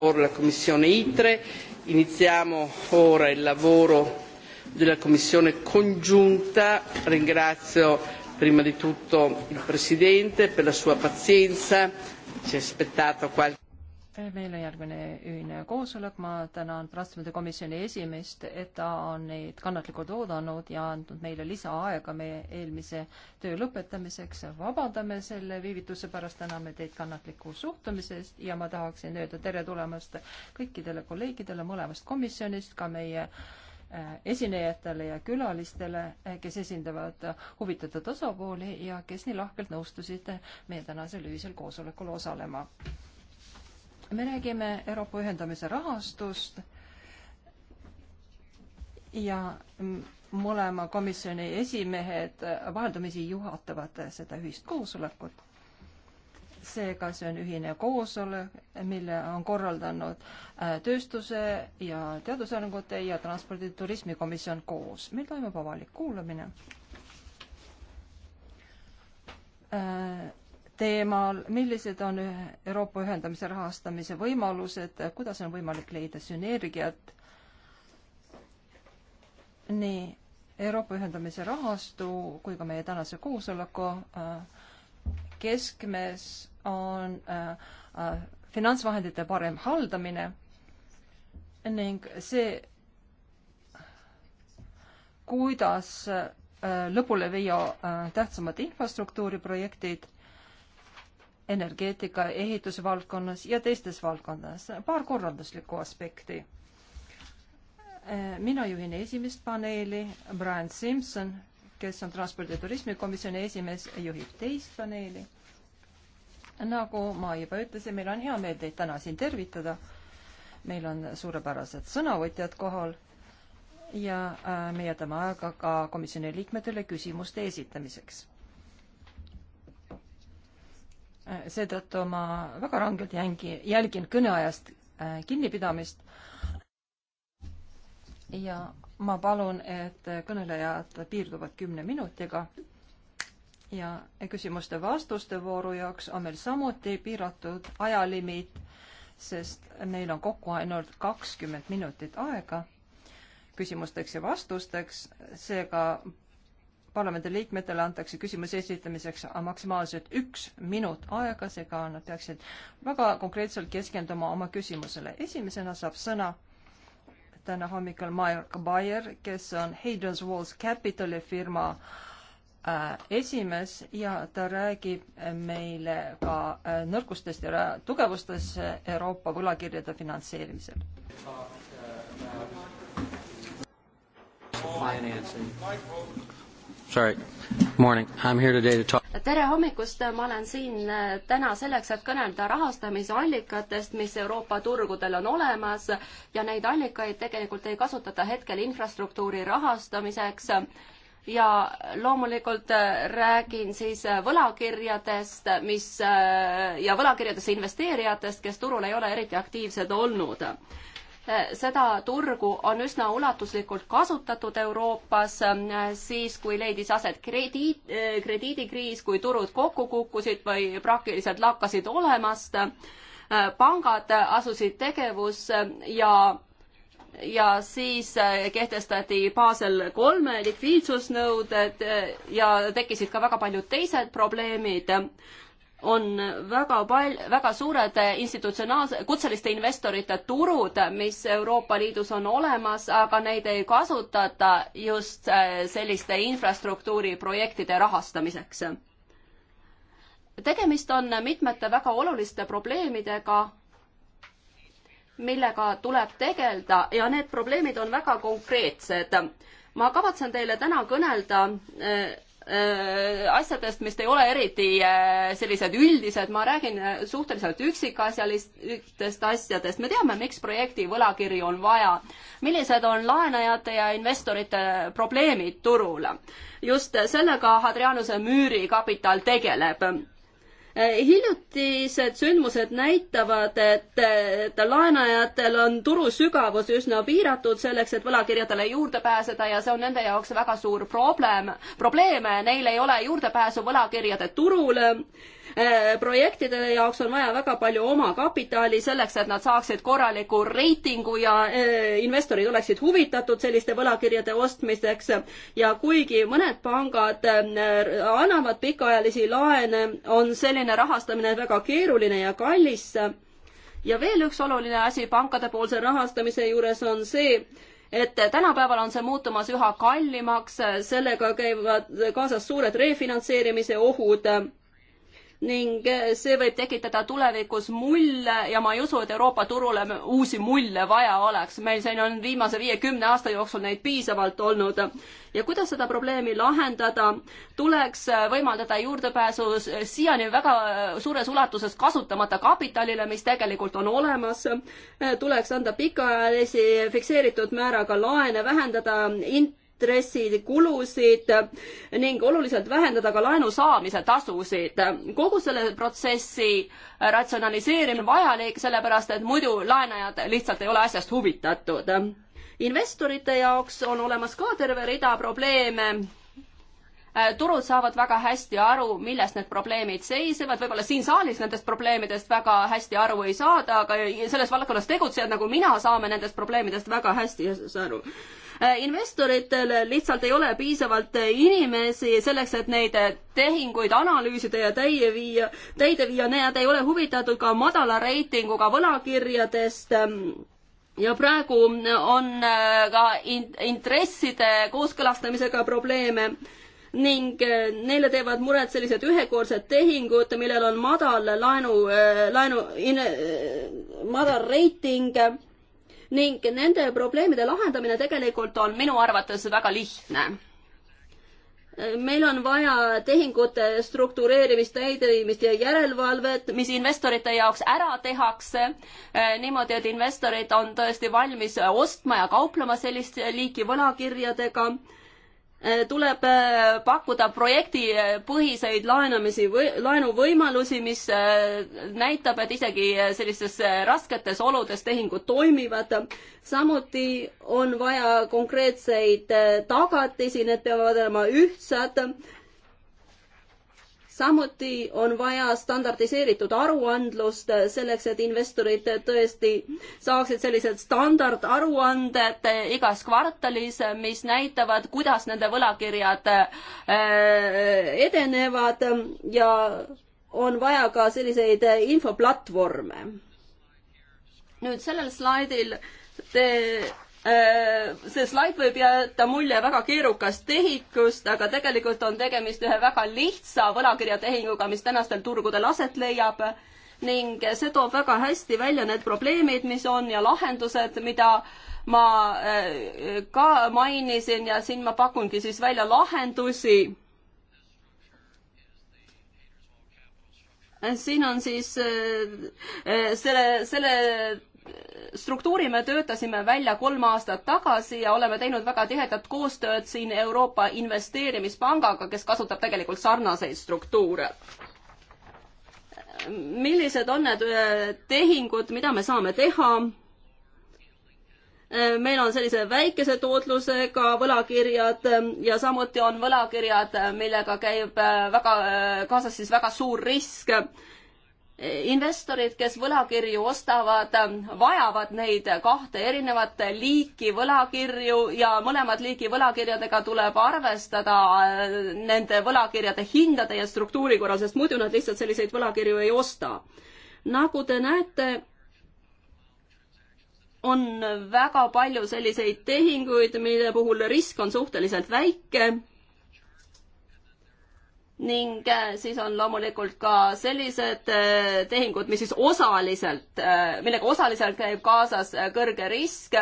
la Commissione ITRE. Iniziamo ora il lavoro della Commissione congiunta. Ringrazio prima di tutto il Presidente per la sua pazienza. Ci è aspettato qualche meil on järgmine ühine koosolek, ma tänan Prantsusmaa komisjoni esimeest, et ta on neid kannatlikult oodanud ja andnud meile lisaaega meie eelmise töö lõpetamiseks. vabandame selle viivituse pärast, täname teid kannatliku suhtumise eest ja ma tahaksin öelda tere tulemast kõikidele kolleegidele mõlemast komisjonist, ka meie äh, esinejatele ja külalistele, äh, kes esindavad huvitatud osapooli ja kes nii lahkelt nõustusid äh, meie tänasel ühisel koosolekul osalema me räägime Euroopa ühendamise rahastust ja mõlema komisjoni esimehed vaheldumisi juhatavad seda ühist koosolekut. seega see on ühine koosolek, mille on korraldanud äh, tööstuse ja teadusarengute ja transpordi- ja turismikomisjon koos. meil toimub avalik kuulamine äh, teemal, millised on Euroopa ühendamise rahastamise võimalused, kuidas on võimalik leida sünergiat nii Euroopa ühendamise rahastu kui ka meie tänase koosoleku äh, keskmes on äh, äh, finantsvahendite parem haldamine ning see, kuidas lõpule viia tähtsamad infrastruktuuriprojektid energeetika, ehitusvaldkonnas ja teistes valdkondades. paar korralduslikku aspekti. Eh, mina juhin esimest paneeli, Brian Simson, kes on transpordi- ja turismikomisjoni esimees, juhib teist paneeli. nagu ma juba ütlesin, meil on hea meel teid täna siin tervitada. meil on suurepärased sõnavõtjad kohal ja eh, me jätame aega ka komisjoni liikmetele küsimuste esitamiseks seetõttu ma väga rangelt jängi, jälgin kõneajast äh, kinnipidamist. ja ma palun, et kõnelejad piirduvad kümne minutiga. ja küsimuste-vastuste vooru jaoks on meil samuti piiratud ajalimiit, sest meil on kokku ainult kakskümmend minutit aega küsimusteks ja vastusteks, seega parlamendi liikmetele antakse küsimuse esitamiseks maksimaalselt üks minut aega, seega nad peaksid väga konkreetselt keskenduma oma küsimusele. esimesena saab sõna täna hommikul Maior Bayer, kes on Hadrian's Walls Capitali firma äh, esimees ja ta räägib meile ka äh, nõrkustest ja tugevustest Euroopa võlakirjade finantseerimisel. financing Sorry. Morning. I'm here today to talk tere hommikust, ma olen siin äh, täna selleks, et kõnelda rahastamise allikatest, mis Euroopa turgudel on olemas ja neid allikaid tegelikult ei kasutata hetkel infrastruktuuri rahastamiseks. ja loomulikult äh, räägin siis äh, võlakirjadest, mis ja võlakirjadesse investeerijatest, kes turul ei ole eriti aktiivsed olnud seda turgu on üsna ulatuslikult kasutatud Euroopas siis, kui leidis aset krediit, krediidikriis, kui turud kokku kukkusid või praktiliselt lakkasid olemast. pangad asusid tegevusse ja ja siis kehtestati Basel kolme likviidsusnõuded ja tekkisid ka väga paljud teised probleemid on väga pal-, väga suured institutsionaalse, kutseliste investorite turud, mis Euroopa Liidus on olemas, aga neid ei kasutata just äh, selliste infrastruktuuriprojektide rahastamiseks. tegemist on mitmete väga oluliste probleemidega, millega tuleb tegeleda ja need probleemid on väga konkreetsed. ma kavatsen teile täna kõnelda äh, Äh, asjadest, mis ei ole eriti äh, sellised üldised, ma räägin äh, suhteliselt üksikasjalistest asjadest. me teame, miks projekti võlakirju on vaja, millised on laenajate ja investorite probleemid turul. just sellega Hadrianuse müüri kapital tegeleb Eh, hiljutised sündmused näitavad, et, eh, et laenajatel on turu sügavus üsna piiratud selleks, et võlakirjadele juurde pääseda ja see on nende jaoks väga suur probleem, probleem, neil ei ole juurdepääsu võlakirjade turule Äh, projektide jaoks on vaja väga palju omakapitali selleks, et nad saaksid korraliku reitingu ja äh, investorid oleksid huvitatud selliste võlakirjade ostmiseks. ja kuigi mõned pangad äh, annavad pikaajalisi laene, on selline rahastamine väga keeruline ja kallis. ja veel üks oluline asi pankadepoolse rahastamise juures on see, et tänapäeval on see muutumas üha kallimaks, sellega käivad kaasas suured refinantseerimise ohud ning eh, see võib tekitada tulevikus mulle ja ma ei usu, et Euroopa turule uusi mulle vaja oleks. meil siin on viimase viiekümne aasta jooksul neid piisavalt olnud. ja kuidas seda probleemi lahendada, tuleks eh, võimaldada juurdepääsu siiani väga eh, suures ulatuses kasutamata kapitalile, mis tegelikult on olemas. tuleks anda pikaajalisi fikseeritud määraga laene, vähendada int-, intressikulusid ning oluliselt vähendada ka laenu saamise tasusid. kogu selle protsessi ratsionaliseerimine vajalik, sellepärast et muidu laenajad lihtsalt ei ole asjast huvitatud. investorite jaoks on olemas ka terve rida probleeme turud saavad väga hästi aru, milles need probleemid seisnevad, võib-olla siin saalis nendest probleemidest väga hästi aru ei saada, aga selles valdkonnas tegutsejad nagu mina saame nendest probleemidest väga hästi aru. Äh, investoritel lihtsalt ei ole piisavalt äh, inimesi selleks, et neid äh, tehinguid analüüsida ja täie viia, täide viia, nad ei ole huvitatud ka madala reitinguga võlakirjadest ähm, ja praegu on ka in-, intresside kooskõlastamisega probleeme ning neile teevad muret sellised ühekordsed tehingud, millel on madal laenu, laenu, madal reiting ning nende probleemide lahendamine tegelikult on minu arvates väga lihtne meil on vaja tehingute struktureerimist, täideviimist ja järelevalvet, mis investorite jaoks ära tehakse, eh, niimoodi, et investorid on tõesti valmis ostma ja kauplema sellist liiki võlakirjadega Äh, tuleb äh, pakkuda projektipõhiseid laenamisi või laenuvõimalusi, mis äh, näitab, et isegi sellistes rasketes oludes tehingud toimivad. samuti on vaja konkreetseid tagatisi, need peavad olema ühtsad samuti on vaja standardiseeritud aruandlust selleks, et investorid tõesti saaksid sellised standardaruanded igas kvartalis, mis näitavad, kuidas nende võlakirjad äh, edenevad ja on vaja ka selliseid infoplatvorme. nüüd sellel slaidil te Äh, see slaid võib jätta mulje väga keerukast tehikust, aga tegelikult on tegemist ühe väga lihtsa võlakirjatehinguga, mis tänastel turgudel aset leiab ning see toob väga hästi välja need probleemid, mis on ja lahendused, mida ma äh, ka mainisin ja siin ma pakungi siis välja lahendusi siin on siis äh, selle, selle struktuuri me töötasime välja kolm aastat tagasi ja oleme teinud väga tihedat koostööd siin Euroopa Investeerimispangaga, kes kasutab tegelikult sarnaseid struktuure. millised on need äh, tehingud, mida me saame teha? Äh, meil on sellise väikese tootlusega võlakirjad äh, ja samuti on võlakirjad, millega käib väga, kaasas siis väga suur risk investorid, kes võlakirju ostavad, vajavad neid kahte erinevat liiki võlakirju ja mõlemat liiki võlakirjadega tuleb arvestada äh, nende võlakirjade hindade ja struktuuri korral, sest muidu nad lihtsalt selliseid võlakirju ei osta. nagu te näete, on väga palju selliseid tehinguid, mille puhul risk on suhteliselt väike ning äh, siis on loomulikult ka sellised äh, tehingud, mis siis osaliselt, äh, millega osaliselt käib kaasas kõrge risk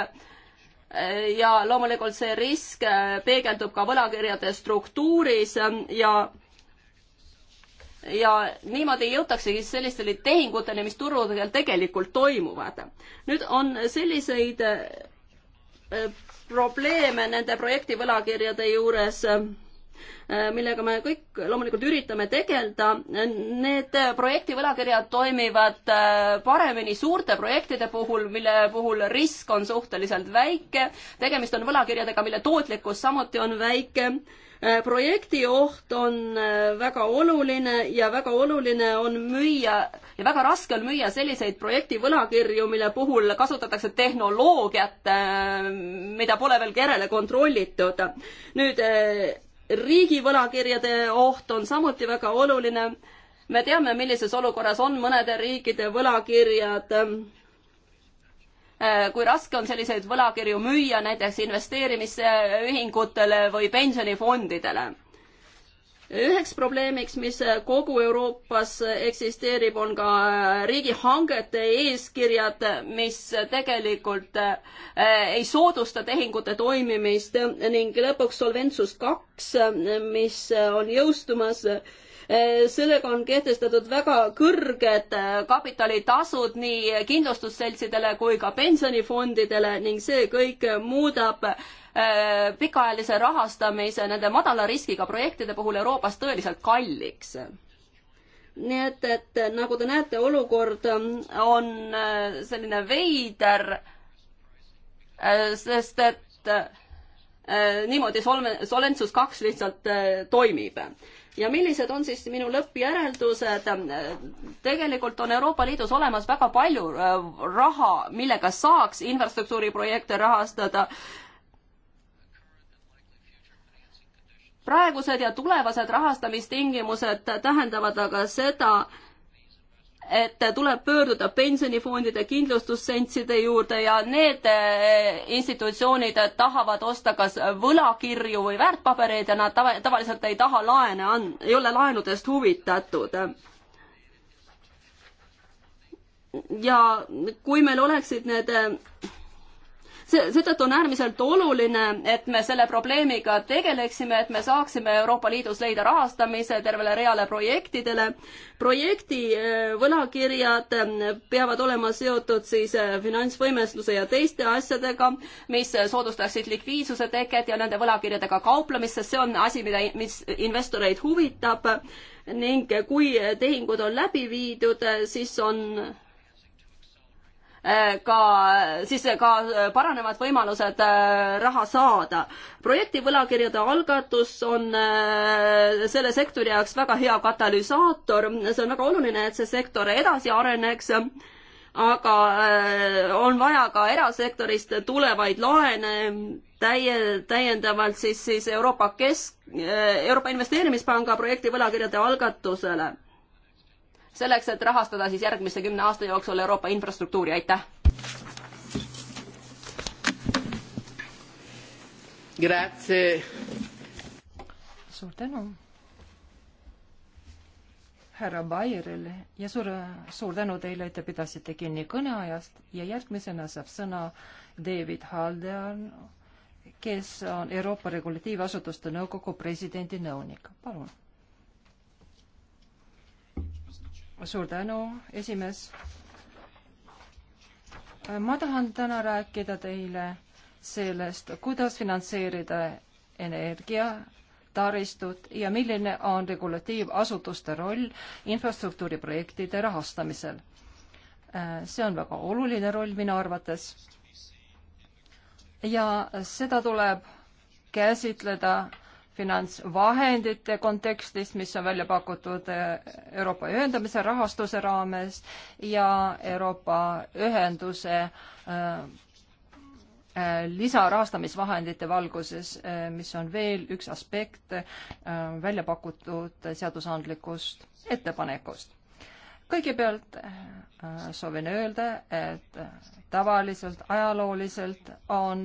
ja loomulikult see risk peegeldub ka võlakirjade struktuuris ja ja niimoodi jõutaksegi sellistele tehinguteni, mis turgudel tegelikult toimuvad. nüüd on selliseid probleeme nende projekti võlakirjade juures Äh, millega me kõik loomulikult üritame tegeleda. Need projekti võlakirjad toimivad äh, paremini suurte projektide puhul, mille puhul risk on suhteliselt väike. tegemist on võlakirjadega, mille tootlikkus samuti on väike äh, projekti oht on väga oluline ja väga oluline on müüa ja väga raske on müüa selliseid projekti võlakirju, mille puhul kasutatakse tehnoloogiat, mida pole veel järele kontrollitud. nüüd riigivõlakirjade oht on samuti väga oluline. me teame, millises olukorras on mõnede riikide võlakirjad. Äh, kui raske on selliseid võlakirju müüa näiteks investeerimisühingutele või pensionifondidele üheks probleemiks, mis kogu Euroopas eksisteerib, on ka riigihangete eeskirjad, mis tegelikult äh, ei soodusta tehingute toimimist ning lõpuks Solventsus kaks, mis on jõustumas Eh, sellega on kehtestatud väga kõrged eh, kapitalitasud nii kindlustusseltsidele kui ka pensionifondidele ning see kõik muudab eh, pikaajalise rahastamise nende madala riskiga projektide puhul Euroopas tõeliselt kalliks nii et, et nagu te näete, olukord on selline veider, sest et niimoodi solve-, solventsus kaks lihtsalt toimib ja millised on siis minu lõppjäreldused? tegelikult on Euroopa Liidus olemas väga palju äh, raha, millega saaks infrastruktuuriprojekte rahastada praegused ja tulevased rahastamistingimused tähendavad aga seda, et tuleb pöörduda pensionifondide kindlustusseltside juurde ja need eh, institutsioonid tahavad osta kas võlakirju või väärtpabereid ja nad tava, tavaliselt ei taha laene and-, ei ole laenudest huvitatud. ja kui meil oleksid need eh, seetõttu on äärmiselt oluline, et me selle probleemiga tegeleksime, et me saaksime Euroopa Liidus leida rahastamise tervele reale projektidele. projekti äh, võlakirjad äh, peavad olema seotud siis äh, finantsvõimestuse ja teiste asjadega, mis soodustaksid likviidsuse teket ja nende võlakirjadega kauplemist, sest see on asi, mida, mis investoreid huvitab ning kui tehingud on läbi viidud, siis on ka, siis ka paranevad võimalused äh, raha saada. projekti võlakirjade algatus on äh, selle sektori jaoks väga hea katalüsaator, see on väga oluline, et see sektor edasi areneks, aga äh, on vaja ka erasektorist tulevaid laene, täie, täiendavalt siis, siis Euroopa Kesk, Euroopa Investeerimispanga projekti võlakirjade algatusele selleks, et rahastada siis järgmise kümne aasta jooksul Euroopa infrastruktuuri, aitäh! suur tänu härra Baierile ja suur, suur tänu teile, et te pidasite kinni kõneajast ja järgmisena saab sõna David Haldean, kes on Euroopa Regulatiivasutuste Nõukogu presidendi nõunik. palun suur tänu, esimees. ma tahan täna rääkida teile sellest, kuidas finantseerida energiataristut ja milline on regulatiivasutuste roll infrastruktuuriprojektide rahastamisel. see on väga oluline roll minu arvates. ja seda tuleb käsitleda finantsvahendite kontekstis, mis on välja pakutud eh, Euroopa ühendamise rahastuse raames ja Euroopa ühenduse eh, eh, lisarahastamisvahendite valguses, mis on veel üks aspekt välja pakutud seadusandlikust ettepanekust kõigepealt äh, soovin öelda, et äh, tavaliselt, ajalooliselt on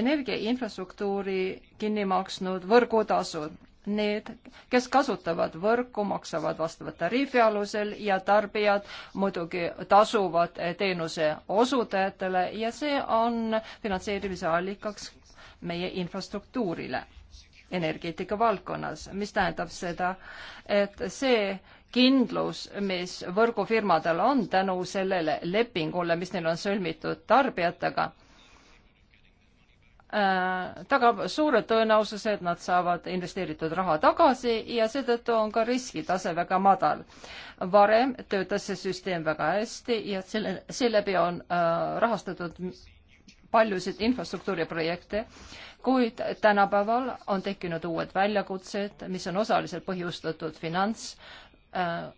energiainfrastruktuuri kinni maksnud võrgutasud. Need, kes kasutavad võrku, maksavad vastava tariifi alusel ja tarbijad muidugi tasuvad äh, teenuse osutajatele ja see on finantseerimise allikaks meie infrastruktuurile energeetika valdkonnas, mis tähendab seda, et see kindlus, mis võrgufirmadel on tänu sellele lepingule, mis neil on sõlmitud tarbijatega äh,, tagab suure tõenäosuse, et nad saavad investeeritud raha tagasi ja seetõttu on ka riskitase väga madal. varem töötas see süsteem väga hästi ja selle, seeläbi on äh, rahastatud paljusid infrastruktuuriprojekte, kuid tänapäeval on tekkinud uued väljakutsed, mis on osaliselt põhjustatud finants Äh,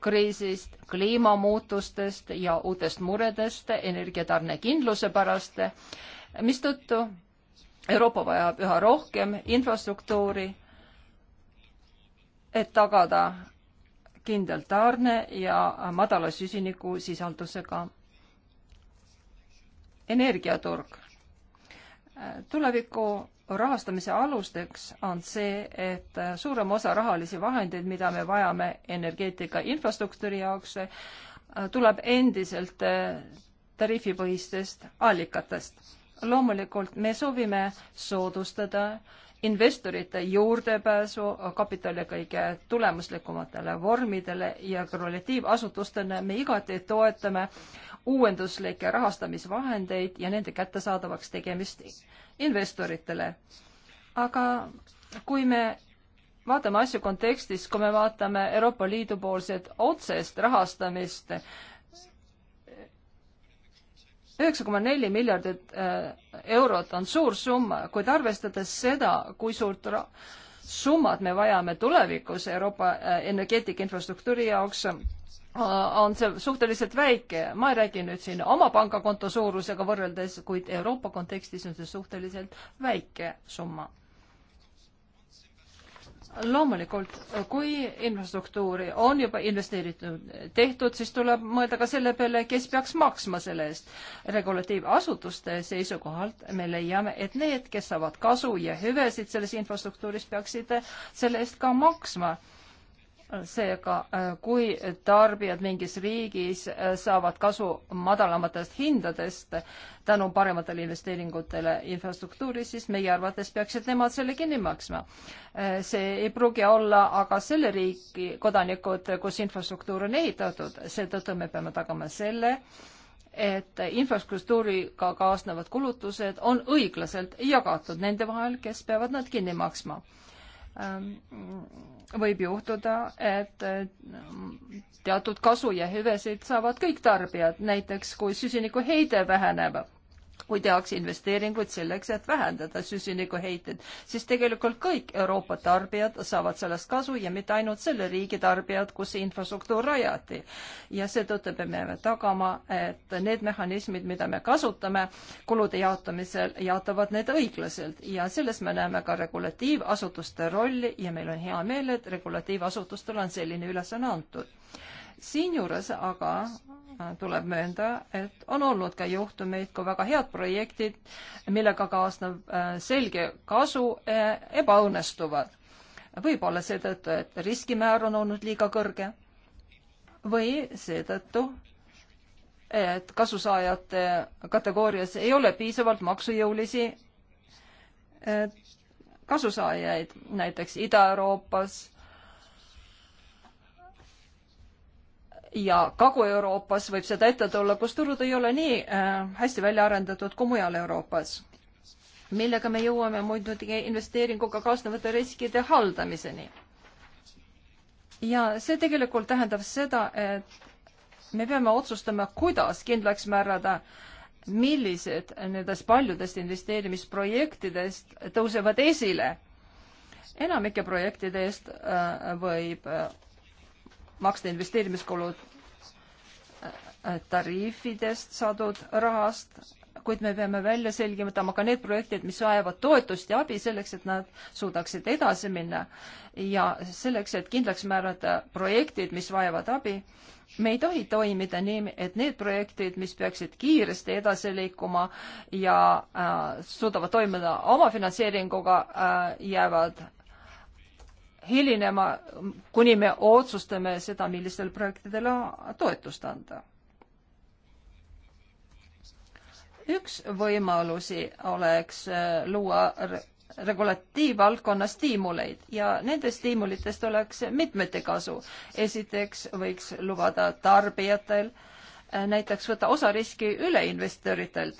kriisist, kliimamuutustest ja uutest muredest energiatarnekindluse pärast, mistõttu Euroopa vajab üha rohkem infrastruktuuri, et tagada kindel tarne ja madala süsinikusisaldusega energiaturg. Äh, tuleviku rahastamise alusteks on see, et äh, suurem osa rahalisi vahendeid, mida me vajame energeetika infrastruktuuri jaoks, äh, tuleb endiselt äh, tariifipõhistest allikatest. loomulikult me soovime soodustada investorite juurdepääsu kapitali kõige tulemuslikumatele vormidele ja korrelatiivasutustena me igati toetame uuenduslikke rahastamisvahendeid ja nende kättesaadavaks tegemist investoritele. aga kui me vaatame asju kontekstis, kui me vaatame Euroopa Liidu poolset otsest rahastamist, üheksa koma neli miljardit äh, eurot on suur summa, kuid arvestades seda, kui suurt summat me vajame tulevikus Euroopa äh, energeetika infrastruktuuri jaoks, äh, on see suhteliselt väike, ma ei räägi nüüd siin oma pangakonto suurusega võrreldes, kuid Euroopa kontekstis on see suhteliselt väike summa loomulikult, kui infrastruktuuri on juba investeeritud, tehtud, siis tuleb mõelda ka selle peale, kes peaks maksma selle eest. regulatiivasutuste seisukohalt me leiame, et need, kes saavad kasu ja hüvesid selles infrastruktuuris, peaksid selle eest ka maksma seega, äh, kui tarbijad mingis riigis äh, saavad kasu madalamatest hindadest tänu parematele investeeringutele infrastruktuuri, siis meie arvates peaksid nemad selle kinni maksma. Äh, see ei pruugi olla aga selle riigi kodanikud, kus infrastruktuur on ehitatud, seetõttu me peame tagama selle, et infrastruktuuriga kaasnevad kulutused on õiglaselt jagatud nende vahel, kes peavad nad kinni maksma Ähm, võib juhtuda, et äh, teatud kasu ja hüvesid saavad kõik tarbijad, näiteks kui süsinikuheide väheneb kui tehakse investeeringuid selleks, et vähendada süsinikuheiteid, siis tegelikult kõik Euroopa tarbijad saavad sellest kasu ja mitte ainult selle riigi tarbijad, kus see infrastruktuur rajati. ja seetõttu peame tagama, et need mehhanismid, mida me kasutame kulude jaotamisel, jaotavad need õiglaselt ja selles me näeme ka regulatiivasutuste rolli ja meil on hea meel, et regulatiivasutustele on selline ülesanne antud siinjuures aga äh, tuleb möönda, et on olnud ka juhtumeid, kui väga head projektid, millega kaasneb äh, selge kasu, äh, ebaõnnestuvad. võib-olla seetõttu, et riskimäär on olnud liiga kõrge või seetõttu, et kasusaajate kategoorias ei ole piisavalt maksujõulisi kasusaajaid, näiteks Ida-Euroopas ja Kagu-Euroopas võib seda ette tulla, kus turud ei ole nii äh, hästi välja arendatud kui mujal Euroopas millega me jõuame muidugi investeeringuga kaasnevate riskide haldamiseni. ja see tegelikult tähendab seda, et me peame otsustama, kuidas kindlaks määrada, millised nendest paljudest investeerimisprojektidest tõusevad esile. enamike projektide eest äh, võib äh, maksta investeerimiskulud äh, tariifidest saadud rahast, kuid me peame välja selgitama ka need projektid, mis vajavad toetust ja abi selleks, et nad suudaksid edasi minna ja selleks, et kindlaks määrata projektid, mis vajavad abi, me ei tohi toimida nii, et need projektid, mis peaksid kiiresti edasi liikuma ja äh, suudavad toimida oma finantseeringuga äh,, jäävad hilinema, kuni me otsustame seda, millistele projektidele toetust anda. üks võimalusi oleks äh, luua regulatiivvaldkonna stiimuleid ja nendest stiimulitest oleks mitmete kasu. esiteks võiks lubada tarbijatel äh, näiteks võtta osa riski üle investoritelt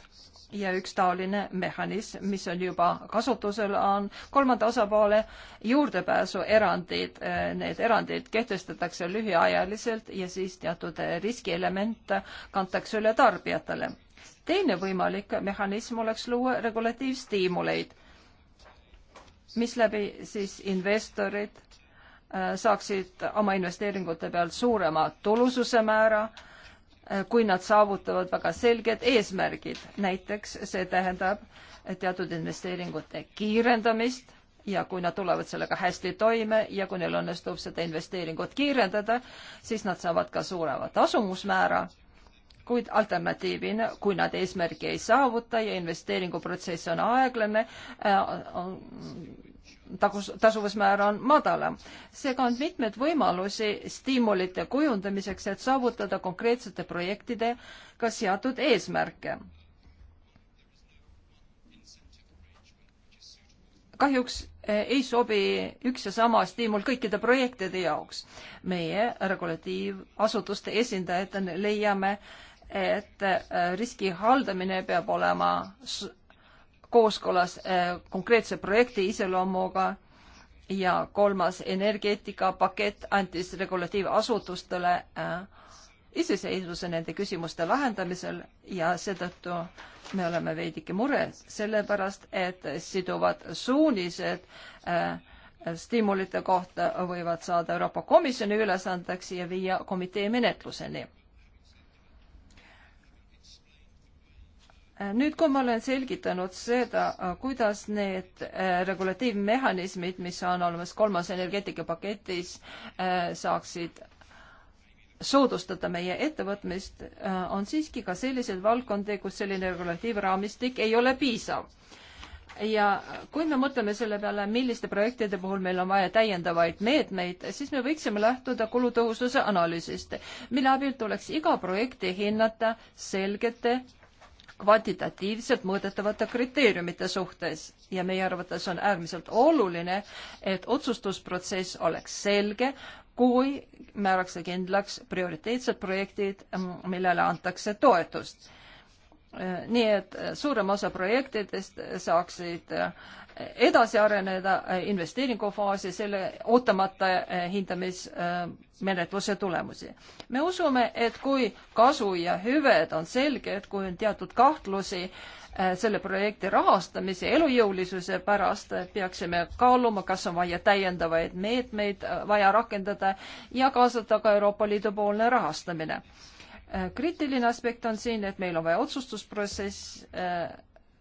ja üks taoline mehhanism, mis on juba kasutusel, on kolmanda osapoole juurdepääsu erandid. Need erandid kehtestatakse lühiajaliselt ja siis teatud riskielement kantakse üle tarbijatele. teine võimalik mehhanism oleks luua regulatiivstiimuleid, misläbi siis investorid äh, saaksid oma investeeringute pealt suurema tulususe määra kui nad saavutavad väga selged eesmärgid. näiteks see tähendab teatud investeeringute kiirendamist ja kui nad tulevad sellega hästi toime ja kui neil õnnestub seda investeeringut kiirendada, siis nad saavad ka suurema tasumusmäära. kuid alternatiivina, kui nad eesmärgi ei saavuta ja investeeringuprotsess on aeglane, äh, on tagus, tasuvusmäär on madalam. seega on mitmeid võimalusi stiimulite kujundamiseks, et saavutada konkreetsete projektidega seatud eesmärke. kahjuks eh, ei sobi üks ja sama stiimul kõikide projektide jaoks. meie regulatiivasutuste esindajatena leiame, et eh, riski haldamine peab olema kooskõlas äh, konkreetse projekti iseloomuga ja kolmas energeetikapakett andis regulatiivasutustele äh, iseseisvuse nende küsimuste lahendamisel ja seetõttu me oleme veidike mures, sellepärast et siduvad suunised äh, stiimulite kohta võivad saada Euroopa Komisjoni ülesandeks ja viia komitee menetluseni nüüd, kui ma olen selgitanud seda, äh, kuidas need äh, regulatiivmehhanismid, mis on olemas kolmas energeetikapaketis, äh, saaksid soodustada meie ettevõtmist, on siiski ka selliseid valdkondi, kus selline regulatiivraamistik ei ole piisav. ja kui me mõtleme selle peale, milliste projektide puhul meil on vaja täiendavaid meetmeid, siis me võiksime lähtuda kulutõhususe analüüsist, mille abil tuleks iga projekti hinnata selgete kvantitatiivselt mõõdetavate kriteeriumite suhtes ja meie arvates on äärmiselt oluline, et otsustusprotsess oleks selge, kui määrakse kindlaks prioriteetsed projektid, millele antakse toetust. nii et suurem osa projektidest saaksid edasi areneda investeeringufaasi selle ootamata hindamis menetluse tulemusi. me usume, et kui kasu ja hüved on selged, kui on teatud kahtlusi äh, selle projekti rahastamise elujõulisuse pärast, äh, peaksime kaaluma, kas on vaja täiendavaid meetmeid äh, vaja rakendada ja kaasata ka Euroopa Liidu poolne rahastamine kriitiline aspekt on siin, et meil on vaja otsustusprotsess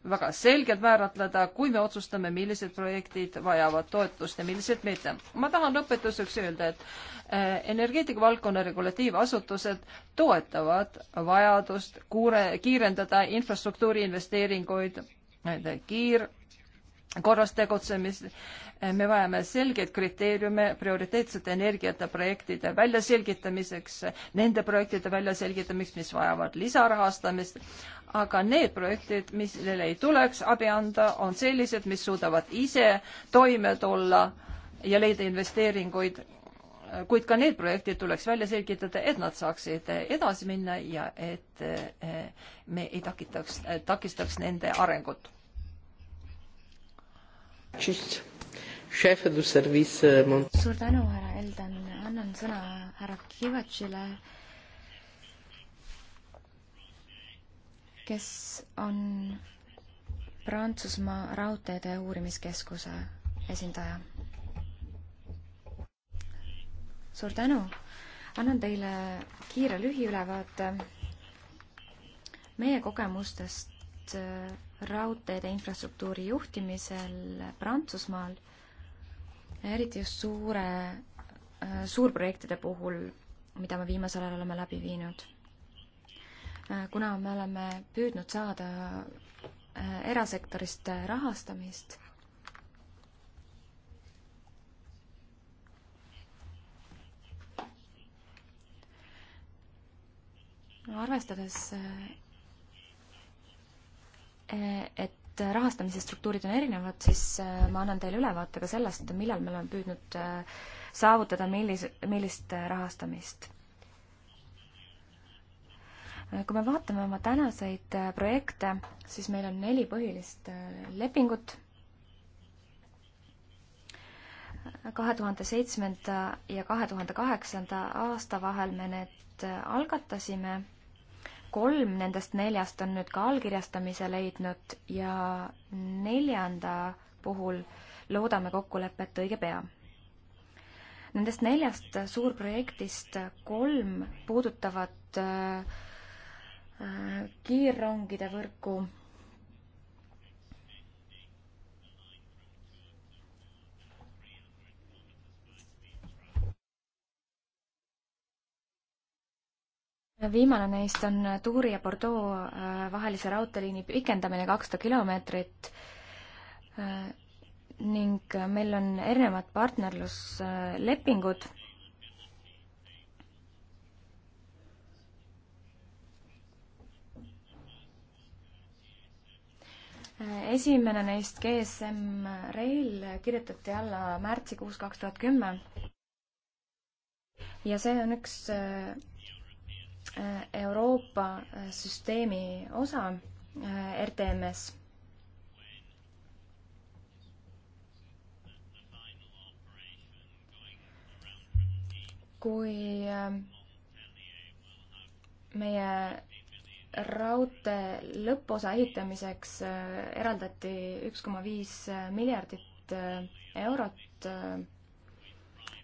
väga selgelt määratleda, kui me otsustame, millised projektid vajavad toetust ja millised mitte. ma tahan lõpetuseks öelda, et äh, energeetikavaldkonna regulatiivasutused toetavad vajadust kuure, kiirendada infrastruktuuri investeeringuid, kiir, korras tegutsemist me vajame selgeid kriteeriume prioriteetsete energiaprojektide väljaselgitamiseks, nende projektide väljaselgitamiseks, mis vajavad lisarahastamist, aga need projektid, millele ei tuleks abi anda, on sellised, mis suudavad ise toime tulla ja leida investeeringuid, kuid ka need projektid tuleks välja selgitada, et nad saaksid edasi minna ja et eh, me ei takitaks, takistaks nende arengut. just Eh, suur tänu, härra Elden, annan sõna härra Kivatšile, kes on Prantsusmaa Raudteede Uurimiskeskuse esindaja. suur tänu, annan teile kiire lühiülevaate meie kogemustest eh, raudteede infrastruktuuri juhtimisel Prantsusmaal eriti just suure, äh, suurprojektide puhul, mida me viimasel ajal oleme läbi viinud. Äh, kuna me oleme püüdnud saada äh, erasektorist rahastamist, arvestades, e, et et äh, rahastamise struktuurid on erinevad, siis äh, ma annan teile ülevaate ka sellest, millal me oleme püüdnud äh, saavutada millis, millist rahastamist. kui me vaatame oma tänaseid projekte, siis meil on neli põhilist lepingut. kahe tuhande seitsmenda ja kahe tuhande kaheksanda aasta vahel me need algatasime kolm nendest neljast on nüüd ka allkirjastamise leidnud ja neljanda puhul loodame kokkulepet õige pea. Nendest neljast suurprojektist kolm puudutavad äh, äh, kiirrongide võrku viimane neist on Tuuri ja Bordeaux äh, vahelise raudteeliini pikendamine kakssada kilomeetrit äh, ning meil on erinevad partnerluslepingud. Äh, esimene neist, GSM Rail, kirjutati alla märtsikuus kaks tuhat kümme. ja see on üks Euroopa süsteemi osa äh, RTMS. kui äh, meie raudtee lõpposa ehitamiseks äh, eraldati üks koma viis miljardit eurot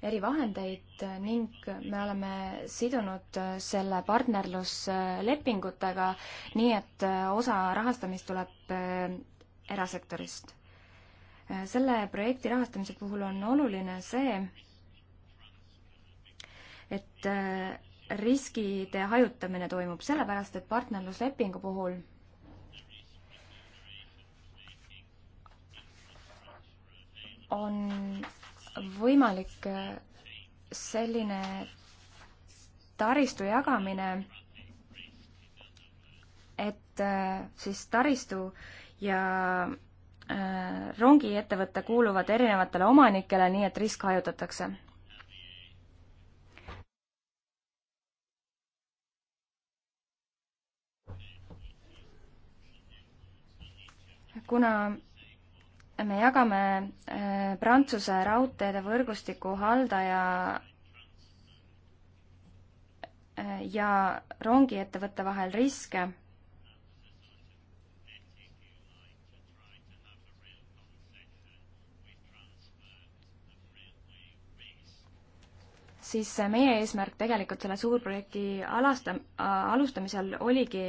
erivahendeid ning me oleme sidunud selle partnerluslepingutega, nii et osa rahastamist tuleb eh, erasektorist. selle projekti rahastamise puhul on oluline see, et eh, riskide hajutamine toimub sellepärast, et partnerluslepingu puhul on võimalik äh, selline taristu jagamine, et äh, siis taristu ja äh, rongiettevõte kuuluvad erinevatele omanikele, nii et risk hajutatakse. kuna me jagame äh, Prantsuse raudteede võrgustiku haldaja äh, ja rongiettevõtte vahel riske. siis äh, meie eesmärk tegelikult selle suurprojekti alasta-, alustamisel oligi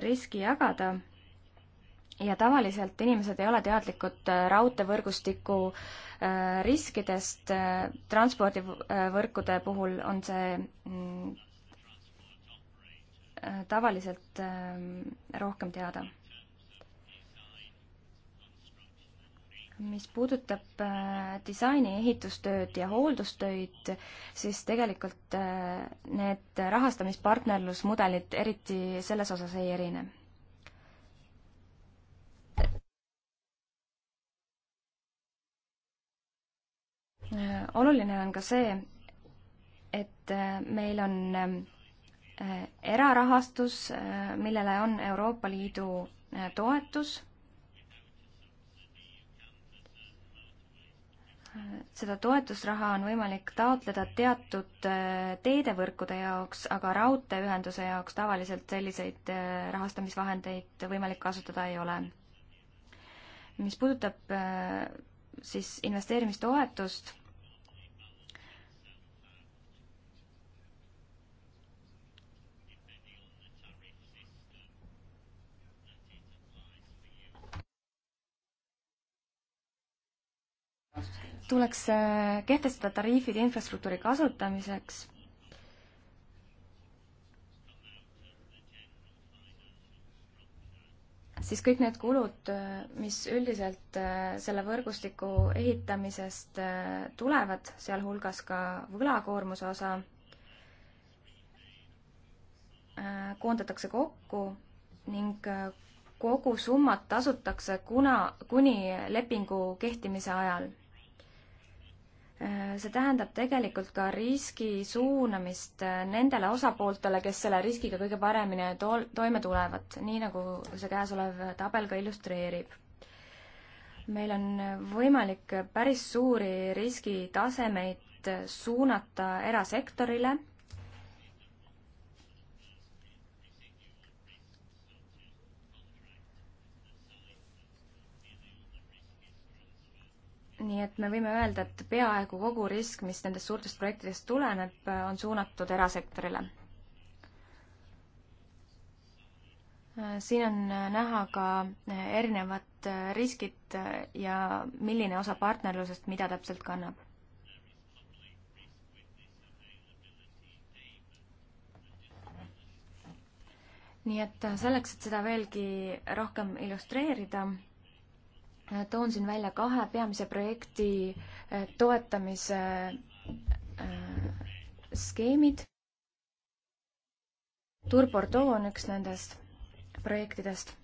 riski jagada ja tavaliselt inimesed ei ole teadlikud äh, raudteevõrgustiku äh, riskidest, äh, transpordivõrkude puhul on see mm, tavaliselt ähm, rohkem teada. mis puudutab disaini, ehitustööd ja hooldustöid, siis tegelikult need rahastamispartnerlusmudelid eriti selles osas ei erine oluline on ka see, et äh, meil on äh, erarahastus, äh, millele on Euroopa Liidu toetus. seda toetusraha on võimalik taotleda teatud teedevõrkude jaoks, aga raudteeühenduse jaoks tavaliselt selliseid rahastamisvahendeid võimalik kasutada ei ole. mis puudutab siis investeerimistoetust tuleks äh, kehtestada tariifid infrastruktuuri kasutamiseks siis kõik need kulud, mis üldiselt äh, selle võrgustiku ehitamisest äh, tulevad, sealhulgas ka võlakoormuse osa, äh, koondatakse kokku ning kogu summat tasutakse kuna, kuni lepingu kehtimise ajal see tähendab tegelikult ka riski suunamist äh, nendele osapooltele, kes selle riskiga kõige paremini to toime tulevad, nii nagu see käesolev tabel ka illustreerib. meil on võimalik päris suuri riskitasemeid suunata erasektorile nii et me võime öelda, et peaaegu kogu risk, mis nendest suurtest projektidest tuleneb, on suunatud erasektorile. siin on näha ka erinevad riskid ja milline osa partnerlusest mida täpselt kannab. nii et selleks, et seda veelgi rohkem illustreerida Äh, toon siin välja kahe peamise projekti äh, toetamise äh, skeemid. Tour Bordeaux on üks nendest projektidest.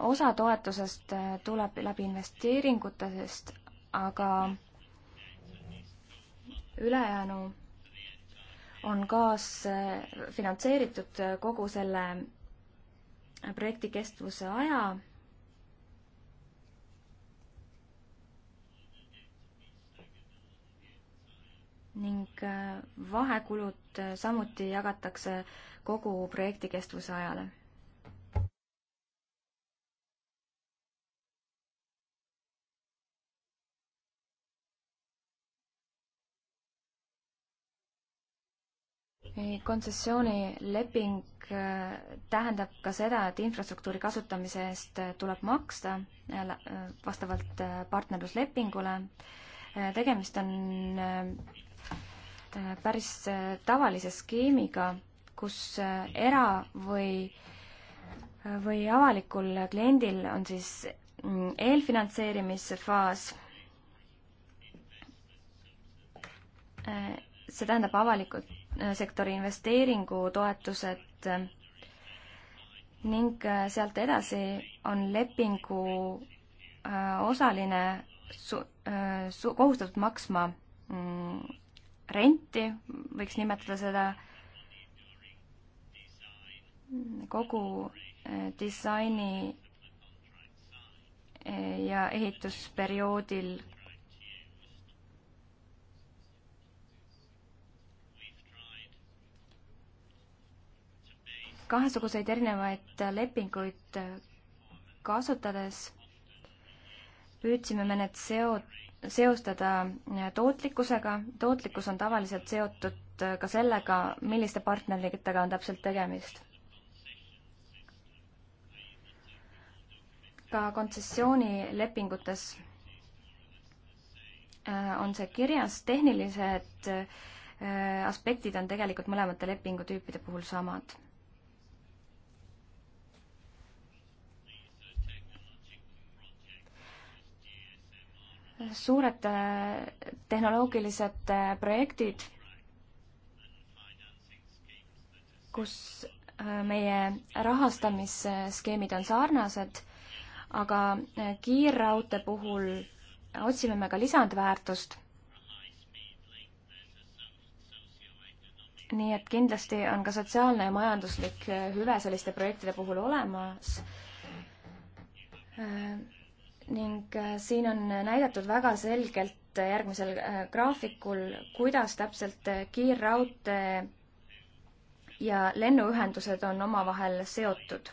osa toetusest tuleb läbi investeeringutest, aga ülejäänu no, on kaasfinantseeritud kogu selle projekti kestvuse aja. ning äh, vahekulud samuti jagatakse kogu projekti kestvuse ajale kontsessioonileping äh, tähendab ka seda, et infrastruktuuri kasutamise eest äh, tuleb maksta äh, vastavalt partnerluslepingule. tegemist on päris tavalise skeemiga, kus era- või, või avalikul kliendil on siis mm, eelfinantseerimise faas see tähendab avalikud sektori investeeringutoetused ning äh, sealt edasi on lepingu äh, osaline su-, äh, su-, kohustatud maksma mm, renti, võiks nimetada seda kogu disaini ja ehitusperioodil kahesuguseid erinevaid lepinguid kasutades püüdsime me need seo-, seostada tootlikkusega, tootlikkus on tavaliselt seotud ka sellega, milliste partneritega on täpselt tegemist. ka kontsessioonilepingutes äh, on see kirjas, tehnilised äh, aspektid on tegelikult mõlemate lepingutüüpide puhul samad suured äh, tehnoloogilised äh, projektid, kus äh, meie rahastamisskeemid on sarnased, aga kiirraudtee puhul otsime me ka lisandväärtust. nii et kindlasti on ka sotsiaalne ja majanduslik hüve selliste projektide puhul olemas ning äh, siin on näidatud väga selgelt äh, järgmisel äh, graafikul, kuidas täpselt kiirraudtee ja lennuühendused on omavahel seotud.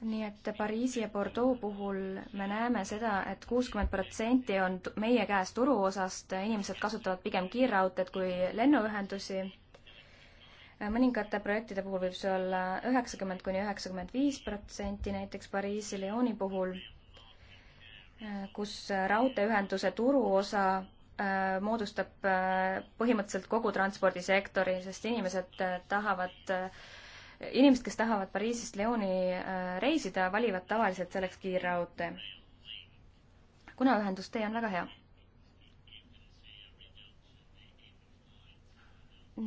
nii et Pariisi ja Bordeaux puhul me näeme seda et, et kuuskümmend protsenti on meie käes turuosast, inimesed kasutavad pigem kiirraudteed kui lennuühendusi mõningate projektide puhul võib see olla üheksakümmend kuni üheksakümmend viis protsenti, näiteks Pariisi Lyoni puhul, kus raudteeühenduse turuosa äh, moodustab äh, põhimõtteliselt kogu transpordisektori, sest inimesed äh, tahavad, inimesed, kes tahavad Pariisist Lyoni reisida, valivad tavaliselt selleks kiirraudtee. kuna ühendustee on väga hea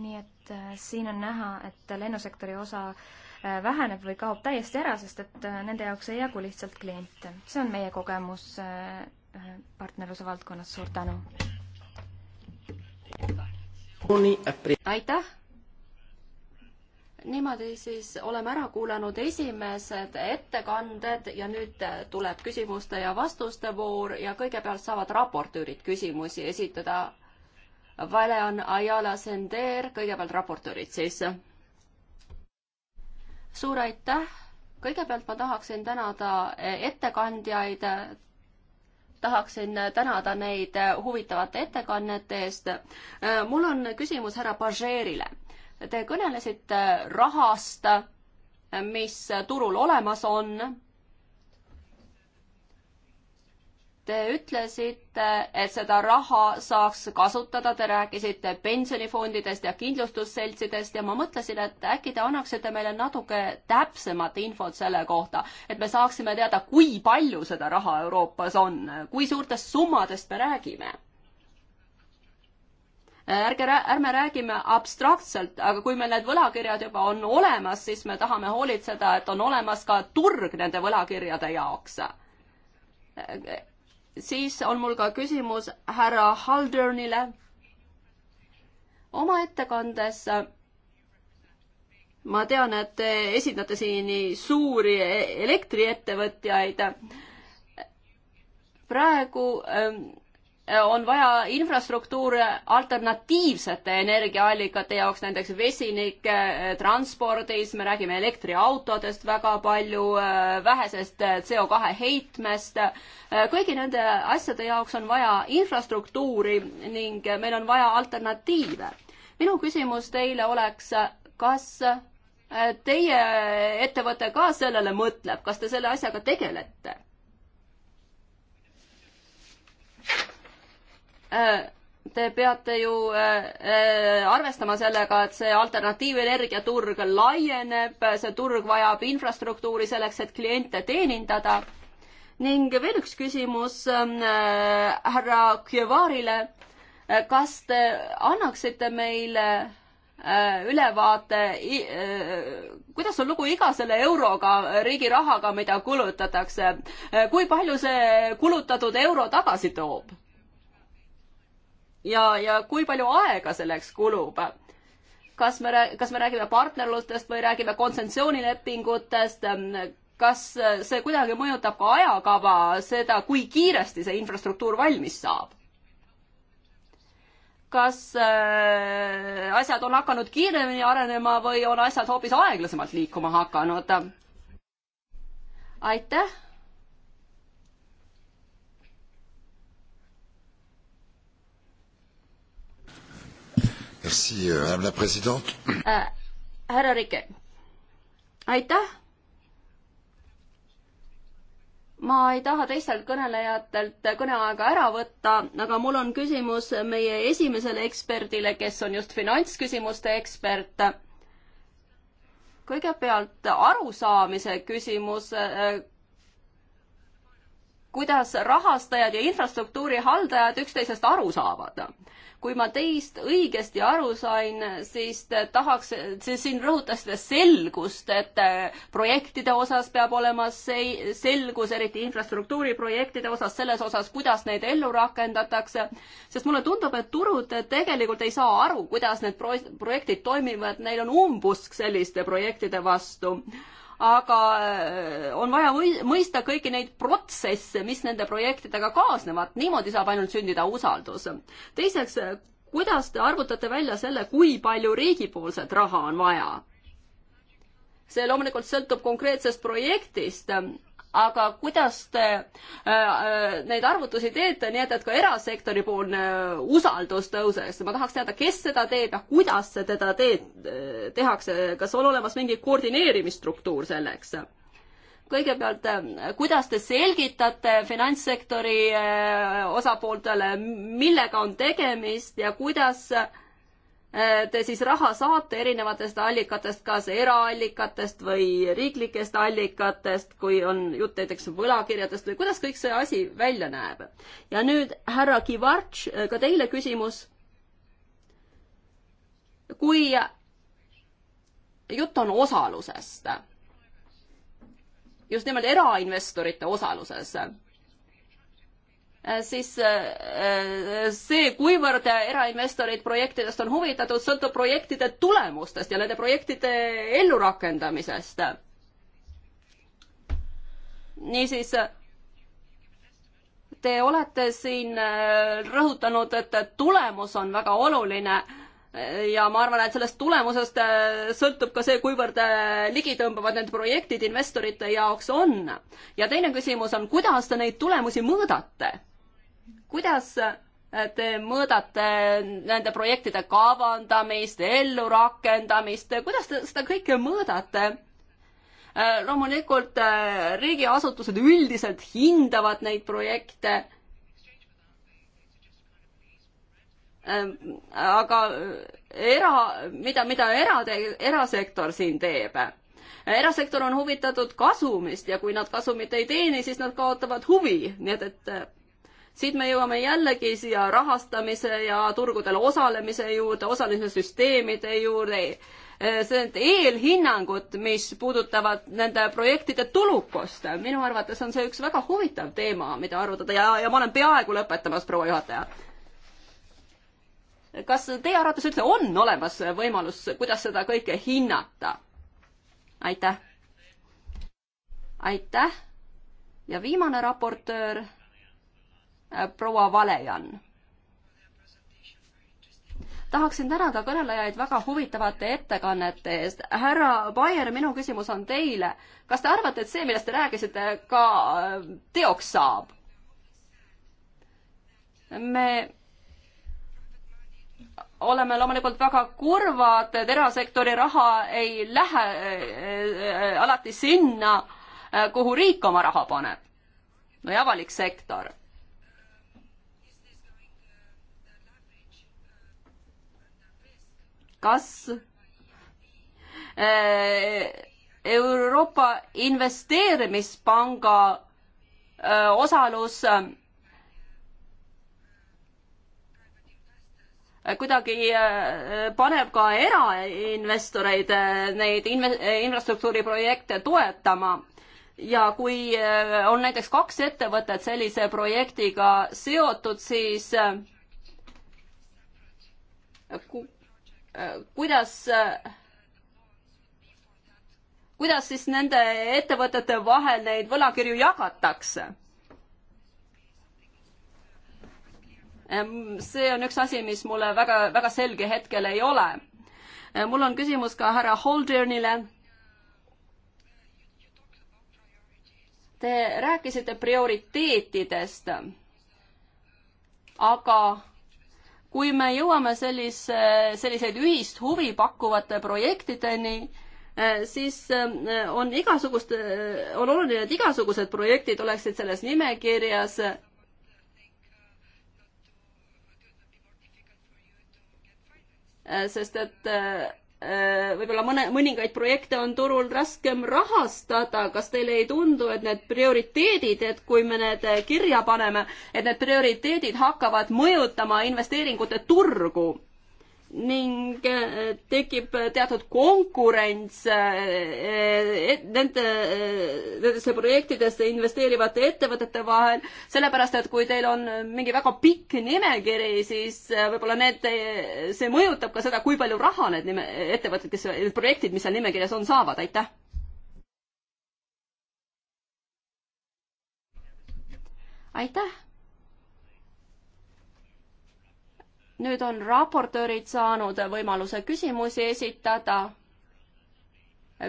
nii et äh, siin on näha, et lennusektori osa äh, väheneb või kaob täiesti ära, sest et äh, nende jaoks ei jagu lihtsalt kliente. see on meie kogemus partnerluse valdkonnas, suur tänu! aitäh! niimoodi siis oleme ära kuulanud esimesed ettekanded ja nüüd tuleb küsimuste ja vastuste voor ja kõigepealt saavad raportöörid küsimusi esitada Valen Ayala Sender, kõigepealt raportöörid siis. suur aitäh, kõigepealt ma tahaksin tänada e, ettekandjaid, tahaksin tänada neid e, huvitavate ettekannete eest. E, mul on küsimus härra Pažeerile. Te kõnelesite rahast, mis turul olemas on Te ütlesite, et seda raha saaks kasutada, te rääkisite pensionifondidest ja kindlustusseltsidest ja ma mõtlesin, et äkki te annaksite meile natuke täpsemat infot selle kohta, et me saaksime teada, kui palju seda raha Euroopas on, kui suurtest summadest me räägime ärge, ärme räägime abstraktselt, aga kui meil need võlakirjad juba on olemas, siis me tahame hoolitseda, et on olemas ka turg nende võlakirjade jaoks siis on mul ka küsimus härra Haldernile. oma ettekandes ma tean, et te esindate siin suuri e-, elektriettevõtjaid. praegu ähm, on vaja infrastruktuure alternatiivsete energiaallikate jaoks, näiteks vesinik eh, transpordis, me räägime elektriautodest väga palju, eh, vähesest eh, CO2 heitmest. kõigi nende asjade jaoks on vaja infrastruktuuri ning meil on vaja alternatiive. minu küsimus teile oleks, kas teie ettevõte ka sellele mõtleb, kas te selle asjaga tegelete? Äh, te peate ju äh, äh, arvestama sellega, et see alternatiivenergia turg laieneb, see turg vajab infrastruktuuri selleks, et kliente teenindada. ning veel üks küsimus ähm, härra Kjevaarile. kas te annaksite meile ülevaate, kuidas on lugu iga selle euroga, riigi rahaga, mida kulutatakse, kui palju see kulutatud euro tagasi toob? ja, ja kui palju aega selleks kulub? kas me, kas me räägime partnerlustest või räägime kontsessioonilepingutest, kas see kuidagi mõjutab ka ajakava, seda, kui kiiresti see infrastruktuur valmis saab? kas äh, asjad on hakanud kiiremini arenema või on asjad hoopis aeglasemalt liikuma hakanud? aitäh Merci, euh, madame la president äh,. Euh, härra Rike, aitäh. ma ei taha teistelt kõnelejatelt kõneaega ära võtta, aga mul on küsimus meie esimesele eksperdile, kes on just finantsküsimuste ekspert. kõigepealt arusaamise küsimus äh, kuidas rahastajad ja infrastruktuuri haldajad üksteisest aru saavad kui ma teist õigesti aru sain, siis tahaks, siin rõhutasite selgust, et eh, projektide osas peab olema see selgus, eriti infrastruktuuriprojektide osas, selles osas, kuidas neid ellu rakendatakse, sest mulle tundub, et turud tegelikult ei saa aru, kuidas need pro-, projektid toimivad, neil on umbusk selliste projektide vastu aga äh, on vaja mõista kõiki neid protsesse, mis nende projektidega kaasnevad, niimoodi saab ainult sündida usaldus. teiseks, äh, kuidas te arvutate välja selle, kui palju riigipoolset raha on vaja? see loomulikult sõltub konkreetsest projektist aga kuidas te äh, äh, neid arvutusi teete, nii et, et ka erasektori poolne äh, usaldus tõuseks, ma tahaks teada, kes seda teeb ja kuidas seda teed, tehakse, kas on olemas mingi koordineerimisstruktuur selleks? kõigepealt, äh, kuidas te selgitate finantssektori osapooltele, millega on tegemist ja kuidas äh, te siis raha saate erinevatest allikatest, kas eraallikatest või riiklikest allikatest, kui on jutt näiteks võlakirjadest või kuidas kõik see asi välja näeb. ja nüüd härra Kivartš, ka teile küsimus. kui jutt on osalusest, just nimelt erainvestorite osaluses Äh, siis äh, äh, see, kuivõrd erainvestorid projektidest on huvitatud, sõltub projektide tulemustest ja nende projektide ellurakendamisest. niisiis, te olete siin rõhutanud, et tulemus on väga oluline ja ma arvan, et sellest tulemusest sõltub ka see, kuivõrd ligitõmbavad need projektid investorite jaoks on. ja teine küsimus on, kuidas te neid tulemusi mõõdate? kuidas te mõõdate nende projektide kavandamist, ellurakendamist, kuidas te seda kõike mõõdate? loomulikult äh, riigiasutused üldiselt hindavad neid projekte ähm, aga äh, era, mida, mida erade, erasektor siin teeb? erasektor on huvitatud kasumist ja kui nad kasumit ei teeni, siis nad kaotavad huvi, nii et, et äh, siit me jõuame jällegi siia rahastamise ja turgudel osalemise juurde, osalemise süsteemide juurde, need eh, eelhinnangud, mis puudutavad nende projektide tulukust. minu arvates on see üks väga huvitav teema, mida arutada ja, ja ma olen peaaegu lõpetamas, proua juhataja. kas teie arvates üldse on olemas võimalus, kuidas seda kõike hinnata? aitäh. aitäh. ja viimane raportöör proua Valejan. tahaksin tänada kõnelejaid väga huvitavate ettekannete eest. härra Baier, minu küsimus on teile. kas te arvate, et see, millest te rääkisite, ka äh, teoks saab? me oleme loomulikult väga kurvad, et erasektori raha ei lähe äh, äh, alati sinna, kuhu riik oma raha paneb või avalik sektor kas äh, Euroopa Investeerimispanga äh, osalus äh, kuidagi paneb ka erainvestoreid neid inve-, infrastruktuuriprojekte toetama. ja kui on näiteks kaks ettevõtet sellise projektiga seotud, siis kuidas, kuidas siis nende ettevõtete vahel neid võlakirju jagatakse? see on üks asi, mis mulle väga, väga selge hetkel ei ole. mul on küsimus ka härra Holdernile Te rääkisite prioriteetidest, aga kui me jõuame sellise, selliseid ühist huvi pakkuvate projektideni, eh, siis eh, on igasugust, eh, on oluline, et igasugused projektid oleksid selles nimekirjas. sest et Äh, võib-olla mõne, mõningaid projekte on turul raskem rahastada, kas teile ei tundu, et need prioriteedid, et kui me need kirja paneme, et need prioriteedid hakkavad mõjutama investeeringute turgu? ning äh, tekib teatud konkurents äh, nende, äh, nendesse projektidesse investeerivate ettevõtete vahel, sellepärast et kui teil on mingi väga pikk nimekiri, siis võib-olla need, see mõjutab ka seda, kui palju raha need nime, ettevõtted, kes, need projektid, mis seal nimekirjas on, saavad, aitäh. aitäh nüüd on raportöörid saanud võimaluse küsimusi esitada.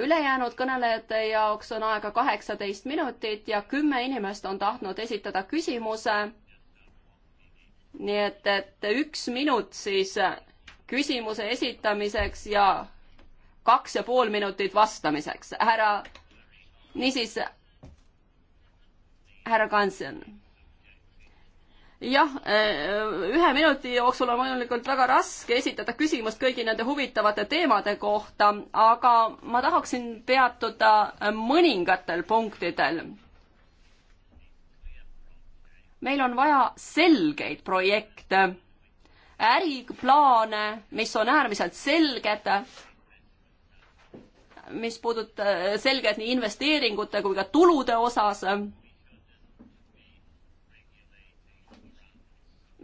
ülejäänud kõnelejate jaoks on aega kaheksateist minutit ja kümme inimest on tahtnud esitada küsimuse. nii et, et üks minut siis küsimuse esitamiseks ja kaks ja pool minutit vastamiseks. härra, niisiis, härra Kansen jah, eh, ühe minuti jooksul on loomulikult väga raske esitada küsimust kõigi nende huvitavate teemade kohta, aga ma tahaksin peatuda eh, mõningatel punktidel. meil on vaja selgeid projekte, äriplaane, mis on äärmiselt selged, mis puudutab selged nii investeeringute kui ka tulude osas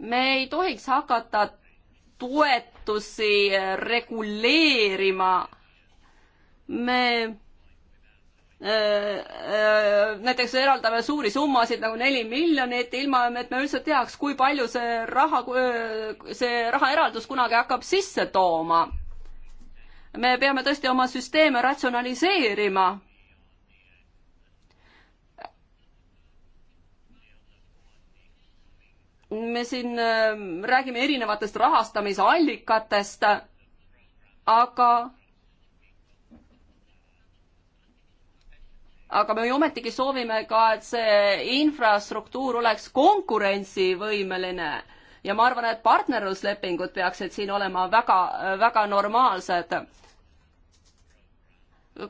me ei tohiks hakata toetusi reguleerima. me äh, äh, näiteks eraldame suuri summasid nagu neli miljonit, ilma et me üldse teaks, kui palju see raha, äh, see rahaeraldus kunagi hakkab sisse tooma. me peame tõesti oma süsteeme ratsionaliseerima me siin äh, räägime erinevatest rahastamisallikatest, aga aga me ju ometigi soovime ka, et see infrastruktuur oleks konkurentsivõimeline ja ma arvan, et partnerluslepingud peaksid siin olema väga, väga normaalsed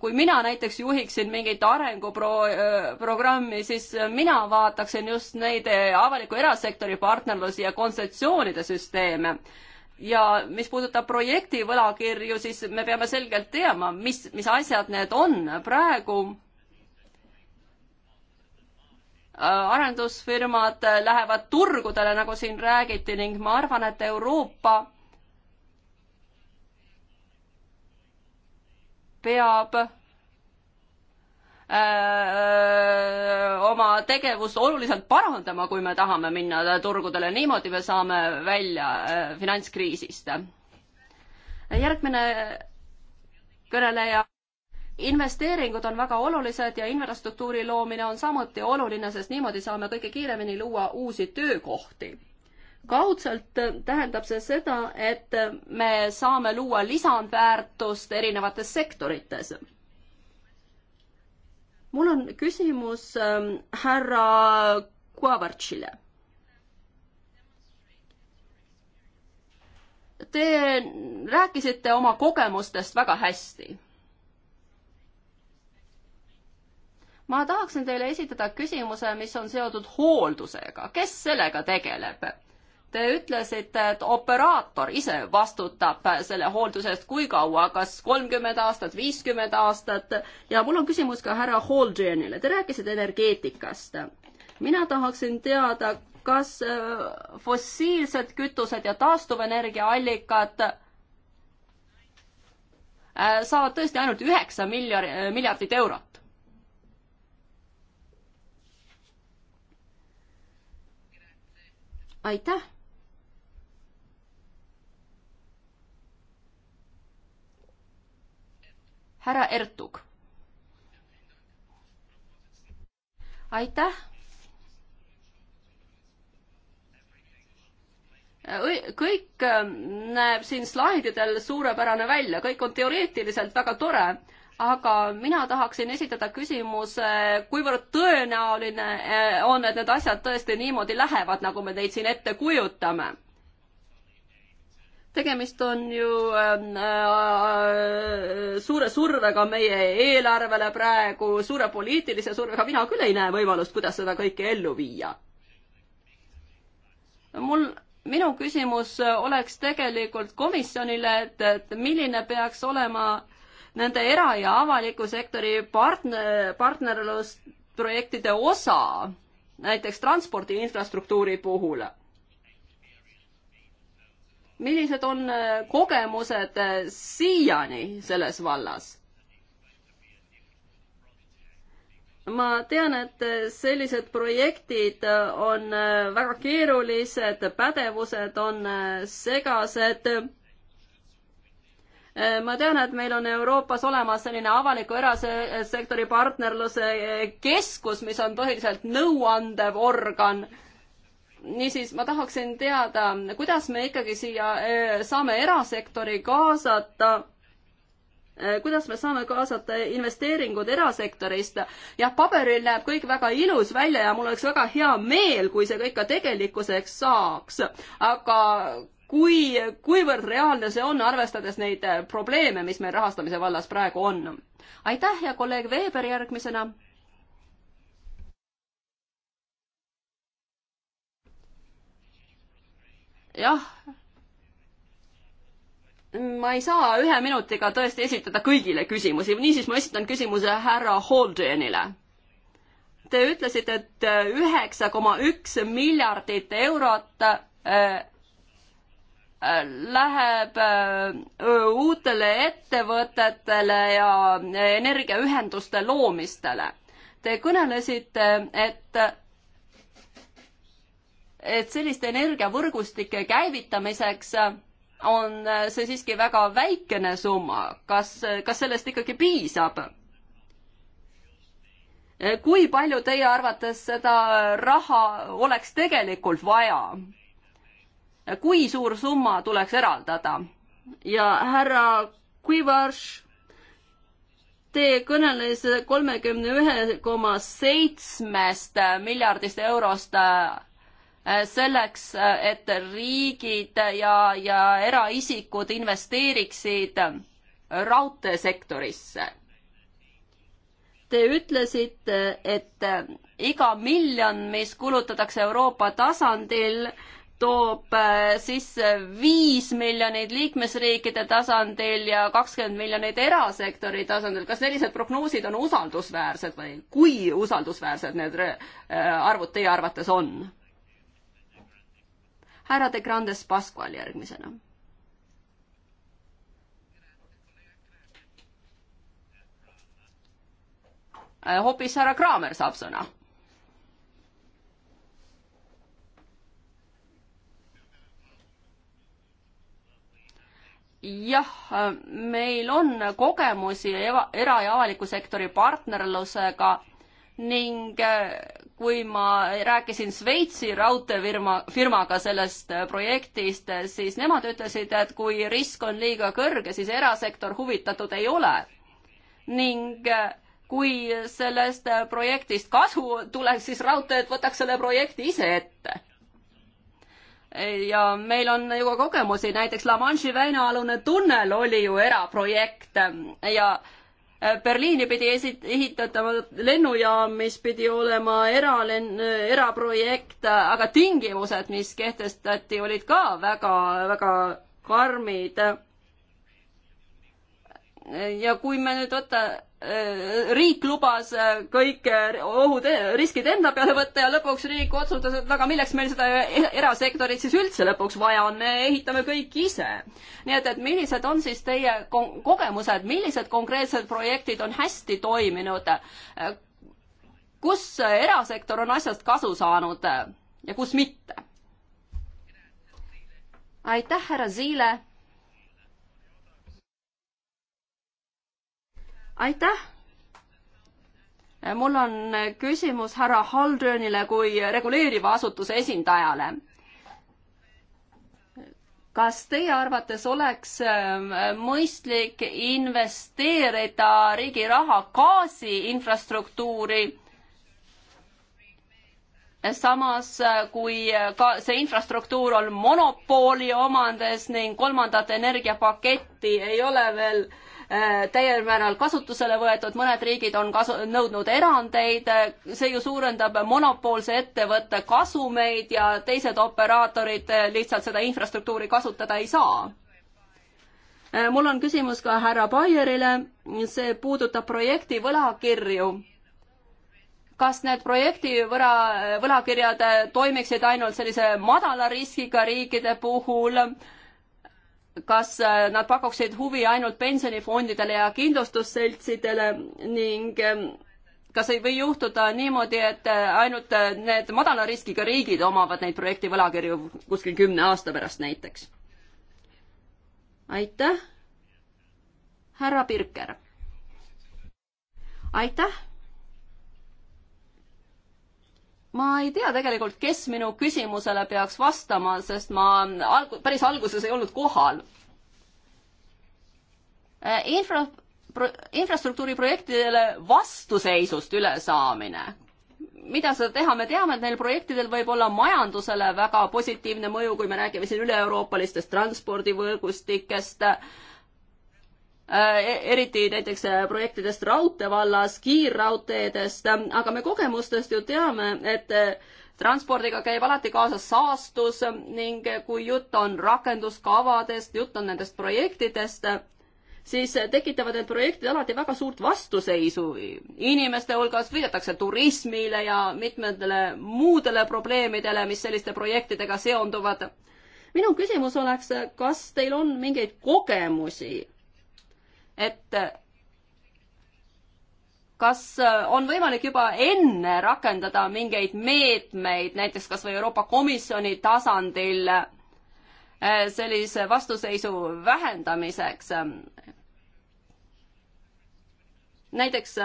kui mina näiteks juhiksin mingit arenguprogrammi, äh, siis mina vaataksin just neid äh, avaliku erasektori partnerlusi ja kontsessioonide süsteeme. ja mis puudutab projekti võlakirju, siis me peame selgelt teama, mis, mis asjad need on. praegu äh, arendusfirmad lähevad turgudele, nagu siin räägiti ning ma arvan, et Euroopa peab äh, oma tegevust oluliselt parandama, kui me tahame minna turgudele, niimoodi me saame välja äh, finantskriisist. järgmine kõneleja. investeeringud on väga olulised ja infrastruktuuri loomine on samuti oluline, sest niimoodi saame kõige kiiremini luua uusi töökohti kaudselt äh, tähendab see seda, et äh, me saame luua lisandväärtust erinevates sektorites. mul on küsimus ähm, härra Kuavartšile. Te rääkisite oma kogemustest väga hästi ma tahaksin teile esitada küsimuse, mis on seotud hooldusega. kes sellega tegeleb? Te ütlesite, et operaator ise vastutab selle hoolduse eest, kui kaua, kas kolmkümmend aastat, viiskümmend aastat ja mul on küsimus ka härra Holdrenile, te rääkisite energeetikast. mina tahaksin teada, kas äh, fossiilsed kütused ja taastuvenergiaallikad äh, saavad tõesti ainult üheksa miljard, miljardit eurot. aitäh härra Ertug. aitäh kõik äh, näeb siin slaididel suurepärane välja, kõik on teoreetiliselt väga tore, aga mina tahaksin esitada küsimuse, kuivõrd tõenäoline äh, on, et need asjad tõesti niimoodi lähevad, nagu me neid siin ette kujutame tegemist on ju ähm, äh, suure survega meie eelarvele praegu, suure poliitilise survega, mina küll ei näe võimalust, kuidas seda kõike ellu viia. mul minu küsimus oleks tegelikult komisjonile, et, et milline peaks olema nende era- ja avaliku sektori partner, partnerlusprojektide osa näiteks transpordi infrastruktuuri puhul millised on äh, kogemused äh, siiani selles vallas? ma tean, et äh, sellised projektid on väga keerulised, pädevused on segased. ma tean, et meil on Euroopas olemas selline avaliku erasektori partnerluse keskus, mis on põhiliselt nõuandev organ niisiis, ma tahaksin teada, kuidas me ikkagi siia eh, saame erasektori kaasata eh, kuidas me saame kaasata investeeringud erasektorist. jah, paberil näeb kõik väga ilus välja ja mul oleks väga hea meel, kui see kõik ka tegelikkuseks saaks, aga kui, kuivõrd reaalne see on, arvestades neid eh, probleeme, mis meil rahastamise vallas praegu on? aitäh, hea kolleeg Veeber, järgmisena jah, ma ei saa ühe minutiga tõesti esitada kõigile küsimusi, niisiis ma esitan küsimuse härra Holdenile. Te ütlesite, et üheksa koma üks miljardit eurot äh, äh, läheb äh, uutele ettevõtetele ja energiaühenduste loomistele. Te kõnelesite, et et selliste energiavõrgustike käivitamiseks äh, on äh, see siiski väga väikene summa, kas, äh, kas sellest ikkagi piisab? kui palju teie arvates seda raha oleks tegelikult vaja? kui suur summa tuleks eraldada? ja härra Kuivarš, te kõnelesite kolmekümne ühe koma seitsmest miljardist eurost Äh, selleks, äh, et riigid ja, ja eraisikud investeeriksid raudteesektorisse. Te ütlesite, et äh, iga miljon, mis kulutatakse Euroopa tasandil, toob sisse viis miljonit liikmesriikide tasandil ja kakskümmend miljonit erasektori tasandil. kas sellised prognoosid on usaldusväärsed või kui usaldusväärsed need arvud teie arvates on? härra De Grandes Pascual järgmisena. Äh, hoopis härra Kraamer saab sõna. jah, äh, meil on kogemusi era- ja avaliku sektori partnerlusega ning äh, kui ma rääkisin Šveitsi raudteefirma, firmaga sellest äh, projektist, äh, siis nemad ütlesid, et kui risk on liiga kõrge, siis erasektor huvitatud ei ole. ning kui sellest projektist kasu tuleks, siis raudteed võtaks selle projekti ise ette. ja meil on ju ka kogemusi, näiteks La Manche'i väinaalune tunnel oli ju eraprojekt ja äh, Berliini pidi esit-, ehitatama lennujaam, mis pidi olema eralen-, eraprojekt, aga tingimused, mis kehtestati, olid ka väga, väga karmid ja kui me nüüd võta, äh, riik lubas äh, kõik äh, ohud, riskid enda peale võtta ja lõpuks riik otsustas, et aga milleks meil seda e-, erasektorit siis üldse lõpuks vaja on, me ehitame kõik ise. nii et, et millised on siis teie ko kogemused, millised konkreetsed projektid on hästi toiminud? kus erasektor on asjast kasu saanud ja kus mitte? aitäh, härra Ziile aitäh! mul on küsimus härra Haldrenile kui reguleeriva asutuse esindajale. kas teie arvates oleks ähm, mõistlik investeerida riigi raha gaasi infrastruktuuri samas äh, kui äh, ka see infrastruktuur on monopooli omandis ning kolmandat energiapaketti ei ole veel äh, Äh, täiel määral kasutusele võetud, mõned riigid on kasu, nõudnud erandeid, see ju suurendab monopoolse ettevõtte kasumeid ja teised operaatorid lihtsalt seda infrastruktuuri kasutada ei saa. Äh, mul on küsimus ka härra Baierile, see puudutab projekti võlakirju kas need projekti võla, võlakirjad toimiksid ainult sellise madala riskiga riikide puhul äh, kas äh, nad pakuksid huvi ainult pensionifondidele ja kindlustusseltsidele ning ähm, kas ei või juhtuda niimoodi, et äh, ainult äh, need madala riskiga riigid omavad neid projekti võlakirju kuskil kümne aasta pärast näiteks? aitäh, härra Birker. aitäh ma ei tea tegelikult, kes minu küsimusele peaks vastama, sest ma alg-, päris alguses ei olnud kohal. Äh, infra-, infrastruktuuriprojektidele vastuseisust ülesaamine. mida seda teha, me teame, et neil projektidel võib olla majandusele väga positiivne mõju, kui me räägime siin üle-euroopalistest transpordivõrgustikest äh,, Äh, e-, eriti näiteks äh, projektidest raudtee vallas, kiirraudteedest, aga me kogemustest ju teame, et äh, transpordiga käib alati kaasas saastus ning kui jutt on rakenduskavadest, jutt on nendest projektidest, siis tekitavad need projektid alati väga suurt vastuseisu. inimeste hulgas viidatakse turismile ja mitmetele muudele probleemidele, mis selliste projektidega seonduvad. minu küsimus oleks, kas teil on mingeid kogemusi et kas on võimalik juba enne rakendada mingeid meetmeid, näiteks kas või Euroopa Komisjoni tasandil eh, sellise vastuseisu vähendamiseks? näiteks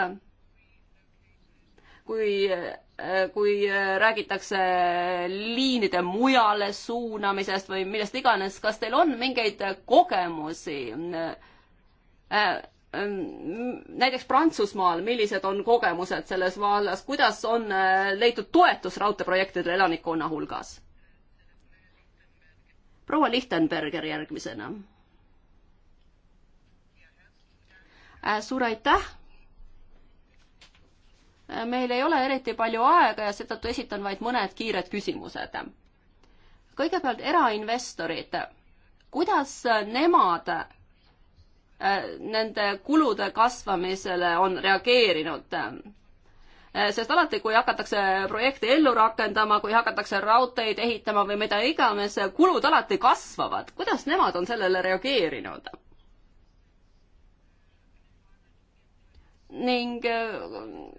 kui, eh, kui räägitakse liinide mujale suunamisest või millest iganes, kas teil on mingeid kogemusi äh, Äh, ähm, näiteks Prantsusmaal, millised on kogemused selles vallas, kuidas on äh, leitud toetus raudteeprojektidele elanikkonna hulgas? proua Lichtenberger järgmisena. Äh, suur aitäh! meil ei ole eriti palju aega ja seetõttu esitan vaid mõned kiired küsimused. kõigepealt erainvestorid, kuidas nemad Äh, nende kulude kasvamisele on reageerinud äh, sest alati, kui hakatakse projekte ellu rakendama, kui hakatakse raudteid ehitama või mida iganes, kulud alati kasvavad. kuidas nemad on sellele reageerinud? ning äh,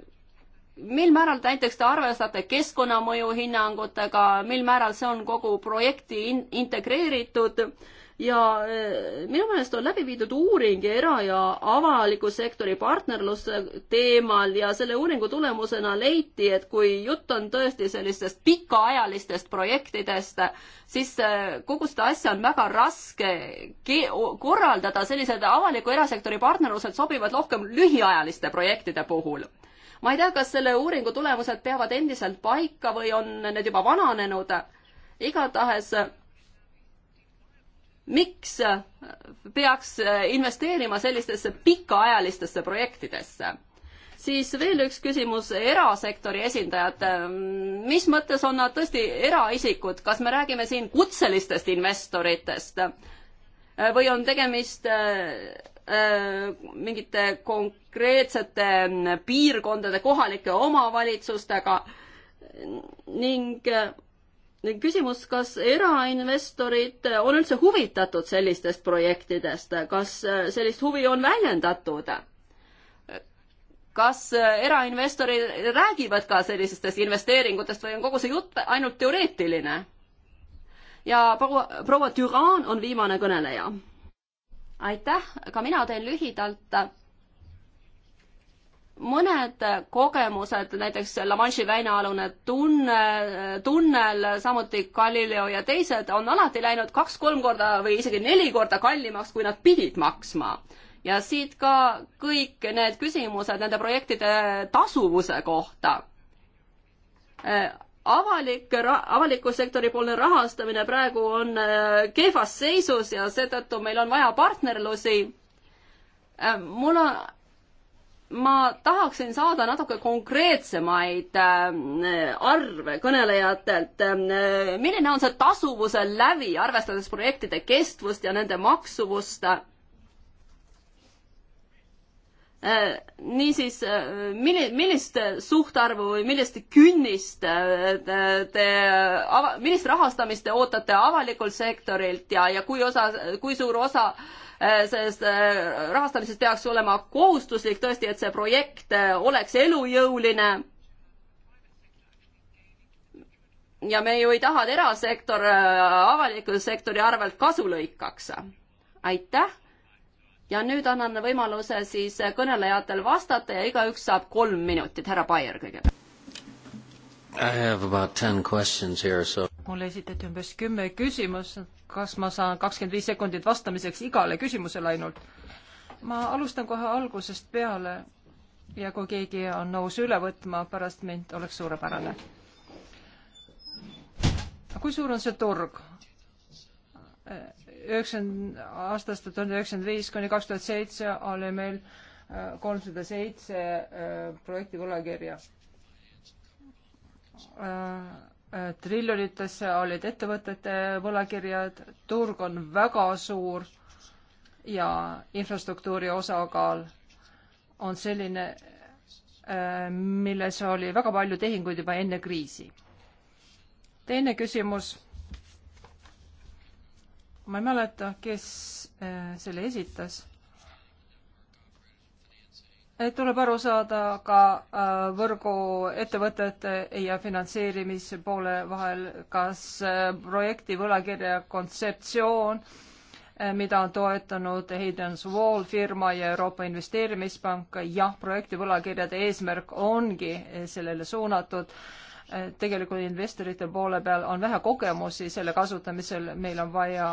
mil määral näiteks te arvestate keskkonnamõju hinnangutega, mil määral see on kogu projekti in integreeritud äh, ja eh, minu meelest on läbi viidud uuring era- ja avaliku sektori partnerluse teemal ja selle uuringu tulemusena leiti, et kui jutt on tõesti sellistest pikaajalistest projektidest, siis eh, kogu seda asja on väga raske korraldada, sellised avaliku erasektori partnerlused sobivad rohkem lühiajaliste projektide puhul ma ei tea, kas selle uuringu tulemused peavad endiselt paika või on need juba vananenud. igatahes miks peaks investeerima sellistesse pikaajalistesse projektidesse? siis veel üks küsimus, erasektori esindajad, mis mõttes on nad tõesti eraisikud, kas me räägime siin kutselistest investoritest või on tegemist äh, mingite konkreetsete piirkondade kohalike omavalitsustega ning äh, küsimus, kas erainvestorid on üldse huvitatud sellistest projektidest, kas äh, sellist huvi on väljendatud? kas äh, erainvestorid räägivad ka sellistest investeeringutest või on kogu see jutt ainult teoreetiline? ja proua, proua Düran on viimane kõneleja. aitäh, ka mina teen lühidalt mõned kogemused, näiteks La Manche'i väinaalune tunne, tunnel, samuti Galileo ja teised, on alati läinud kaks-kolm korda või isegi neli korda kallimaks, kui nad pidid maksma. ja siit ka kõik need küsimused nende projektide tasuvuse kohta avalik, avaliku sektori poolne rahastamine praegu on äh, kehvas seisus ja seetõttu meil on vaja partnerlusi. Äh, mul on ma tahaksin saada natuke konkreetsemaid äh, arve kõnelejatelt. Äh, milline on see tasuvuse lävi, arvestades projektide kestvust ja nende maksuvust? Äh, niisiis, milli-, millist suhtarvu või millist künnist te, millist rahastamist te ootate avalikult sektorilt ja, ja kui osa, kui suur osa äh, Äh, sellest äh, rahastamisest peaks olema kohustuslik tõesti, et see projekt äh, oleks elujõuline ja me ju ei taha, et erasektor avaliku sektori arvelt kasu lõikaks. aitäh. ja nüüd annan võimaluse siis kõnelejatel vastata ja igaüks saab kolm minutit. härra Baier kõigepealt. I have about ten questions here, so. mulle esitati umbes kümme küsimust kas ma saan kakskümmend viis sekundit vastamiseks igale küsimusele ainult? ma alustan kohe algusest peale ja kui keegi on nõus üle võtma pärast mind, oleks suurepärane. kui suur on see turg? üheksakümmend, aastast tuhat üheksakümmend viis kuni kaks tuhat seitse oli meil äh, kolmsada seitse äh, projekti võlakirja äh, Äh, triljonitesse olid ettevõtete võlakirjad, turg on väga suur ja infrastruktuuri osakaal on selline, äh, milles oli väga palju tehinguid juba enne kriisi. teine küsimus. ma ei mäleta, kes äh, selle esitas tuleb aru saada ka äh, võrguettevõtete ja finantseerimispoole vahel, kas äh, projekti võlakirja kontseptsioon, äh, mida on toetanud Hayden's Wall firma ja Euroopa Investeerimispank, jah, projekti võlakirjade eesmärk ongi sellele suunatud. tegelikult investorite poole peal on vähe kogemusi selle kasutamisel, meil on vaja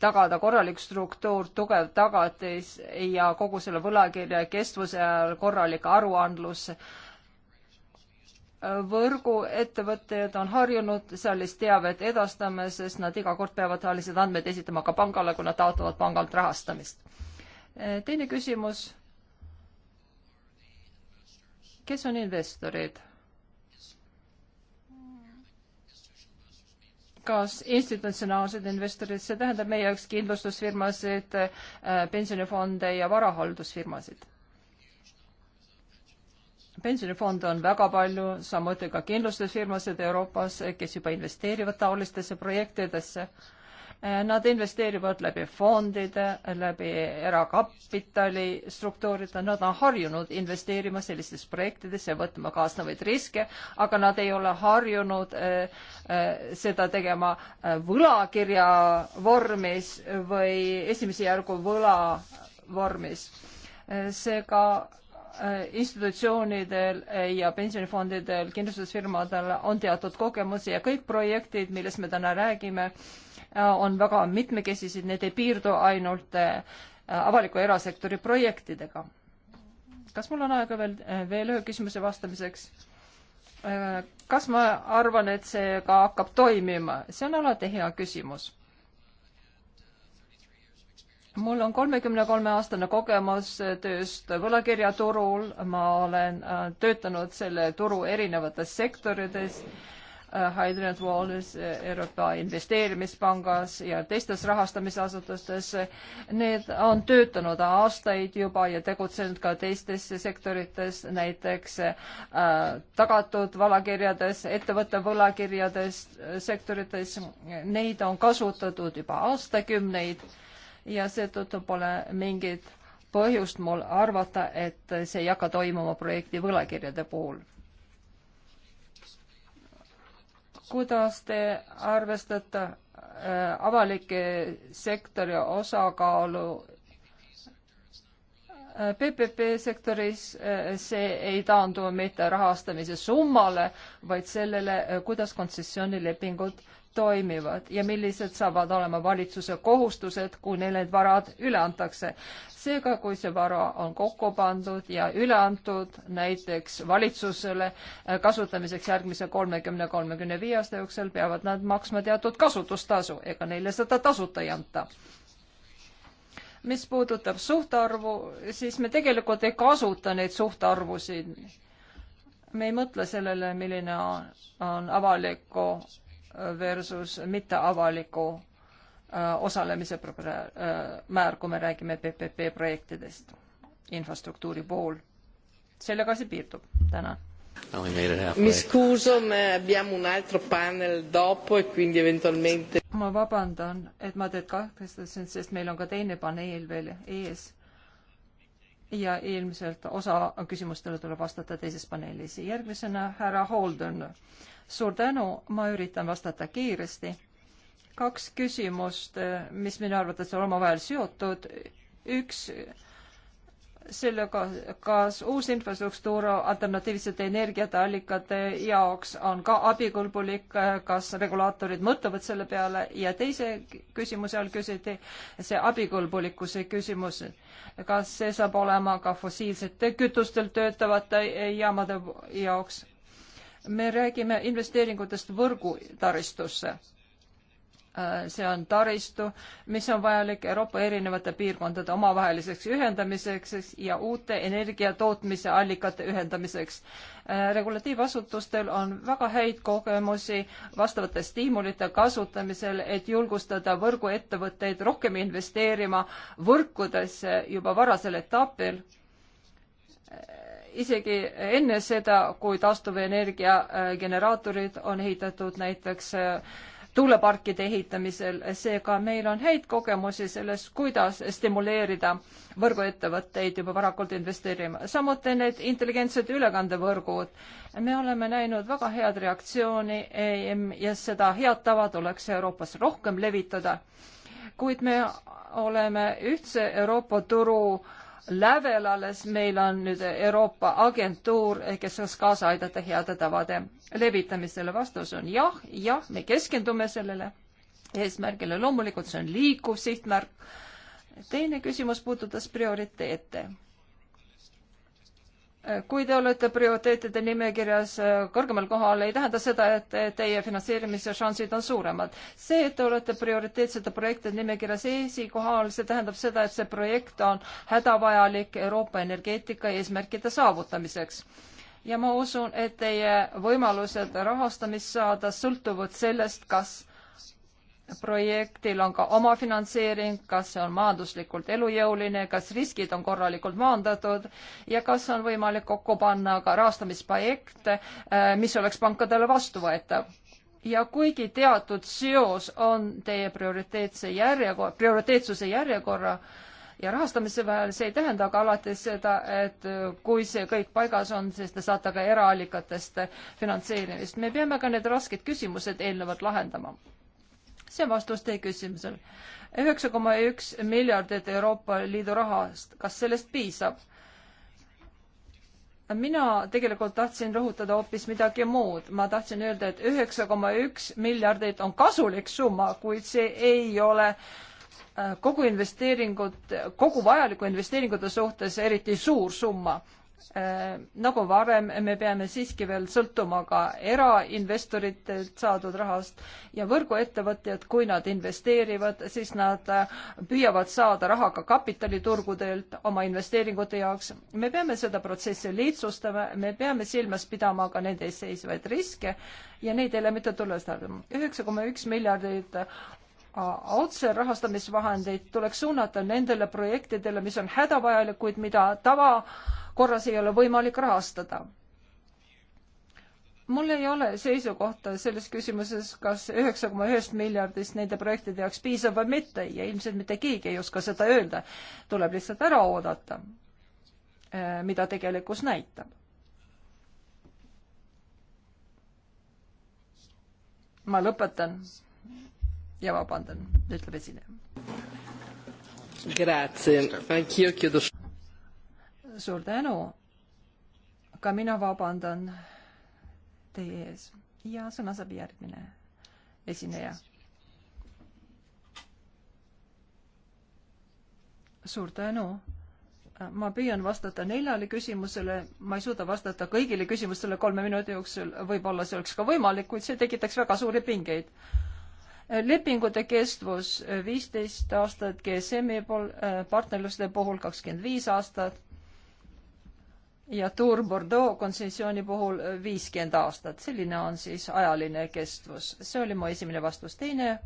tagada korralik struktuur, tugev tagatis ja kogu selle võlakirja kestvuse ajal korralik aruandlus. võrguettevõtted on harjunud sellist teavet edastama, sest nad iga kord peavad sellised andmed esitama ka pangale, kui nad taotlevad pangalt rahastamist. teine küsimus. kes on investorid? kas institutsionaalsed investorid, see tähendab meie jaoks kindlustusfirmasid, äh, pensionifonde ja varahaldusfirmasid. pensionifonde on väga palju, samuti ka kindlustusfirmasid Euroopas, kes juba investeerivad taolistesse projektidesse Eh, nad investeerivad läbi fondide, läbi erakapitali struktuuride, nad on harjunud investeerima sellistesse projektidesse ja võtma kaasnevaid riske, aga nad ei ole harjunud äh, äh, seda tegema võlakirja vormis või esimese järgu võla vormis. seega institutsioonidel ja pensionifondidel, kindlustusfirmadel on teatud kogemusi ja kõik projektid, millest me täna räägime äh,, Äh, on väga mitmekesised, need ei piirdu ainult äh, avaliku erasektori projektidega. kas mul on aega veel, äh, veel ühe küsimuse vastamiseks? kas ma arvan, et see ka hakkab toimima, see on alati hea küsimus mul on kolmekümne kolme aastane kogemus tööst võlakirjaturul, ma olen töötanud selle turu erinevates sektorites äh, Hydrogen äh, Wallis äh, Euroopa Investeerimispangas ja teistes rahastamisasutustes. Need on töötanud aastaid juba ja tegutsenud ka teistes sektorites, näiteks äh, tagatud valakirjades, ettevõtte võlakirjades, äh, sektorites. Neid on kasutatud juba aastakümneid ja seetõttu pole mingit põhjust mul arvata, et see ei hakka toimuma projekti võlakirjade puhul kuidas te arvestate äh, avalike sektori osakaalu PPP äh, sektoris äh, see ei taandu mitte rahastamise summale, vaid sellele, kuidas kontsessioonilepingud toimivad ja millised saavad olema valitsuse kohustused, kui neile need varad üle antakse. seega, kui see vara on kokku pandud ja üle antud näiteks valitsusele eh, kasutamiseks järgmise kolmekümne, kolmekümne viie aasta jooksul, peavad nad maksma teatud kasutustasu, ega neile seda tasuta ei anta mis puudutab suhtarvu, siis me tegelikult ei kasuta neid suhtarvusid me ei mõtle sellele, milline on avaliku versus mitteavaliku äh, osalemise äh, määr, kui me räägime PPP projektidest, infrastruktuuri pool. sellega asi piirdub, tänan. Mi scuso, me abbiamo un altro panel dopo e quindi eventualmente. ma vabandan, et ma teid kahtlustasin, sest meil on ka teine paneel veel ees. ja ilmselt osa küsimustele tuleb vastata teises paneelis. järgmisena härra Holden suur tänu, ma üritan vastata kiiresti. kaks küsimust, mis minu arvates on omavahel seotud. üks sellega, kas uus infrastruktuur alternatiivsete energiaallikate jaoks on ka abikõlbulik, kas regulaatorid mõtlevad selle peale ja teise küsimuse all küsiti see abikõlbulikkuse küsimus. kas see saab olema ka fossiilsete kütustel töötavate jaamade jaoks me räägime investeeringutest võrgutaristusse. Äh, see on taristu, mis on vajalik Euroopa erinevate piirkondade omavaheliseks ühendamiseks ja uute energiatootmise allikate ühendamiseks. Äh, regulatiivasutustel on väga häid kogemusi vastavate stiimulite kasutamisel, et julgustada võrguettevõtteid rohkem investeerima võrkudesse juba varasel etapil äh, isegi enne seda, kui taastuvenergia äh, generaatorid on ehitatud näiteks äh, tuuleparkide ehitamisel, seega meil on häid kogemusi selles, kuidas stimuleerida võrguettevõtteid juba varakult investeerima. samuti need intelligentsed ülekandevõrgud. me oleme näinud väga head reaktsiooni ehm, ja seda head tava tuleks Euroopas rohkem levitada. kuid me oleme ühtse Euroopa turu äh, lävel alles, meil on nüüd Euroopa agentuur, eh, kes saaks kaasa aidata heade tavade levitamisele. vastus on jah, jah, me keskendume sellele eesmärgile, loomulikult see on liikuv sihtmärk. teine küsimus puudutas prioriteete Äh, kui te olete prioriteetide nimekirjas äh, kõrgemal kohal, ei tähenda seda, et teie finantseerimise šansid on suuremad. see, et te olete prioriteetsete projektide nimekirjas esikohal, see tähendab seda, et see projekt on hädavajalik Euroopa energeetika eesmärkide saavutamiseks. ja ma usun, et teie võimalused rahastamist saada sõltuvad sellest, kas projektil on ka omafinantseering, kas see on majanduslikult elujõuline, kas riskid on korralikult maandatud ja kas on võimalik kokku panna ka rahastamisprojekt, eh, mis oleks pankadele vastuvõetav. ja kuigi teatud seos on teie prioriteetse järjekorra, prioriteetsuse järjekorra ja rahastamise vahel, see ei tähenda aga alati seda, et eh, kui see kõik paigas on, siis te saate ka eraallikatest finantseerimist. me peame ka need rasked küsimused eelnevalt lahendama see on vastus teie küsimusele. üheksa koma üks miljardit Euroopa Liidu rahast, kas sellest piisab? mina tegelikult tahtsin rõhutada hoopis midagi muud. ma tahtsin öelda, et üheksa koma üks miljardit on kasulik summa, kuid see ei ole äh, kogu investeeringut, kogu vajaliku investeeringute suhtes eriti suur summa Äh, nagu varem, me peame siiski veel sõltuma ka erainvestoritelt saadud rahast ja võrguettevõtjad, kui nad investeerivad, siis nad äh, püüavad saada raha ka kapitaliturgudelt oma investeeringute jaoks. me peame seda protsessi lihtsustama, me peame silmas pidama ka nende ees seisvaid riske ja neid elemente tulestama. üheksa koma üks miljardit äh, otse rahastamisvahendeid tuleks suunata nendele projektidele, mis on hädavajalikud, mida tava korras ei ole võimalik rahastada. mul ei ole seisukohta selles küsimuses, kas üheksa koma ühest miljardist nende projektide jaoks piisab või mitte ja ilmselt mitte keegi ei oska seda öelda. tuleb lihtsalt ära oodata, eh, mida tegelikkus näitab. ma lõpetan ja vabandan, ütleb esineja. Grazie, anch'io chiedo suur tänu. ka mina vabandan teie ees ja sõna saab järgmine esineja. suur tänu. ma püüan vastata neljale küsimusele, ma ei suuda vastata kõigile küsimustele kolme minuti jooksul, võib-olla see oleks ka võimalik, kuid see tekitaks väga suuri pingeid lepingute kestvus viisteist aastat GSM-i pool, partnerluste puhul kakskümmend viis aastat ja Tour Bordeaux kontsessiooni puhul äh, viiskümmend aastat, selline on siis ajaline kestvus. see oli mu esimene vastus. teine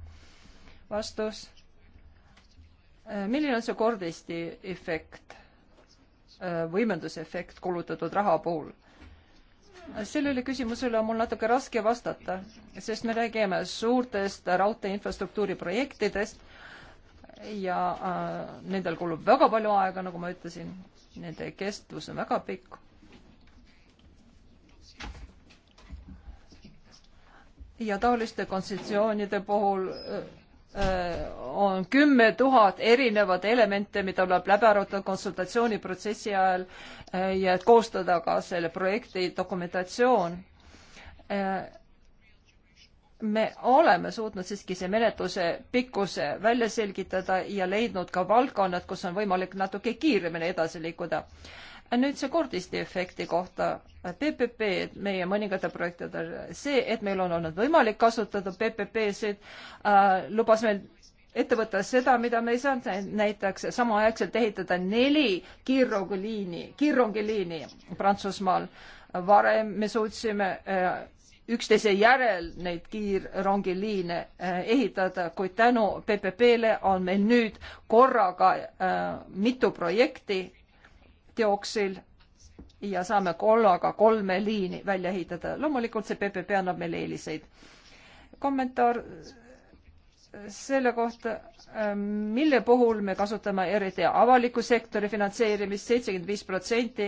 vastus. Äh, milline on see kordisti efekt, äh, võimendusefekt kulutatud raha puhul? sellele küsimusele on mul natuke raske vastata, sest me räägime suurtest raudteeinfrastruktuuri projektidest ja äh, nendel kulub väga palju aega, nagu ma ütlesin nende kestvus on väga pikk. ja taoliste kontsessioonide puhul äh, äh, on kümme tuhat erinevat elemente, mida tuleb läbi arutada konsultatsiooniprotsessi ajal äh, ja koostada ka selle projekti dokumentatsioon me oleme suutnud siiski see menetluse pikkuse välja selgitada ja leidnud ka valdkonnad, kus on võimalik natuke kiiremini edasi liikuda. nüüd see kordisti efekti kohta, PPP-d meie mõningate projektidel, see, et meil on olnud võimalik kasutada PPP-sid äh,, lubas meil ette võtta seda, mida me ei saanud näiteks samaaegselt ehitada neli kiirrongiliini, kiirrongiliini Prantsusmaal. varem me suutsime äh, üksteise järel neid kiirrongiliine äh, ehitada, kuid tänu PPP-le on meil nüüd korraga äh, mitu projekti teoksil ja saame korraga kolme liini välja ehitada. loomulikult see PPP annab meile eeliseid. kommentaar selle kohta, ähm, mille puhul me kasutame eriti avaliku sektori finantseerimist, seitsekümmend viis protsenti,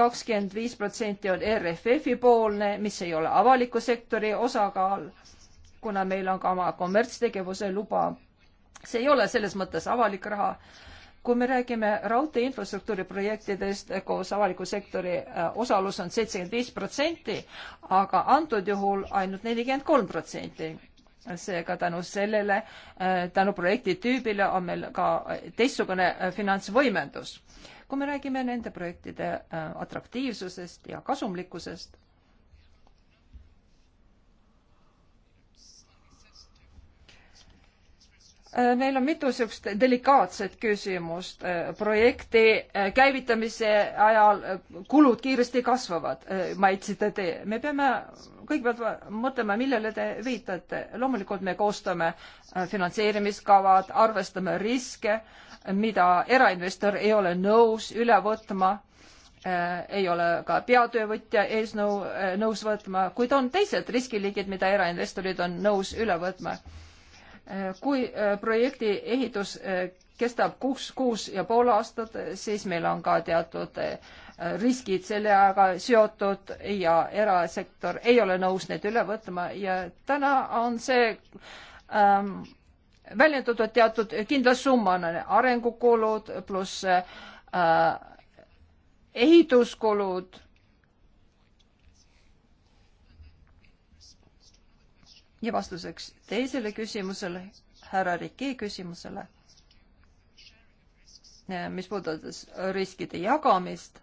kakskümmend viis protsenti on RFF-i poolne, mis ei ole avaliku sektori osakaal, kuna meil on ka oma kommertstegevuse luba. see ei ole selles mõttes avalik raha. kui me räägime raudtee infrastruktuuri projektidest koos avaliku sektori äh, osalus on seitsekümmend viis protsenti, aga antud juhul ainult nelikümmend kolm protsenti seega tänu sellele, äh, tänu projekti tüübile on meil ka teistsugune äh, finantsvõimendus. kui me räägime nende projektide äh, atraktiivsusest ja kasumlikkusest, meil on mitu niisugust delikaatset küsimust. projekti käivitamise ajal kulud kiiresti kasvavad, maitsite te. me peame kõigepealt mõtleme, millele te viitate. loomulikult me koostame äh, finantseerimiskavad, arvestame riske, mida erainvestor ei ole nõus üle võtma, äh, ei ole ka peatöövõtja eesnõu, äh, nõus võtma, kuid on teised riskiliigid, mida erainvestorid on nõus üle võtma. kui projekti ehitus kestab kuus, kuus ja pool aastat, siis meil on ka teatud riskid sellega seotud ja erasektor ei ole nõus need üle võtma ja täna on see ähm, väljendatud teatud kindla summana, arengukulud pluss äh, ehituskulud ja vastuseks teisele küsimusele, härra Riki küsimusele, mis puudutas riskide jagamist,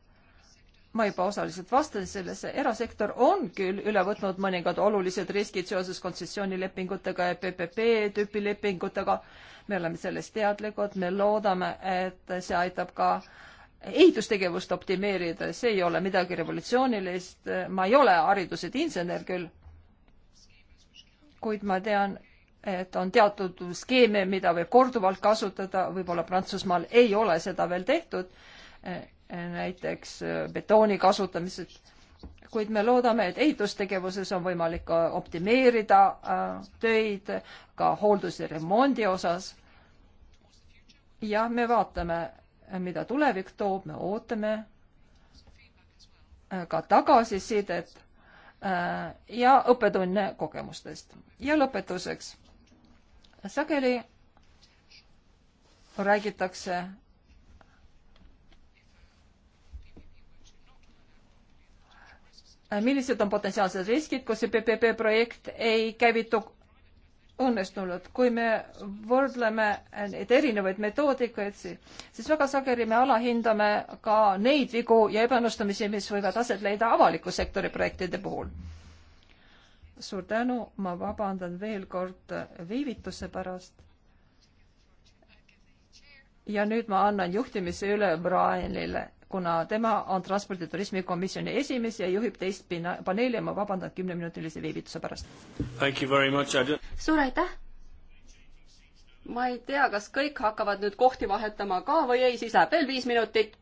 ma juba osaliselt vastasin sellesse, erasektor on küll üle võtnud mõningad olulised riskid seoses kontsessioonilepingutega ja PPP-tüüpi lepingutega. me oleme sellest teadlikud, me loodame, et see aitab ka ehitustegevust optimeerida, see ei ole midagi revolutsioonilist, ma ei ole hariduselt insener küll, kuid ma tean, et on teatud skeeme, mida võib korduvalt kasutada, võib-olla Prantsusmaal ei ole seda veel tehtud näiteks äh, betooni kasutamised, kuid me loodame, et ehitustegevuses on võimalik äh, optimeerida äh, töid ka hooldus- ja remondi osas. ja me vaatame, mida tulevik toob, me ootame ka tagasisidet ja õppetunne kogemustest. ja lõpetuseks. sageli räägitakse Äh, millised on potentsiaalsed riskid, kui see PPP projekt ei käivitu õnnestunud. kui me võrdleme äh, neid erinevaid metoodikaid, siis väga sageli me alahindame ka neid vigu ja ebaõnnestumisi, mis võivad aset leida avaliku sektori projektide puhul. suur tänu, ma vabandan veel kord viivituse pärast. ja nüüd ma annan juhtimise üle Brianile kuna tema on transpordi- ja turismikomisjoni esimees ja juhib teist pinna, paneeli ja ma vabandan kümneminutilise viivituse pärast. suur aitäh! ma ei tea, kas kõik hakkavad nüüd kohti vahetama ka või ei, siis läheb veel viis minutit.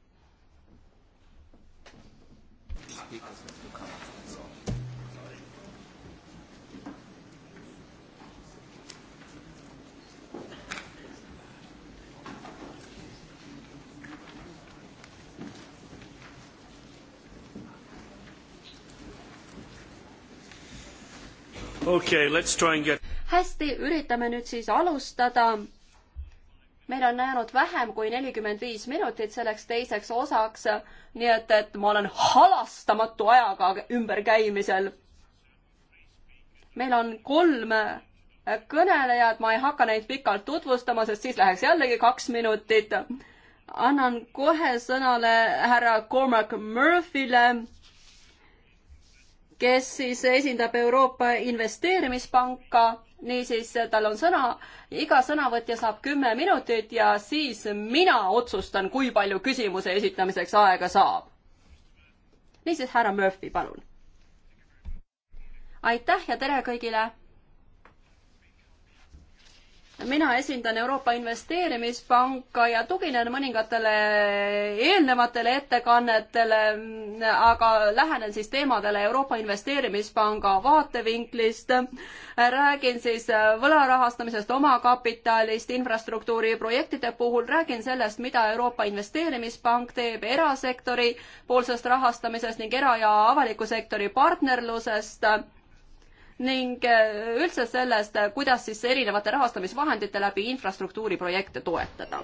okay,. Get... hästi, üritame nüüd siis alustada. meil on jäänud vähem kui nelikümmend viis minutit selleks teiseks osaks, nii et, et ma olen halastamatu ajaga ümberkäimisel. meil on kolm kõnelejad, ma ei hakka neid pikalt tutvustama, sest siis läheks jällegi kaks minutit. annan kohe sõnale härra Cormac Murphy'le kes siis esindab Euroopa Investeerimispanka, niisiis tal on sõna, iga sõnavõtja saab kümme minutit ja siis mina otsustan, kui palju küsimuse esitamiseks aega saab. niisiis, härra Murphy, palun. aitäh ja tere kõigile mina esindan Euroopa Investeerimispanka ja tuginen mõningatele eelnevatele ettekannetele, aga lähenen siis teemadele Euroopa Investeerimispanga vaatevinklist. räägin siis võla rahastamisest, omakapitalist, infrastruktuuriprojektide puhul, räägin sellest, mida Euroopa Investeerimispank teeb erasektori poolsest rahastamisest ning era- ja avaliku sektori partnerlusest ning äh, üldse sellest, äh, kuidas siis erinevate rahastamisvahendite läbi infrastruktuuriprojekte toetada.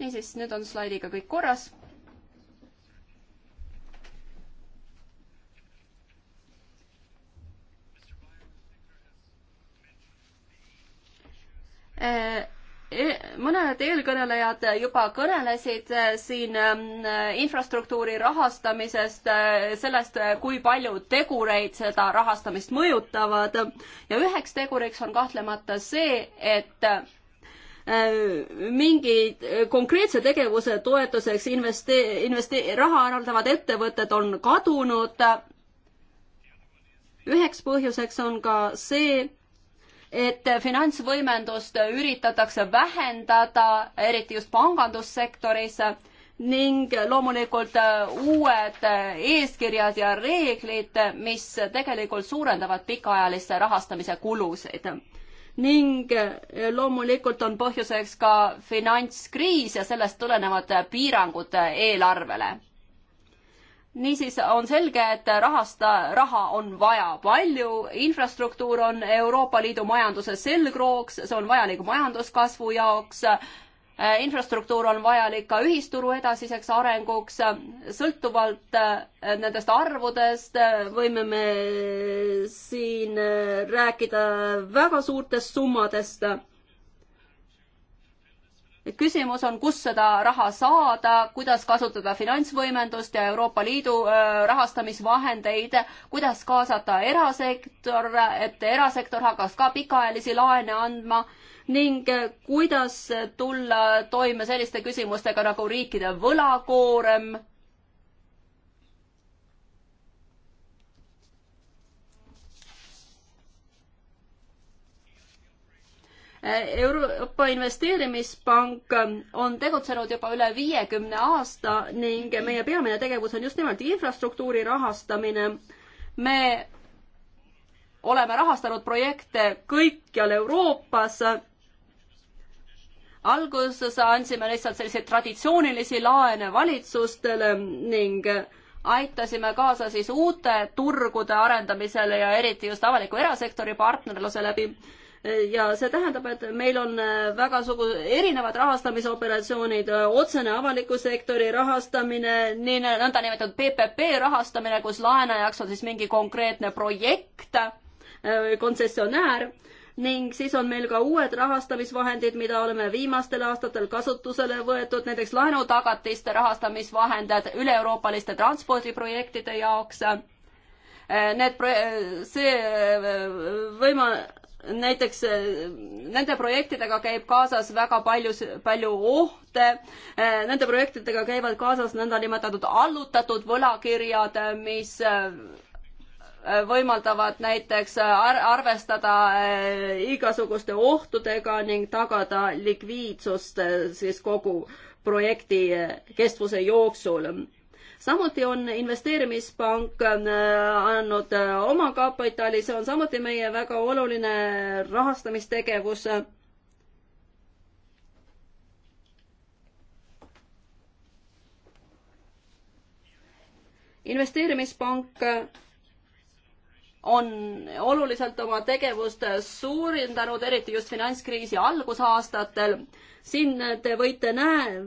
niisiis, nüüd on slaidiga kõik korras äh,. E, mõned eelkõnelejad juba kõnelesid e, siin infrastruktuuri rahastamisest, e, sellest, kui palju tegureid seda rahastamist mõjutavad ja üheks teguriks on kahtlemata see, et mingid konkreetse tegevuse toetuseks investee-, investee-, raha eraldavad ettevõtted on kadunud. üheks põhjuseks on ka see, et finantsvõimendust üritatakse vähendada, eriti just pangandussektoris ning loomulikult äh, uued äh, eeskirjad ja reeglid, mis tegelikult suurendavad pikaajalise rahastamise kulusid. ning äh, loomulikult on põhjuseks ka finantskriis ja sellest tulenevad piirangud eelarvele niisiis on selge, et rahast, raha on vaja palju, infrastruktuur on Euroopa Liidu majanduse selgrooks, see on vajalik majanduskasvu jaoks, äh, infrastruktuur on vajalik ka ühisturu edasiseks arenguks, sõltuvalt äh, nendest arvudest äh, võime me siin rääkida väga suurtest summadest küsimus on, kust seda raha saada, kuidas kasutada finantsvõimendust ja Euroopa Liidu äh, rahastamisvahendeid, kuidas kaasata erasektor, et erasektor hakkaks ka pikaajalisi laene andma ning äh, kuidas tulla toime selliste küsimustega nagu riikide võlakoorem Euroopa Investeerimispank on tegutsenud juba üle viiekümne aasta ning meie peamine tegevus on just nimelt infrastruktuuri rahastamine. me oleme rahastanud projekte kõikjal Euroopas. alguses andsime lihtsalt selliseid traditsioonilisi laene valitsustele ning aitasime kaasa siis uute turgude arendamisele ja eriti just avaliku erasektori partnerluse läbi ja see tähendab, et meil on äh, väga sugu-, erinevad rahastamisoperatsioonid, äh, otsene avaliku sektori rahastamine, nii nõndanimetatud PPP rahastamine, kus laenajaks on siis mingi konkreetne projekt, äh, kontsessionäär ning siis on meil ka uued rahastamisvahendid, mida oleme viimastel aastatel kasutusele võetud, näiteks laenutagatiste rahastamisvahendid üle-euroopaliste transpordiprojektide jaoks. Need, see võima-, näiteks äh, nende projektidega käib kaasas väga palju, palju ohte. Äh, nende projektidega käivad kaasas nõndanimetatud allutatud võlakirjad, mis äh, võimaldavad näiteks ar arvestada igasuguste ohtudega ning tagada likviidsust siis kogu projekti kestvuse jooksul samuti on investeerimispank äh, andnud äh, oma kapitali, see on samuti meie väga oluline rahastamistegevus investeerimispank on oluliselt oma tegevust suurendanud, eriti just finantskriisi algusaastatel siin te võite näe,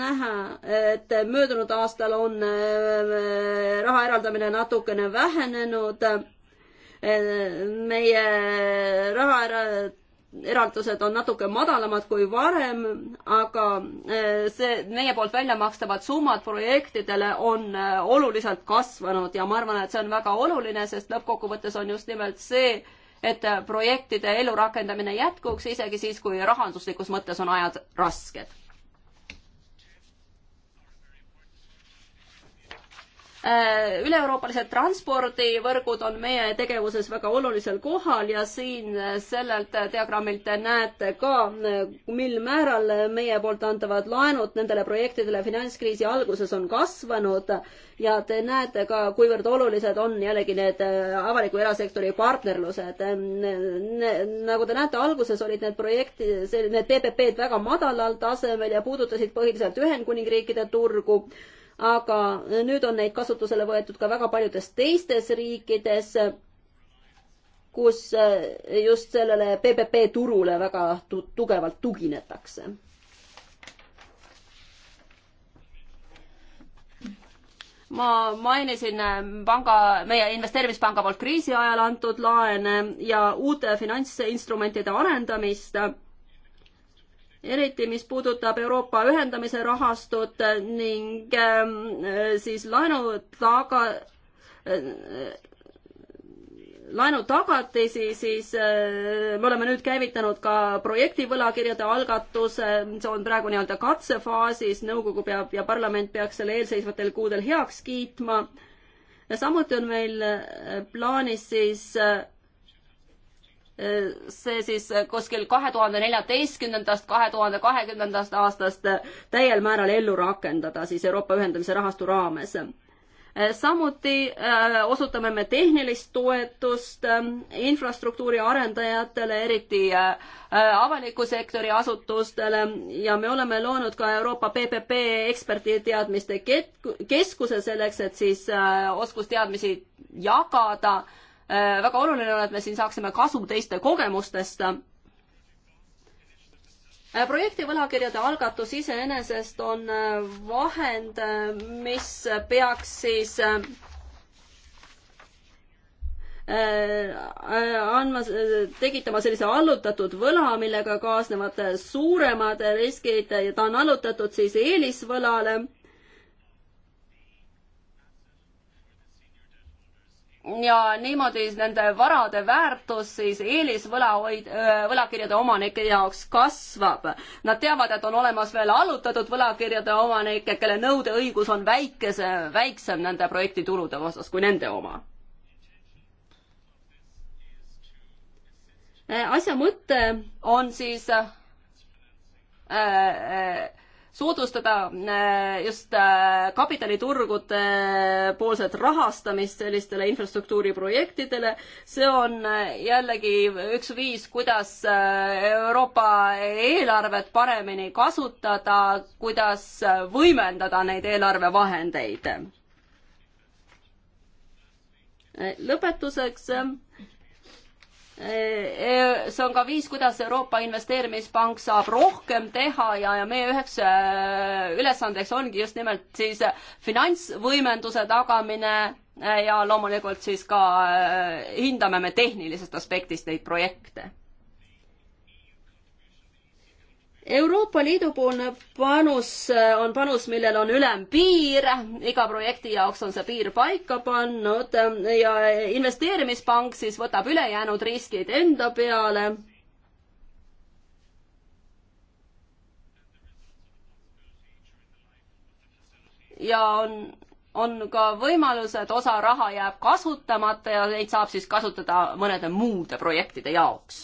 näha, et möödunud aastal on äh, raha eraldamine natukene vähenenud. meie raha ära eraldused on natuke madalamad kui varem, aga äh, see meie poolt välja makstavad summad projektidele on äh, oluliselt kasvanud ja ma arvan, et see on väga oluline, sest lõppkokkuvõttes on just nimelt see, et äh, projektide ellurakendamine jätkuks isegi siis, kui rahanduslikus mõttes on ajad rasked Äh, üle-euroopalised transpordivõrgud on meie tegevuses väga olulisel kohal ja siin äh, sellelt äh, diagrammilt näete ka, mil määral meie poolt antavad laenud nendele projektidele finantskriisi alguses on kasvanud ja te näete ka, kuivõrd olulised on jällegi need avaliku erasektori partnerlused. nagu te näete, alguses olid need projekti, need PPP-d väga madalal tasemel ja puudutasid põhiliselt Ühendkuningriikide turgu aga nüüd on neid kasutusele võetud ka väga paljudes teistes riikides, kus eh, just sellele PPP turule väga tu tugevalt tuginetakse. ma mainisin eh, panga, meie investeerimispanga poolt kriisi ajal antud laene ja uute finantsinstrumentide arendamist eriti mis puudutab Euroopa ühendamise rahastut ning ähm, siis laenu taga, äh, laenutagatisi, siis äh, me oleme nüüd käivitanud ka projektivõlakirjade algatuse, see on praegu nii-öelda katsefaasis, nõukogu peab ja parlament peaks selle eelseisvatel kuudel heaks kiitma. samuti on meil plaanis siis äh, see siis kuskil kahe tuhande neljateistkümnendast, kahe tuhande kahekümnendast aastast täiel määral ellu rakendada siis Euroopa ühendamise rahastu raames. samuti äh, osutame me tehnilist toetust äh, infrastruktuuri arendajatele, eriti äh, avaliku sektori asutustele ja me oleme loonud ka Euroopa PPP ekspertiteadmiste keskuse selleks, et siis oskusteadmisi jagada Äh, väga oluline on, et me siin saaksime kasu teiste kogemustest. Äh, projekti võlakirjade algatus iseenesest on äh, vahend, mis peaks siis andma, tekitama sellise allutatud võla, millega kaasnevad suuremad riskid ja ta on allutatud siis eelisvõlale ja niimoodi nende varade väärtus siis eelisvõlahoid, võlakirjade omanike jaoks kasvab. Nad teavad, et on olemas veel allutatud võlakirjade omanikke, kelle nõudeõigus on väikese, väiksem nende projekti tulude osas kui nende oma. asja mõte on siis äh, äh, soodustada äh, just äh, kapitaliturgude äh, poolset rahastamist sellistele infrastruktuuriprojektidele. see on jällegi üks viis, kuidas Euroopa eelarvet paremini kasutada, kuidas võimendada neid eelarvevahendeid. lõpetuseks Eh, see on ka viis, kuidas Euroopa Investeerimispank saab rohkem teha ja, ja meie üheks eh, ülesandeks ongi just nimelt siis finantsvõimenduse tagamine eh, ja loomulikult siis ka hindame me tehnilisest aspektist neid projekte Euroopa Liidu poolne panus äh, on panus, millel on ülempiir, iga projekti jaoks on see piir paika pannud ja investeerimispank siis võtab ülejäänud riskid enda peale. ja on, on ka võimalus, et osa raha jääb kasutamata ja neid saab siis kasutada mõnede muude projektide jaoks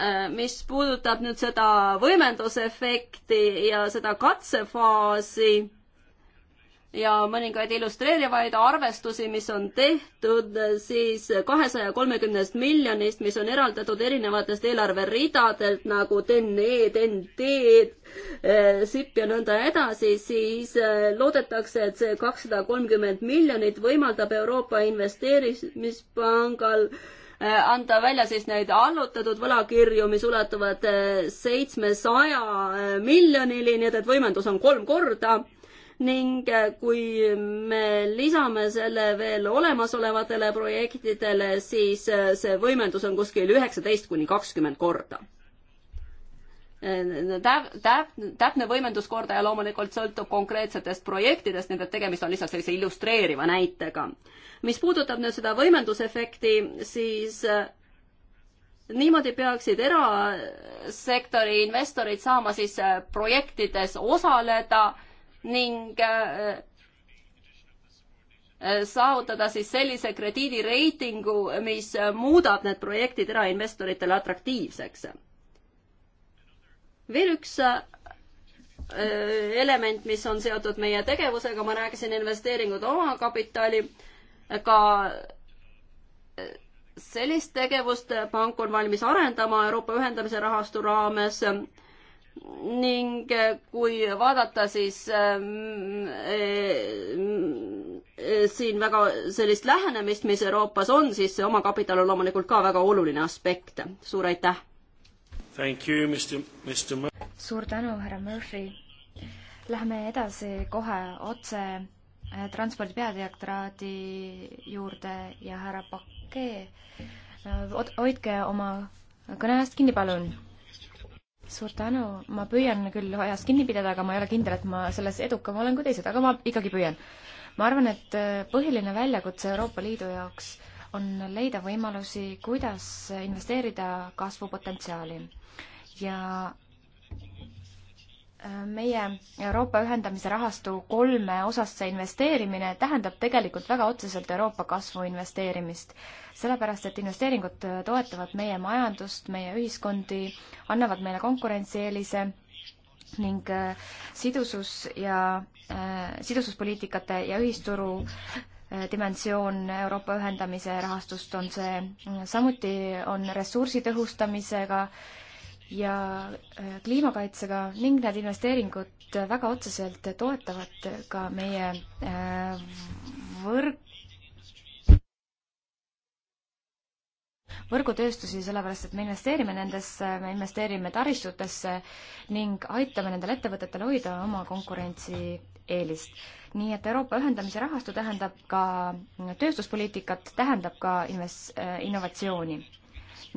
Äh, mis puudutab nüüd seda võimendusefekti ja seda katsefaasi ja mõningaid illustreerivaid arvestusi, mis on tehtud siis kahesaja kolmekümnest miljonist, mis on eraldatud erinevatest eelarveridadelt nagu TEN-E, TEN-T, äh, SIP ja nõnda edasi, siis äh, loodetakse, et see kakssada kolmkümmend miljonit võimaldab Euroopa Investeerimispangal äh, Äh, anda välja siis neid allutatud võlakirju, mis ulatuvad äh, seitsmesaja äh, miljonini, nii et, et võimendus on kolm korda ning kui me lisame selle veel olemasolevatele projektidele, siis see võimendus on kuskil üheksateist kuni kakskümmend korda Äh, täp-, täp-, täpne võimenduskordaja loomulikult sõltub konkreetsetest projektidest, nii et tegemist on lihtsalt sellise illustreeriva näitega. mis puudutab nüüd seda võimendusefekti, siis äh, niimoodi peaksid erasektori investorid saama siis äh, projektides osaleda ning saavutada siis sellise krediidireitingu, mis muudab need projektid erainvestoritele atraktiivseks veel üks äh, element, mis on seotud meie tegevusega, ma rääkisin investeeringud omakapitali, ka äh, sellist tegevust pank on valmis arendama Euroopa ühendamise rahastu raames ning äh, kui vaadata, siis ähm, siin väga sellist lähenemist, mis Euroopas on, siis see omakapital on loomulikult ka väga oluline aspekt. suur aitäh! suur tänu, härra Murphy. Läheme edasi kohe otse eh, transpordi peadirektoraadi juurde ja härra Pakee, eh, hoidke oma kõneajast kinni, palun suur tänu, ma püüan küll ajast kinni pidada, aga ma ei ole kindel, et ma selles edukam olen kui teised, aga ma ikkagi püüan. ma arvan, et eh, põhiline väljakutse Euroopa Liidu jaoks on leida võimalusi, kuidas investeerida kasvupotentsiaali. ja äh, meie Euroopa ühendamise rahastu kolme osasse investeerimine tähendab tegelikult väga otseselt Euroopa kasvu investeerimist. sellepärast, et investeeringud toetavad meie majandust, meie ühiskondi, annavad meile konkurentsieelise ning äh, sidusus ja äh, sidususpoliitikate ja ühisturu Äh, dimensioon Euroopa ühendamise rahastust on see, samuti on ressursi tõhustamisega ja äh, kliimakaitsega ning need investeeringud väga otseselt toetavad ka meie äh, võrk, võrgutööstusi, sellepärast et me investeerime nendesse, me investeerime taristutesse ning aitame nendel ettevõtetel hoida oma konkurentsieelist nii et Euroopa ühendamise rahastu tähendab ka tööstuspoliitikat, tähendab ka inves-, äh, innovatsiooni.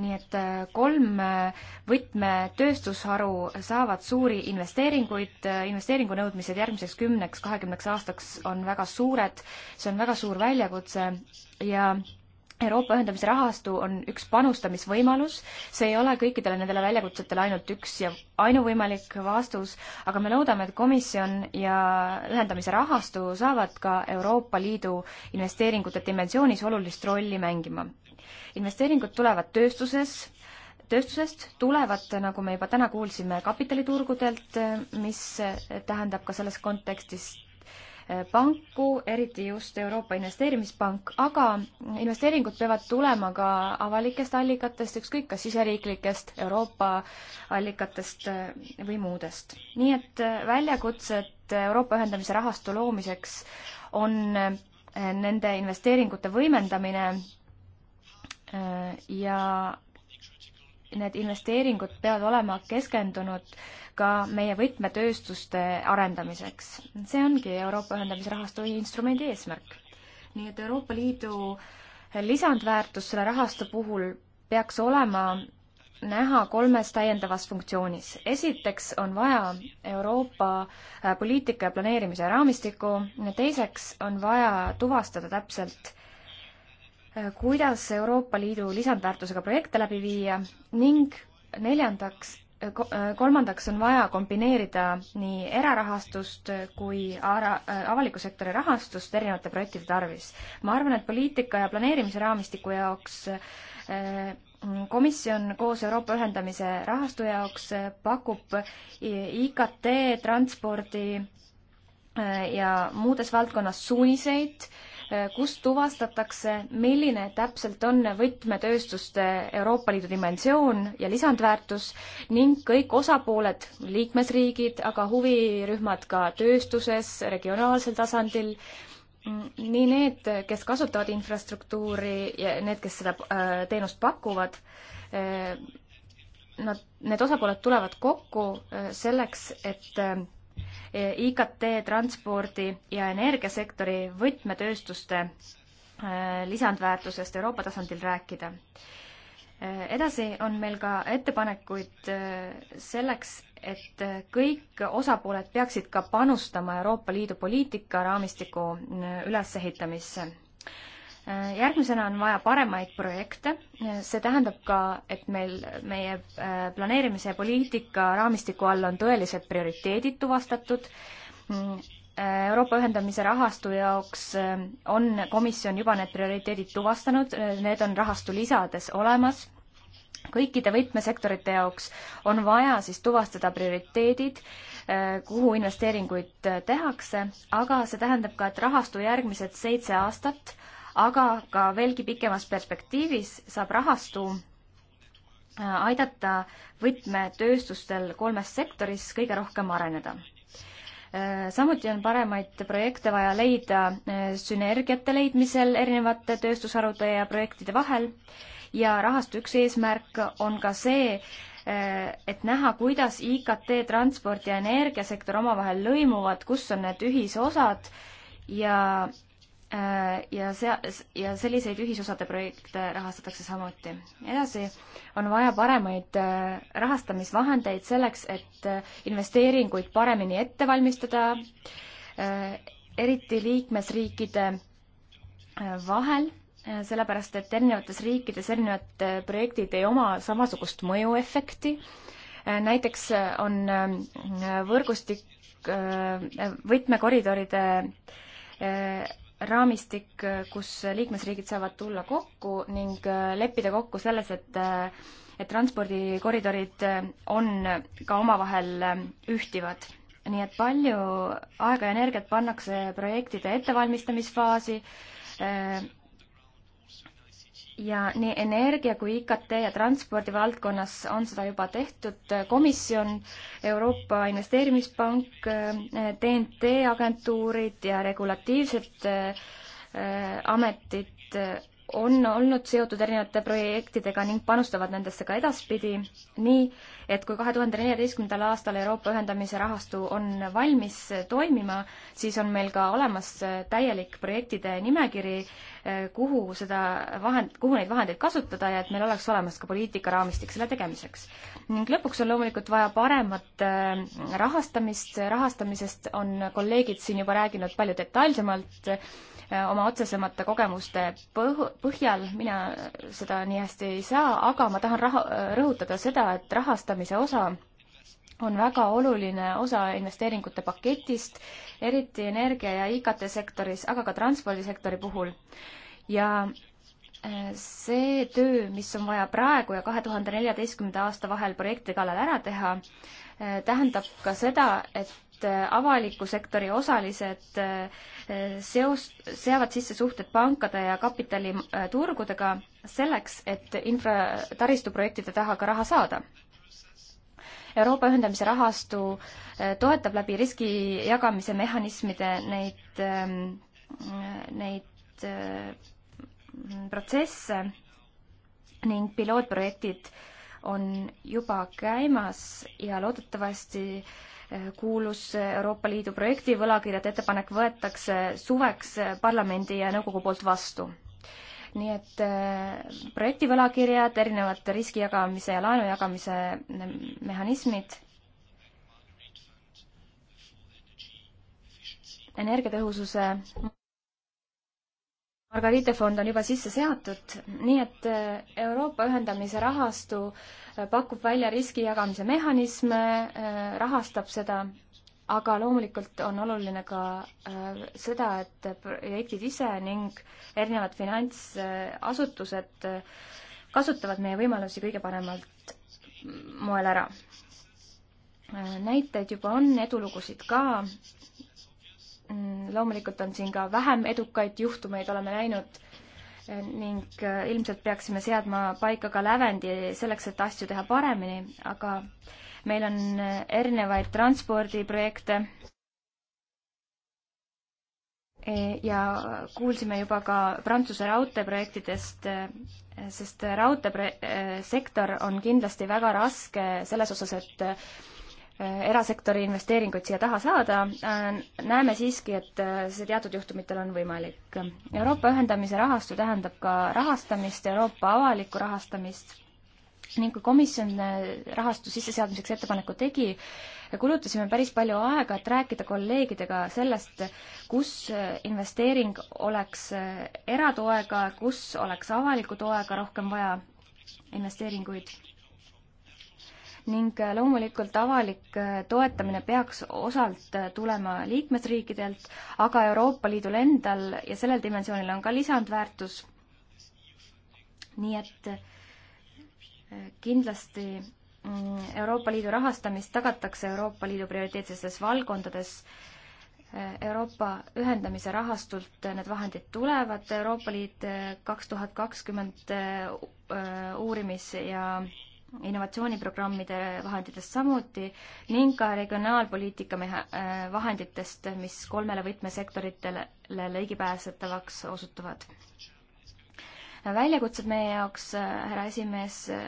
nii et äh, kolm äh, võtmetööstusharu saavad suuri investeeringuid, investeeringunõudmised järgmiseks kümneks, kahekümneks aastaks on väga suured, see on väga suur väljakutse ja Euroopa ühendamise rahastu on üks panustamisvõimalus, see ei ole kõikidele nendele väljakutsetele ainult üks ja ainuvõimalik vastus, aga me loodame, et komisjon ja ühendamise rahastu saavad ka Euroopa Liidu investeeringute dimensioonis olulist rolli mängima. investeeringud tulevad tööstuses, tööstusest tulevad, nagu me juba täna kuulsime, kapitaliturgudelt, mis tähendab ka selles kontekstis Eh, panku, eriti just Euroopa Investeerimispank, aga investeeringud peavad tulema ka avalikest allikatest, ükskõik kas siseriiklikest, Euroopa allikatest eh, või muudest. nii et eh, väljakutsed Euroopa ühendamise rahastu loomiseks on nende investeeringute võimendamine ja need investeeringud peavad olema keskendunud ka meie võtmetööstuste arendamiseks. see ongi Euroopa ühendamisrahastu instrumendi eesmärk. nii et Euroopa Liidu lisandväärtus selle rahastu puhul peaks olema näha kolmes täiendavas funktsioonis. esiteks on vaja Euroopa äh, poliitika ja planeerimise raamistikku, teiseks on vaja tuvastada täpselt, Äh, kuidas Euroopa Liidu lisandväärtusega projekte läbi viia ning neljandaks, äh, äh, kolmandaks on vaja kombineerida nii erarahastust kui ara-, avaliku sektori rahastust erinevate projektide tarvis. ma arvan, et poliitika ja planeerimise raamistiku jaoks komisjon koos Euroopa ühendamise rahastu jaoks pakub IKT, transpordi ja muudes valdkonnas suuniseid äh, Äh, kus tuvastatakse, milline täpselt on võtmetööstuste Euroopa Liidu dimensioon ja lisandväärtus ning kõik osapooled, liikmesriigid, aga huvirühmad ka tööstuses, regionaalsel tasandil, mm, nii need, kes kasutavad infrastruktuuri ja need, kes seda äh, teenust pakuvad, äh, nad, need osapooled tulevad kokku selleks, et IKT, transpordi ja energiasektori võtmetööstuste äh, lisandväärtusest Euroopa tasandil rääkida. Äh, edasi on meil ka ettepanekuid äh, selleks, et kõik osapooled peaksid ka panustama Euroopa Liidu poliitika raamistiku ülesehitamisse järgmisena on vaja paremaid projekte, see tähendab ka, et meil, meie äh, planeerimise ja poliitika raamistiku all on tõelised prioriteedid tuvastatud. Mm, äh, Euroopa ühendamise rahastu jaoks äh, on komisjon juba need prioriteedid tuvastanud, need on rahastu lisades olemas kõikide võtmesektorite jaoks on vaja siis tuvastada prioriteedid, kuhu investeeringuid tehakse, aga see tähendab ka, et rahastu järgmised seitse aastat aga ka veelgi pikemas perspektiivis saab rahastu äh, aidata võtmetööstustel kolmes sektoris kõige rohkem areneda. Äh, samuti on paremaid projekte vaja leida äh, sünergiate leidmisel erinevate tööstusharude ja projektide vahel ja rahastu üks eesmärk on ka see, et näha, kuidas IKT, transport ja energiasektor omavahel lõimuvad, kus on need ühisosad ja Äh, ja sea-, ja selliseid ühisosade projekte rahastatakse samuti. edasi on vaja paremaid äh, rahastamisvahendeid selleks, et äh, investeeringuid paremini ette valmistada, eriti liikmesriikide vahel, sellepärast et erinevates riikides erinevad projektid ei oma samasugust mõjuefekti, näiteks on võrgustik võtmekoridoride raamistik, kus liikmesriigid saavad tulla kokku ning äh, leppida kokku selles, et äh, et transpordikoridorid äh, on ka omavahel ühtivad. nii et palju aega ja energiat pannakse projektide ettevalmistamisfaasi, ja nii energia kui IKT ja transpordi valdkonnas on seda juba tehtud. komisjon, Euroopa Investeerimispank, TNT agentuurid ja regulatiivsed eh, ametid on olnud seotud erinevate projektidega ning panustavad nendesse ka edaspidi, nii et kui kahe tuhande neljateistkümnendal aastal Euroopa ühendamise rahastu on valmis toimima, siis on meil ka olemas täielik projektide nimekiri, kuhu seda vahend, kuhu neid vahendeid kasutada ja et meil oleks olemas ka poliitikaraamistik selle tegemiseks. ning lõpuks on loomulikult vaja paremat äh, rahastamist, rahastamisest on kolleegid siin juba rääkinud palju detailsemalt Äh, oma otsesemate kogemuste põh-, põhjal, mina seda nii hästi ei saa, aga ma tahan raha, rõhutada seda, et rahastamise osa on väga oluline osa investeeringute paketist, eriti energia- ja IKT sektoris, aga ka transpordisektori puhul. ja äh, see töö, mis on vaja praegu ja kahe tuhande neljateistkümnenda aasta vahel projekti kallal ära teha, äh, tähendab ka seda, et et äh, avaliku sektori osalised äh, seos, seavad sisse suhted pankade ja kapitaliturgudega äh, selleks, et infrataristuprojektide taha ka raha saada. Euroopa ühendamise rahastu toetab läbi riski jagamise mehhanismide neid, ähm, neid protsesse ning pilootprojektid on juba käimas ja loodetavasti äh, Eh, kuulus Euroopa Liidu projekti võlakirjade ettepanek võetakse suveks eh, parlamendi ja nõukogu poolt vastu. nii et eh, projekti võlakirjad, erinevad riskijagamise ja laenu jagamise mm, mehhanismid, energiatõhususe Margarite fond on juba sisse seatud, nii et äh, Euroopa ühendamise rahastu äh, pakub välja riskijagamise mehhanisme, äh, rahastab seda, aga loomulikult on oluline ka seda, et projektid ise ning erinevad finantsasutused kasutavad meie võimalusi kõige paremalt moel ära näiteid juba on, edulugusid ka Mm, loomulikult on siin ka vähem edukaid juhtumeid, oleme näinud, eh, ning eh, ilmselt peaksime seadma paika ka lävendi selleks, et asju teha paremini, aga meil on eh, erinevaid transpordiprojekte ja kuulsime juba ka Prantsuse raudteeprojektidest, sest raudteesektor on kindlasti väga raske selles osas, et erasektori investeeringuid siia taha saada, näeme siiski, et see teatud juhtumitel on võimalik. Euroopa ühendamise rahastu tähendab ka rahastamist, Euroopa avalikku rahastamist ning kui komisjon rahastu sisseseadmiseks ettepaneku tegi, kulutasime päris palju aega, et rääkida kolleegidega sellest, kus investeering oleks eratoega, kus oleks avaliku toega rohkem vaja investeeringuid ning äh, loomulikult avalik äh, toetamine peaks osalt äh, tulema liikmesriikidelt, aga Euroopa Liidul endal ja sellel dimensioonil on ka lisandväärtus. nii et kindlasti mm, Euroopa Liidu rahastamist tagatakse Euroopa Liidu prioriteetsetes valdkondades Euroopa ühendamise rahastult need vahendid tulevad, Euroopa Liit kaks tuhat kakskümmend uurimis- ja innovatsiooniprogrammide vahenditest samuti ning ka regionaalpoliitika meha-, äh, vahenditest, mis kolmele võtmesektoritele ligipääsetavaks osutuvad. väljakutsed meie jaoks, äh, härra esimees, äh,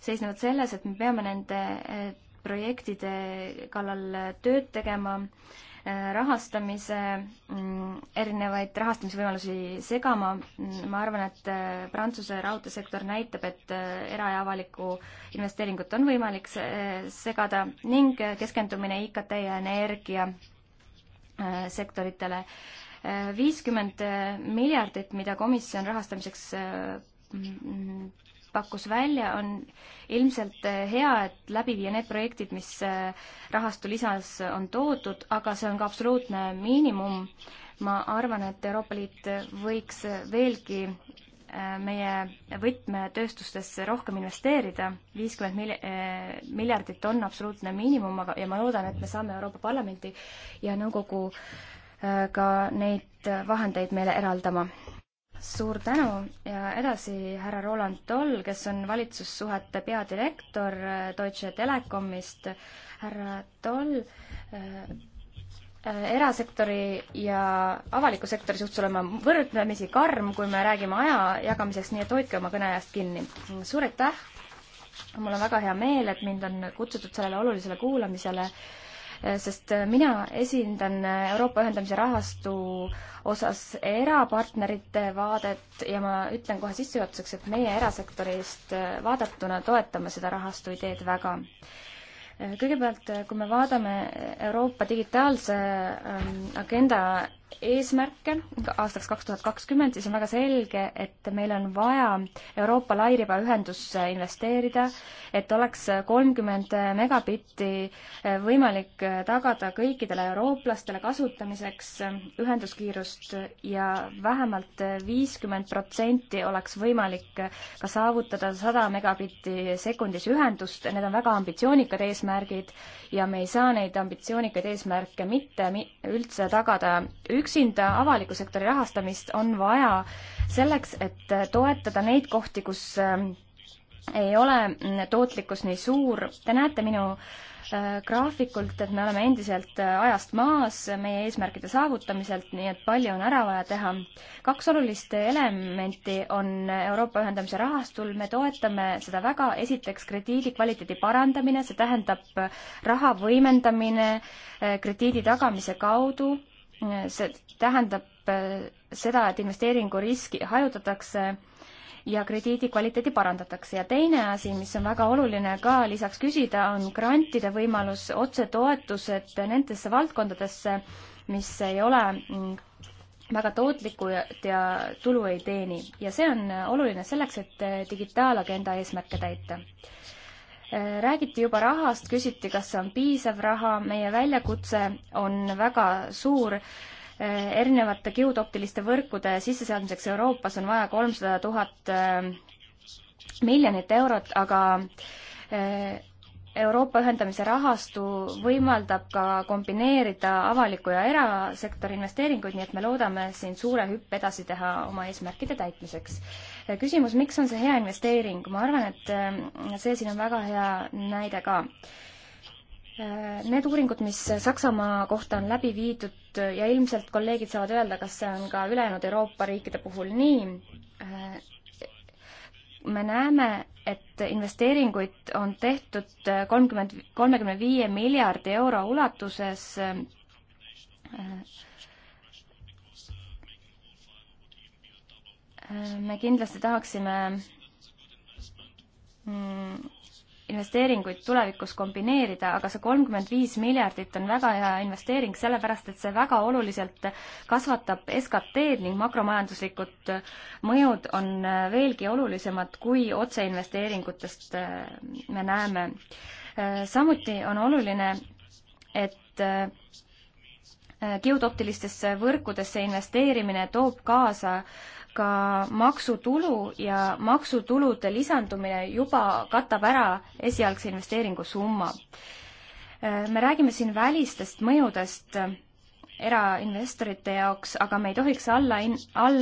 seisnevad selles, et me peame nende projektide kallal tööd tegema äh, Äh, rahastamise, mm, erinevaid rahastamisvõimalusi segama. ma arvan, et äh, Prantsuse raudteesektor näitab, et äh, era- ja avalikku investeeringut on võimalik segada ning keskendumine IKT ja energia sektoritele. viiskümmend miljardit, mida komisjon rahastamiseks mm, pakkus välja, on ilmselt eh, hea, et läbi viia need projektid, mis eh, rahastu lisas on toodud, aga see on ka absoluutne miinimum. ma arvan, et Euroopa Liit võiks veelgi eh, meie võtmetööstustesse rohkem investeerida, viiskümmend mil-, miljardit on absoluutne miinimum, aga, ja ma loodan, et me saame Euroopa Parlamendi ja nõukogu ka neid vahendeid meile eraldama suur tänu ja edasi härra Roland Toll, kes on valitsussuhete peadirektor äh, Deutsche Telekomist. härra Toll äh, äh,, erasektori ja avaliku sektori suhtes olema võrdlemisi karm, kui me räägime aja jagamisest, nii et hoidke oma kõneajast kinni. suur aitäh! mul on väga hea meel, et mind on kutsutud sellele olulisele kuulamisele äh, Äh, sest äh, mina esindan äh, Euroopa ühendamise rahastu osas erapartnerite vaadet ja ma ütlen kohe sissejuhatuseks, et meie erasektorist vaadatuna toetame seda rahastu ideed väga kõigepealt, kui me vaatame Euroopa digitaalse ähm, agenda eesmärke aastaks kaks tuhat kakskümmend, siis on väga selge, et meil on vaja Euroopa lairibaühendusse investeerida, et oleks kolmkümmend megabitti võimalik tagada kõikidele eurooplastele kasutamiseks ühenduskiirust ja vähemalt viiskümmend protsenti oleks võimalik ka saavutada sada megabitti sekundis ühendust, need on väga ambitsioonikad eesmärgid ja me ei saa neid ambitsioonikaid eesmärke mitte üldse tagada üksinda avaliku sektori rahastamist on vaja selleks, et toetada neid kohti, kus ähm, ei ole tootlikkus nii suur. Te näete minu äh, graafikult, et me oleme endiselt äh, ajast maas meie eesmärkide saavutamiselt, nii et palju on ära vaja teha. kaks olulist elementi on Euroopa ühendamise rahastul, me toetame seda väga, esiteks krediidi kvaliteedi parandamine, see tähendab raha võimendamine äh, krediidi tagamise kaudu see tähendab äh, seda, et investeeringuriski hajutatakse ja krediidi kvaliteeti parandatakse. ja teine asi, mis on väga oluline ka lisaks küsida, on grantide võimalus, otsetoetused nendesse valdkondadesse, mis ei ole mm, väga tootlikud ja tulu ei teeni. ja see on oluline selleks, et digitaalagenda eesmärke täita Äh, räägiti juba rahast, küsiti, kas see on piisav raha, meie väljakutse on väga suur, äh, erinevate kiudoptiliste võrkude sisseseadmiseks Euroopas on vaja kolmsada tuhat äh, miljonit eurot, aga Euroopa ühendamise rahastu võimaldab ka kombineerida avaliku ja erasektori investeeringuid, nii et me loodame siin suure hüppe edasi teha oma eesmärkide täitmiseks küsimus, miks on see hea investeering? ma arvan, et äh, see siin on väga hea näide ka. Äh, need uuringud, mis Saksamaa kohta on läbi viidud äh, ja ilmselt kolleegid saavad öelda, kas see on ka ülejäänud Euroopa riikide puhul nii, me näeme, et investeeringuid on tehtud kolmkümmend, kolmekümne viie miljardi euro ulatuses äh, me kindlasti tahaksime mm, investeeringuid tulevikus kombineerida, aga see kolmkümmend viis miljardit on väga hea investeering, sellepärast et see väga oluliselt kasvatab SKT-d ning makromajanduslikud mõjud on veelgi olulisemad, kui otseinvesteeringutest äh, me näeme. Äh, samuti on oluline, et kiudoptilistesse äh, võrkudesse investeerimine toob kaasa äh, ka maksutulu ja maksutulude lisandumine juba katab ära esialgse investeeringu summa. me räägime siin välistest mõjudest erainvestorite jaoks, aga me ei tohiks alla, all,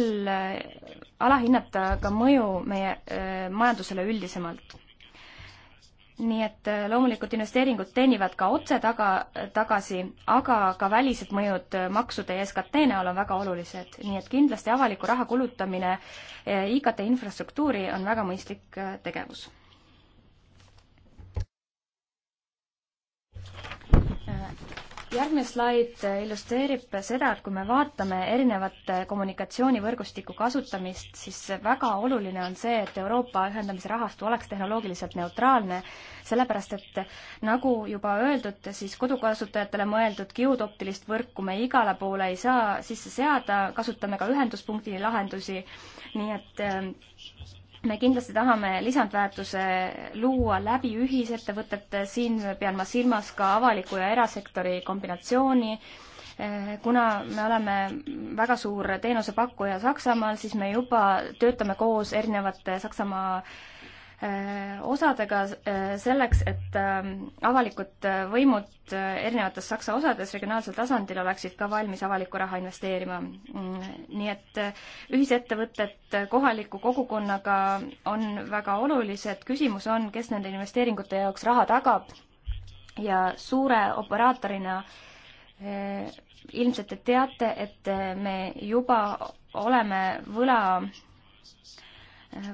alahinnata ka mõju meie öö, eh, majandusele üldisemalt nii et äh, loomulikult investeeringud teenivad ka otse taga, tagasi, aga ka välised mõjud äh, maksude ja SKT näol on väga olulised, nii et kindlasti avaliku raha kulutamine äh, IKT infrastruktuuri on väga mõistlik tegevus. järgmine slaid illustreerib seda, et kui me vaatame erinevate kommunikatsioonivõrgustiku kasutamist, siis väga oluline on see, et Euroopa ühendamise rahastu oleks tehnoloogiliselt neutraalne, sellepärast et nagu juba öeldud, siis kodukasutajatele mõeldud kiudoptilist võrku me igale poole ei saa sisse seada, kasutame ka ühenduspunkti lahendusi, nii et me kindlasti tahame lisandväärtuse luua läbi ühisettevõtete, siin pean ma silmas ka avaliku ja erasektori kombinatsiooni, eh, kuna me oleme väga suur teenusepakkuja Saksamaal, siis me juba töötame koos erinevate Saksamaa äh, Äh, osadega äh, selleks, et ähm, avalikud äh, võimud erinevates Saksa osades regionaalsel tasandil oleksid ka valmis avalikku raha investeerima. Mm, nii et ühisettevõtted kohaliku kogukonnaga on väga olulised, küsimus on, kes nende investeeringute jaoks raha tagab ja suure operaatorina ilmselt te teate, et me juba oleme võla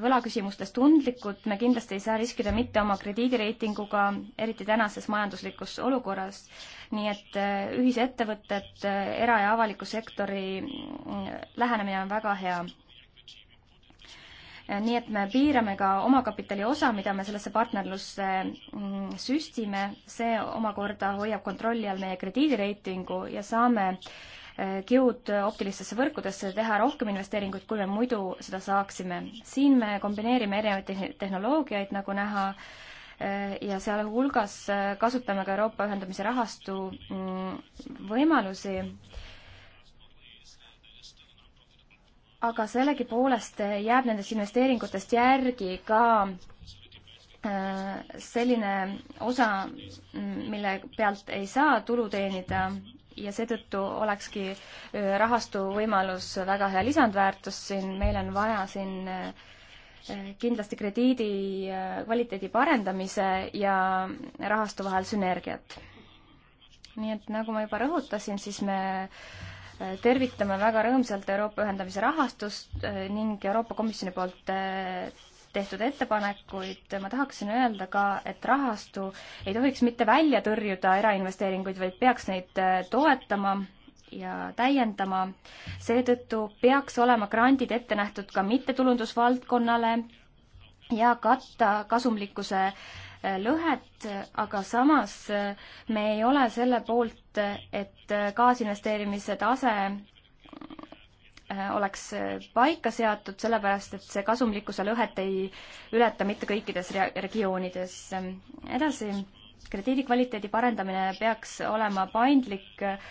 võlaküsimustes tundlikud, me kindlasti ei saa riskida mitte oma krediidireitinguga, eriti tänases majanduslikus olukorras. nii et äh, ühisettevõtted, äh, era- ja avaliku sektori mm, lähenemine on väga hea. Äh, nii et me piirame ka omakapitali osa, mida me sellesse partnerlusse mm, süstime, see omakorda hoiab kontrolli all meie krediidireitingu ja saame äh, kiud optilistesse võrkudesse, teha rohkem investeeringuid, kui me muidu seda saaksime. siin me kombineerime erinevaid tehnoloogiaid, nagu näha, ja sealhulgas kasutame ka Euroopa ühendamise rahastu mm, võimalusi aga sellegipoolest jääb nendest investeeringutest järgi ka äh, selline osa, mm, mille pealt ei saa tulu teenida ja seetõttu olekski rahastu võimalus väga hea lisandväärtus siin, meil on vaja siin kindlasti krediidi kvaliteedi parendamise ja rahastu vahel sünergiat. nii et nagu ma juba rõhutasin, siis me tervitame väga rõõmsalt Euroopa ühendamise rahastust ning Euroopa Komisjoni poolt tehtud ettepanekuid, ma tahaksin öelda ka, et rahastu ei tohiks mitte välja tõrjuda erainvesteeringuid, vaid peaks neid äh, toetama ja täiendama. seetõttu peaks olema grandid ette nähtud ka mittetulundusvaldkonnale ja katta kasumlikkuse äh, lõhet, aga samas äh, me ei ole selle poolt, et kaasinvesteerimise tase Äh, oleks äh, paika seatud, sellepärast et see kasumlikkuse lõhet ei ületa mitte kõikides regioonides. edasi, krediidi kvaliteedi parendamine peaks olema paindlik äh,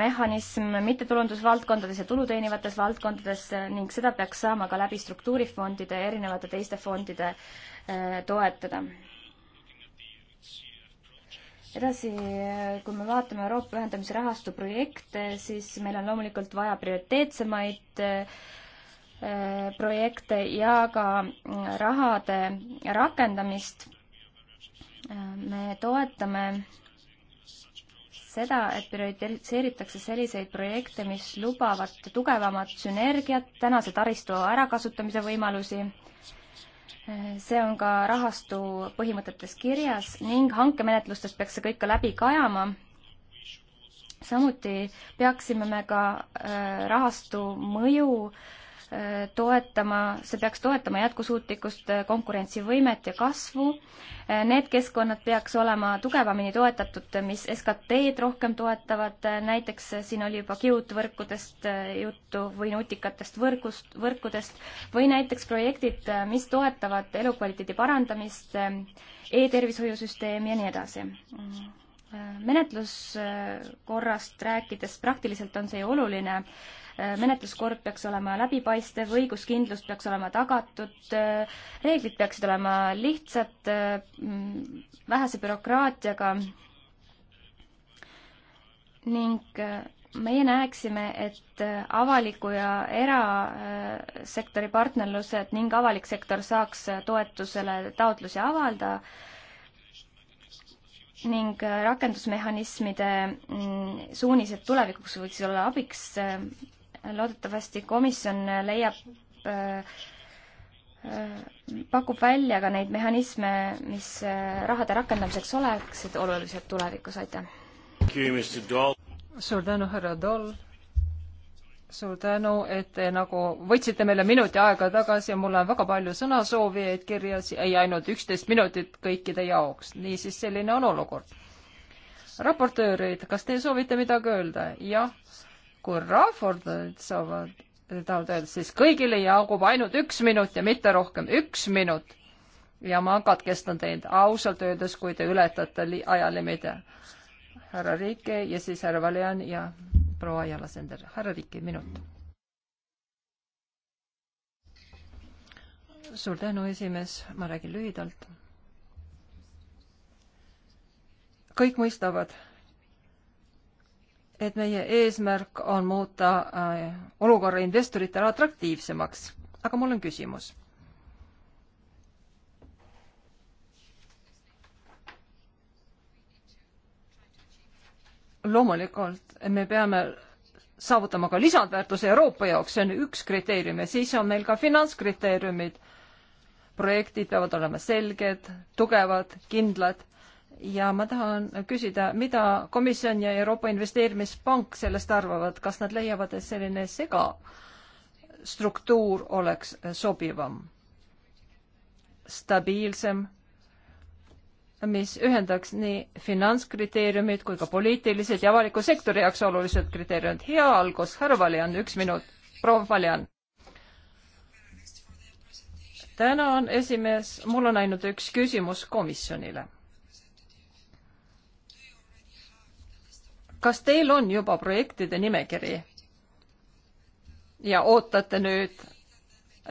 mehhanism mittetulundusvaldkondades ja tulu teenivates valdkondades ning seda peaks saama ka läbi struktuurifondide ja erinevate teiste fondide toetada edasi, kui me vaatame Euroopa ühendamise rahastu projekte, siis meil on loomulikult vaja prioriteetsemaid äh, projekte ja ka äh, rahade rakendamist. Äh, me toetame seda, et prioritiseeritakse selliseid projekte, mis lubavad tugevamat sünergiat, tänase taristu ärakasutamise võimalusi see on ka rahastu põhimõtetes kirjas ning hankemenetlustes peaks see kõik ka läbi kajama. samuti peaksime me ka äh, rahastu mõju äh, toetama, see peaks toetama jätkusuutlikkust, konkurentsivõimet ja kasvu. Need keskkonnad peaks olema tugevamini toetatud, mis SKT-d rohkem toetavad, näiteks siin oli juba kiudvõrkudest eh, juttu või nutikatest võrgust, võrkudest või näiteks projektid, eh, mis toetavad elukvaliteedi parandamist e, eh, e-tervishoiusüsteemi ja nii edasi mm. menetluskorrast rääkides praktiliselt on see ju oluline Äh, menetluskord peaks olema läbipaistev, õiguskindlus peaks olema tagatud, äh, reeglid peaksid olema lihtsad, äh, mm, vähese bürokraatiaga ning meie näeksime, et avaliku ja erasektori partnerlused ning avalik sektor saaks toetusele taotlusi avalda ning rakendusmehhanismide mm, suunised tulevikuks võiksid olla abiks loodetavasti komisjon leiab pakub välja ka neid mehhanisme, mis rahade rakendamiseks oleksid olulised tulevikus, aitäh! suur tänu, härra Doll! suur tänu, et te nagu võtsite meile minuti aega tagasi ja mul on väga palju sõnasoovijaid kirjas, ei ainult üksteist minutit kõikide jaoks, niisiis selline on olukord. raportöörid, kas te soovite midagi öelda? jah kui rahvordajad saavad, tahavad öelda, siis kõigile jagub ainult üks minut ja mitte rohkem, üks minut. ja ma katkestan teid ausalt öeldes, kui te ületate ajalimiidi. härra Riike ja siis härra Valjan ja proua Jalasender. härra Riike, minut. suur tänu, esimees, ma räägin lühidalt. kõik mõistavad et meie eesmärk on muuta äh, olukorra investoritele atraktiivsemaks. aga mul on küsimus. loomulikult me peame saavutama ka lisandväärtuse Euroopa jaoks, see on üks kriteerium ja siis on meil ka finantskriteeriumid. projektid peavad olema selged, tugevad, kindlad ja ma tahan küsida, mida komisjon ja Euroopa Investeerimispank sellest arvavad, kas nad leiavad, et selline segastruktuur oleks sobivam, stabiilsem, mis ühendaks nii finantskriteeriumid kui ka poliitilised ja avaliku sektori jaoks olulised kriteeriumid. hea algus, härra Valjan, üks minut, proua Valjan tänan, esimees, mul on ainult üks küsimus komisjonile kas teil on juba projektide nimekiri ja ootate nüüd,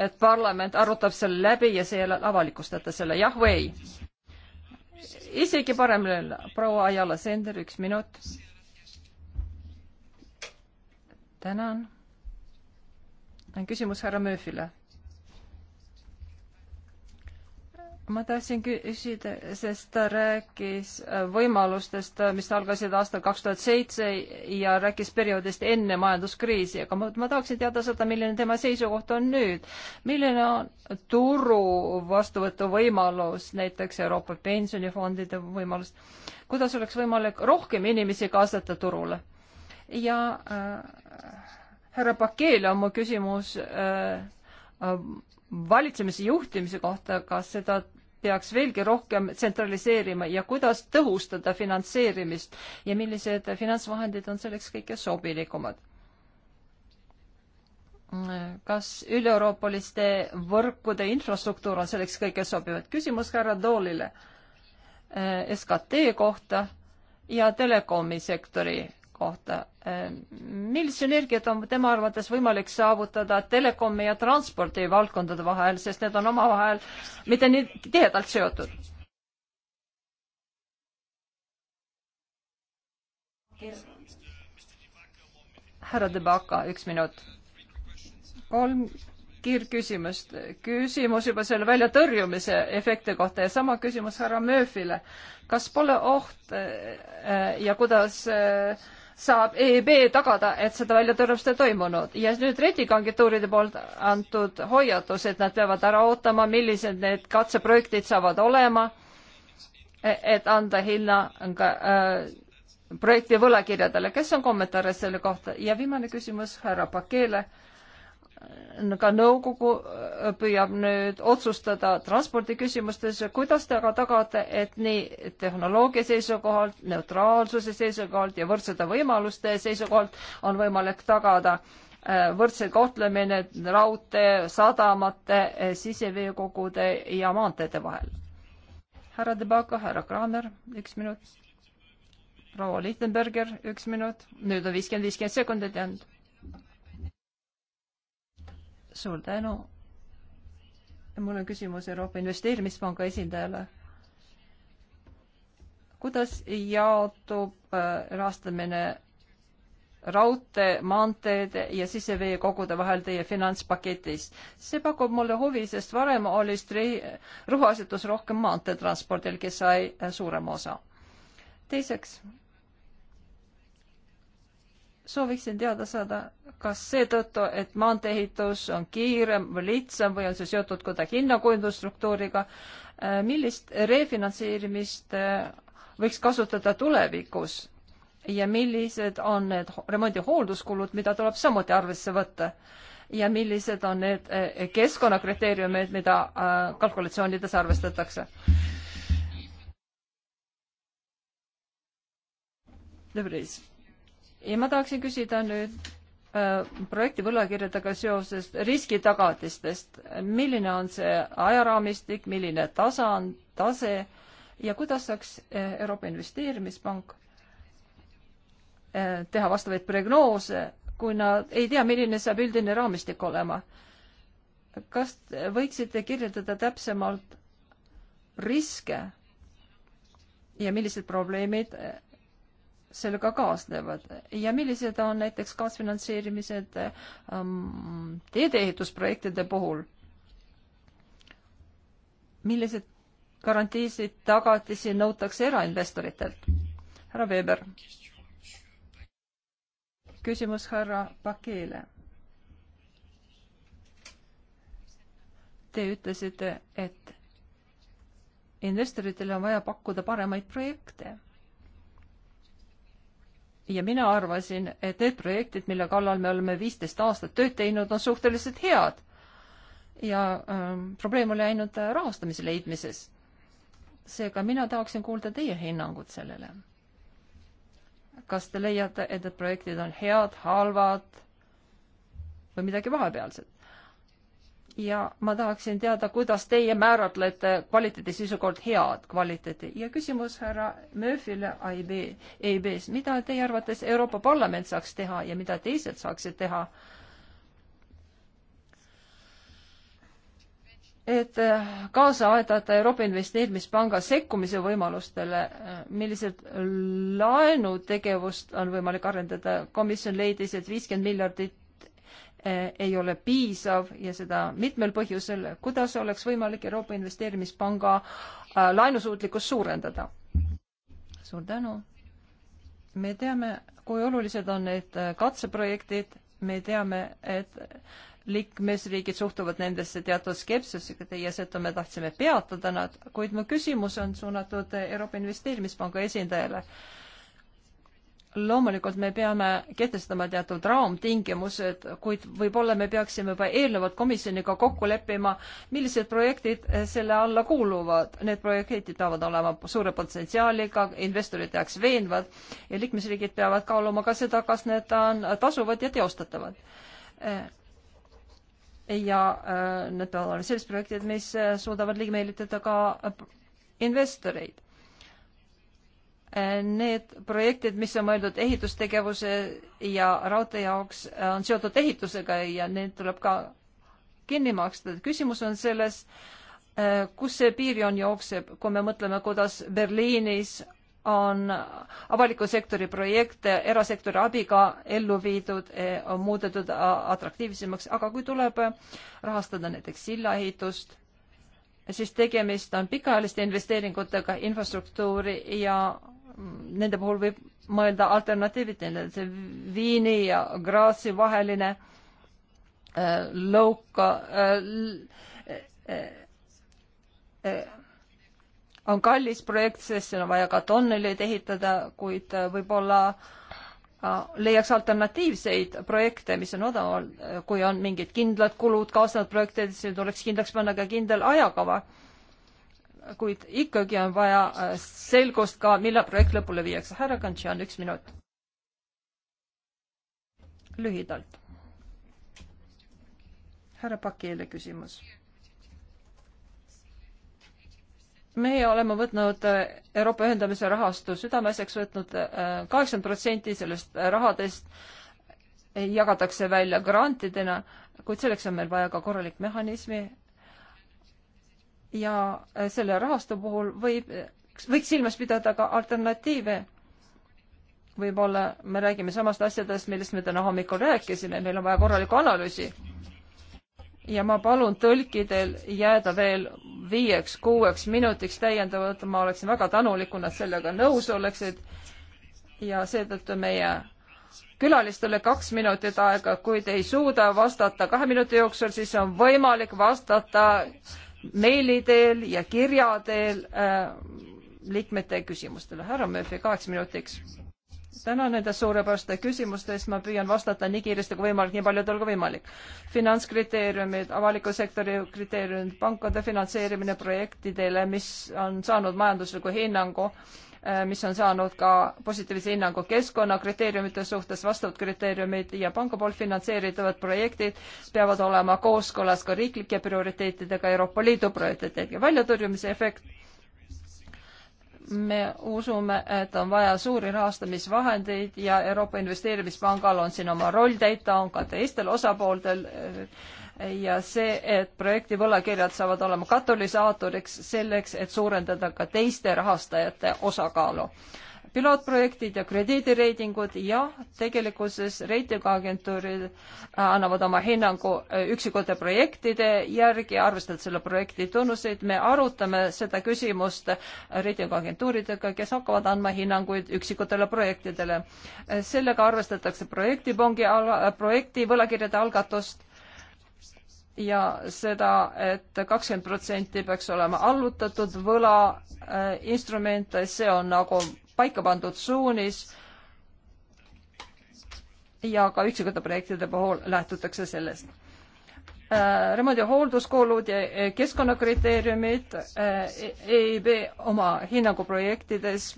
et parlament arutab selle läbi ja seejärel avalikustate selle, jah või ei? isegi parem öelda, proua Ajala Sender, üks minut. tänan. küsimus härra Mööfile ma tahtsin küsida, sest ta rääkis äh, võimalustest, äh, mis algasid aastal kaks tuhat seitse ja rääkis perioodist enne majanduskriisi, aga ma, ma tahaksin teada seda, milline tema seisukoht on nüüd. milline on turu vastuvõtuvõimalus, näiteks Euroopa pensionifondide võimalus, kuidas oleks võimalik rohkem inimesi kaasata turule? ja äh, härra Pakeele on mu küsimus äh, äh, valitsemise juhtimise kohta, kas seda peaks veelgi rohkem tsentraliseerima ja kuidas tõhustada finantseerimist ja millised finantsvahendid on selleks kõige sobilikumad? kas üleeuroopaliste võrkude infrastruktuur on selleks kõige sobivad? küsimus ka härra Toolile eh, SKT kohta ja telekomi sektori kohta millist sünergiat on tema arvates võimalik saavutada telekomi ja transpordi valdkondade vahel, sest need on omavahel mitte nii tihedalt seotud? härra Debaka, üks minut. kolm kiirküsimust. küsimus juba selle väljatõrjumise efekti kohta ja sama küsimus härra Murphy'le. kas pole oht eh, ja kuidas äh, saab EIB tagada, et seda väljatõrjumist ei toimunud ja nüüd reitinguagentuuride poolt antud hoiatus, et nad peavad ära ootama, millised need katseprojektid saavad olema, et anda hinna ka äh, projekti võlakirjadele. kes on kommentaare selle kohta ja viimane küsimus härra Pakele äh, ka nõukogu äh, püüab nüüd otsustada transpordiküsimustes, kuidas te aga tagate, et nii tehnoloogia seisukohalt, neutraalsuse seisukohalt ja võrdsete võimaluste seisukohalt on võimalik tagada äh, võrdse kohtlemine raudtee, sadamate, äh, siseveekogude ja maanteede vahel. härra Debaka, härra Kramer, üks minut. proua Lichtenberger, üks minut. nüüd on viiskümmend, viiskümmend sekundit jäänud suur tänu. mul on küsimus Euroopa Investeerimispanga esindajale. kuidas jaotub äh, rahastamine raudtee, maanteede ja siseveekogude vahel teie finantspaketis. see pakub mulle huvi, sest varem oli rõhuasetus rohkem maanteetranspordil, kes sai äh, suurema osa. teiseks sooviksin teada saada, kas seetõttu, et maanteeehitus on kiirem või lihtsam või on see seotud kuidagi hinnakujundusstruktuuriga, äh, millist refinantseerimist äh, võiks kasutada tulevikus ja millised on need remondi hoolduskulud, mida tuleb samuti arvesse võtta? ja millised on need äh, keskkonnakriteeriumid, mida kalkulatsioonides arvestatakse? Debris ja ma tahaksin küsida nüüd äh, projekti võlakirjadega seoses riskitagatistest. milline on see ajaraamistik, milline tasand, tase ja kuidas saaks äh, Euroopa Investeerimispank äh, teha vastavaid prognoose, kui nad ei tea, milline saab üldine raamistik olema? kas võiksite kirjeldada täpsemalt riske ja millised probleemid äh, sellega kaasnevad ja millised on näiteks kaasfinantseerimised ähm, teedeehitusprojektide puhul? millised garantiisid, tagatisi nõutakse erainvestoritelt? härra Weber. küsimus härra Pakeele. Te ütlesite, et investoritele on vaja pakkuda paremaid projekte ja mina arvasin, et need projektid, mille kallal me oleme viisteist aastat tööd teinud, on suhteliselt head. ja ähm, probleem oli ainult äh, rahastamise leidmises. seega mina tahaksin kuulda teie hinnangut sellele. kas te leiate, et need projektid on head, halvad või midagi vahepealset? ja ma tahaksin teada, kuidas teie määratlete kvaliteedi seisukohalt head kvaliteedi ja küsimus härra Murphy'le AIB, EIB-s, mida teie arvates Euroopa Parlament saaks teha ja mida teised saaksid teha? et äh, kaasa aidata Euroopa Investeerimispanga sekkumise võimalustele, äh, millised laenutegevust on võimalik arendada, komisjon leidis, et viiskümmend miljardit Eh, ei ole piisav ja seda mitmel põhjusel, kuidas oleks võimalik Euroopa Investeerimispanga eh, laenusuutlikkust suurendada? suur tänu. me teame, kui olulised on need eh, katseprojektid, me teame, et liikmesriigid suhtuvad nendesse teatud skepsisega, teie seetõttu me tahtsime peatada nad, kuid mu küsimus on suunatud Euroopa Investeerimispanga esindajale loomulikult me peame kehtestama teatud raamtingimused, kuid võib-olla me peaksime juba eelnevalt komisjoniga kokku leppima, millised projektid selle alla kuuluvad. Need projektid peavad olema suure potentsiaaliga, investorite jaoks veenvad ja liikmesriigid peavad kaaluma ka seda, kas need on tasuvad ja teostatavad. ja äh, need peavad olema sellised projektid, mis suudavad ligi meelitada ka investoreid Need projektid, mis on mõeldud ehitustegevuse ja raudtee jaoks, on seotud ehitusega ja need tuleb ka kinni maksta. küsimus on selles, eh, kus see piirjoon jookseb, kui me mõtleme, kuidas Berliinis on avaliku sektori projekte erasektori abiga ellu viidud, eh, on muudetud atraktiivsemaks, aga kui tuleb rahastada näiteks sillaehitust, siis tegemist on pikaajaliste investeeringutega infrastruktuuri ja nende puhul võib mõelda alternatiividele, see Viini ja Graasi vaheline äh, lõuka äh, äh, äh, on kallis projekt, sest seal on vaja ka tonneleid ehitada, kuid äh, võib-olla äh, leiaks alternatiivseid projekte, mis on odavam, kui on mingid kindlad kulud kaasnevad projektidesse, tuleks kindlaks panna ka kindel ajakava kuid ikkagi on vaja äh, selgust ka, millal projekt lõpule viiakse. härra Kantšan, üks minut. lühidalt. härra Pakiele küsimus. meie oleme võtnud äh, Euroopa ühendamise rahastu südameasjaks võtnud äh, kaheksakümmend protsenti sellest rahadest jagatakse välja grantidena, kuid selleks on meil vaja ka korralik mehhanismi ja äh, selle rahastu puhul võib, võiks silmas pidada ka alternatiive. võib-olla me räägime samast asjadest, millest me täna hommikul rääkisime, meil on vaja korralikku analüüsi. ja ma palun tõlkidel jääda veel viieks-kuueks minutiks täiendavalt, ma oleksin väga tänulik, kui nad sellega nõus oleksid. ja seetõttu meie külalistele kaks minutit aega, kui te ei suuda vastata kahe minuti jooksul, siis on võimalik vastata meili teel ja kirja teel äh, liikmete küsimustele. härra Murphy, kaheks minutiks. tänan nende suurepäraste küsimuste eest, ma püüan vastata nii kiiresti kui võimalik, nii paljudel kui võimalik. finantskriteeriumid, avaliku sektori kriteeriumid, pankade finantseerimine projektidele, mis on saanud majandusliku hinnangu äh,, Äh, mis on saanud ka positiivse hinnangu keskkonnakriteeriumite suhtes, vastavad kriteeriumid ja panga poolt finantseeritavad projektid peavad olema kooskõlas ka riiklike prioriteetidega, Euroopa Liidu prioriteetidega. väljatõrjumise efekt me usume, et on vaja suuri rahastamisvahendeid ja Euroopa Investeerimispangal on siin oma roll täita, on ka teistel osapooltel ja see, et projekti võlakirjad saavad olema katalüsaatoriks selleks, et suurendada ka teiste rahastajate osakaalu. pilootprojektid ja krediidireitingud, jah, tegelikkuses reitinguagentuurid äh, annavad oma hinnangu äh, üksikute projektide järgi, arvestades selle projekti tunnuseid, me arutame seda küsimust äh, reitinguagentuuridega, kes hakkavad andma hinnanguid üksikutele projektidele. sellega arvestatakse projektipongi ala, projekti võlakirjade algatust ja seda et, et kakskümmend protsenti peaks olema allutatud võlainstrumente, äh, see on nagu paika pandud suunis. ja ka üksikute projektide puhul lähtutakse sellest äh, remondi- ja hoolduskulud ja äh, keskkonnakriteeriumid EIB oma hinnanguprojektides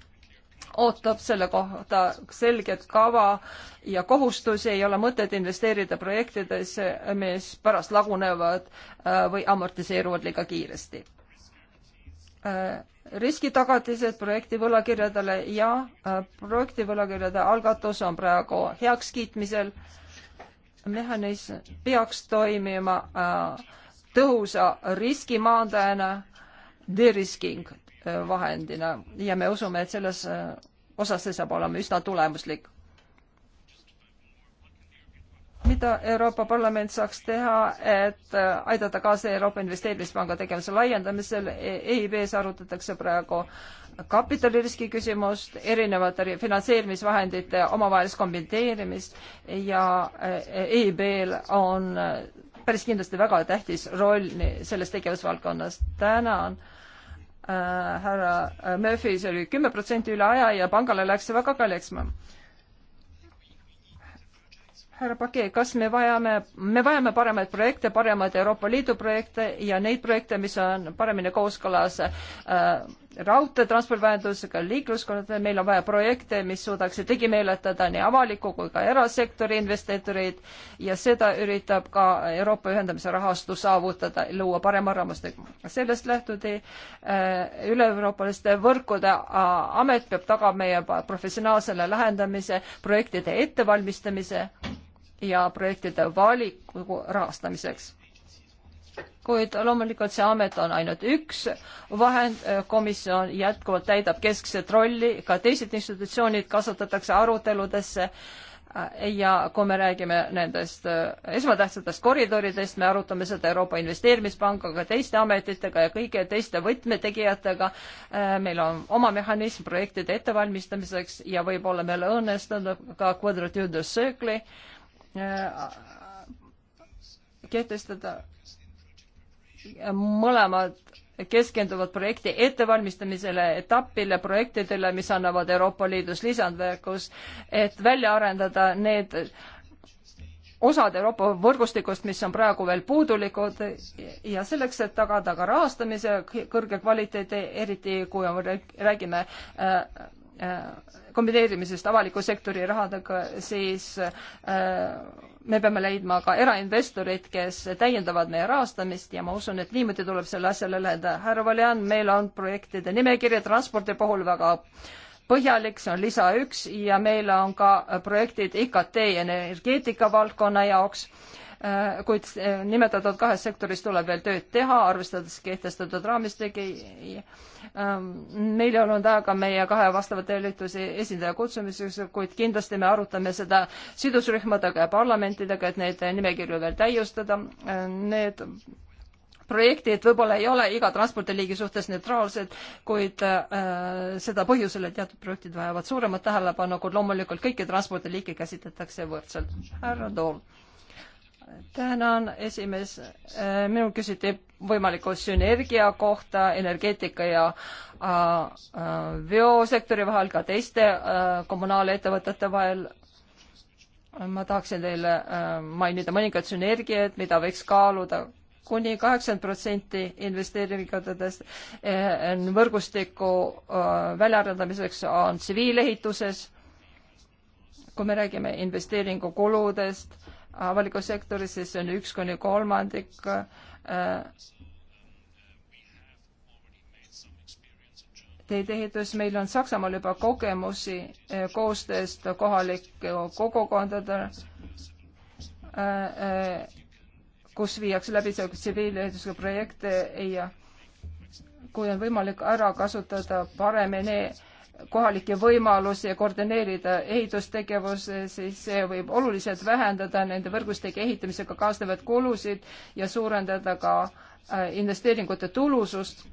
ootab selle kohta selget kava ja kohustusi, ei ole mõtet investeerida projektidesse, mis pärast lagunevad äh, või amortiseeruvad liiga kiiresti. Äh, riskitagatised projekti võlakirjadele ja äh, projekti võlakirjade algatus on praegu heakskiitmisel. mehhanism peaks toimima tõhusa riski maandajana, de-risking vahendina ja me usume, et selles äh, osas see saab olema üsna tulemuslik. mida Euroopa Parlament saaks teha, et äh, aidata kaasa Euroopa Investeerimispanga tegevuse laiendamisel e, EIB-s arutatakse praegu kapitaliriski küsimust, erinevate finantseerimisvahendite omavahelist kombineerimist ja äh, EIB-l on päris kindlasti väga tähtis roll selles tegevusvaldkonnas. tänan Äh, härra äh, Murphy, see oli kümme protsenti üle aja ja pangale läks see väga kalliks. härra Pake, kas me vajame, me vajame paremaid projekte, paremaid Euroopa Liidu projekte ja neid projekte, mis on paremini kooskõlas äh, raudteetranspordivähendusega, liikluskordadega, meil on vaja projekte, mis suudaksid ligi meeletada nii avaliku kui ka erasektori investoreid ja seda üritab ka Euroopa ühendamise rahastu saavutada, luua parema arvamustega. sellest lähtudi äh, üle-euroopaliste võrkude äh, amet peab tagama meie professionaalsele lähendamise, projektide ettevalmistamise ja projektide valiku rahastamiseks kuid loomulikult see amet on ainult üks vahend, äh, komisjon jätkuvalt täidab keskset rolli, ka teised institutsioonid kasutatakse aruteludesse äh, ja kui me räägime nendest äh, esmatähtsatest koridoridest, me arutame seda Euroopa Investeerimispangaga, teiste ametitega ja kõigi teiste võtmetegijatega. meil on oma mehhanism projektide ettevalmistamiseks ja võib-olla meil õnnestub ka Quadrature de Circle'i kehtestada mõlemad keskenduvad projekti ettevalmistamisele, etappile, projektidele, mis annavad Euroopa Liidus lisandväärtust, et välja arendada need osad Euroopa võrgustikust, mis on praegu veel puudulikud ja selleks, et tagada ka rahastamise kõrge kvaliteedi, eriti kui on, räägime äh, äh, kombineerimisest avaliku sektori rahadega, siis äh, me peame leidma ka erainvestorid, kes täiendavad meie rahastamist ja ma usun, et niimoodi tuleb selle asjale läheneda. härra Valjan, meil on projektide nimekiri transpordi puhul väga põhjalik, see on lisa üks ja meil on ka projektid IKT energeetika valdkonna jaoks Äh, kuid äh, nimetatud kahes sektoris tuleb veel tööd teha, arvestades kehtestatud raamistegi. Ähm, meil ei olnud aega meie kahe vastava tööliitluse esindaja kutsumiseks, kuid kindlasti me arutame seda sidusrühmadega ja parlamentidega, et neid nimekirju veel täiustada. Äh, need projektid võib-olla ei ole iga transpordiliigi suhtes neutraalsed, kuid äh, seda põhjusel, et teatud projektid vajavad suuremat tähelepanu, kuid loomulikult kõiki transpordiliike käsitletakse võrdselt. härra Toom tänan, esimees. Äh, minul küsiti võimaliku sünergia kohta energeetika ja äh, äh, veosektori vahel, ka teiste kommunaalettevõtete vahel. ma tahaksin teile mainida mõningaid sünergiaid, mida võiks kaaluda kuni kaheksakümmend protsenti investeeringutest võrgustiku väljaarendamiseks on tsiviilehituses. kui me räägime investeeringukuludest avalikus sektoris, siis on üks kuni kolmandik äh, teedeehitus, meil on Saksamaal juba kogemusi äh, koostööst kohalike kogukondadega, äh, kus viiakse läbi tsiviilehituse projekte ja kui on võimalik ära kasutada paremini kohalikke võimalusi ja koordineerida ehitustegevus, siis see võib oluliselt vähendada nende võrgustike ehitamisega kaasnevaid kulusid ja suurendada ka äh, investeeringute tulusust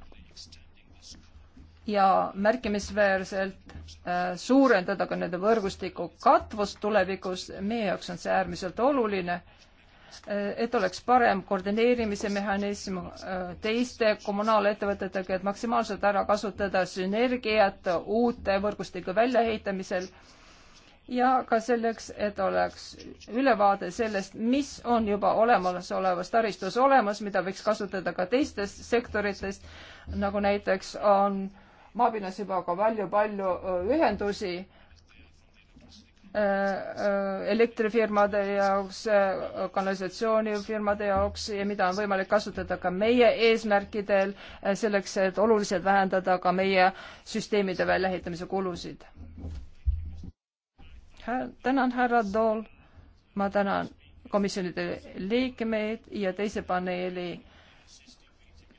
ja märkimisväärselt äh, suurendada ka nende võrgustiku katvust tulevikus. meie jaoks on see äärmiselt oluline et oleks parem koordineerimise mehhanism äh, teiste kommunaalettevõtetega, et maksimaalselt ära kasutada sünergiat uute võrgustike väljaehitamisel ja ka selleks, et oleks ülevaade sellest, mis on juba olemasolevas taristus olemas, mida võiks kasutada ka teistes sektorites, nagu näiteks on maapinnas juba ka palju-palju äh, ühendusi Äh, äh, elektrifirmade jaoks, äh, kanalisatsioonifirmade jaoks ja mida on võimalik kasutada ka meie eesmärkidel selleks, et oluliselt vähendada ka meie süsteemide väljaehitamise kulusid. tänan, härra Tool. ma tänan komisjonide liikmeid ja teise paneeli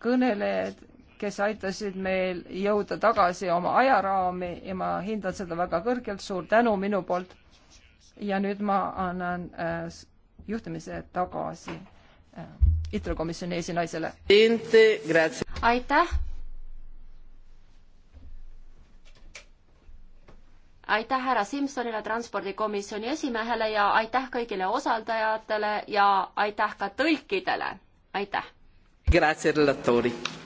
kõnelejad kes aitasid meil jõuda tagasi oma ajaraami ja ma hindan seda väga kõrgelt. suur tänu minu poolt ja nüüd ma annan äh, juhtimise tagasi äh, ITRO komisjoni esinaisele. aitäh. aitäh härra Simsonile, transpordikomisjoni esimehele ja aitäh kõigile osaldajatele ja aitäh ka tõlkidele. aitäh. Grazie relatori.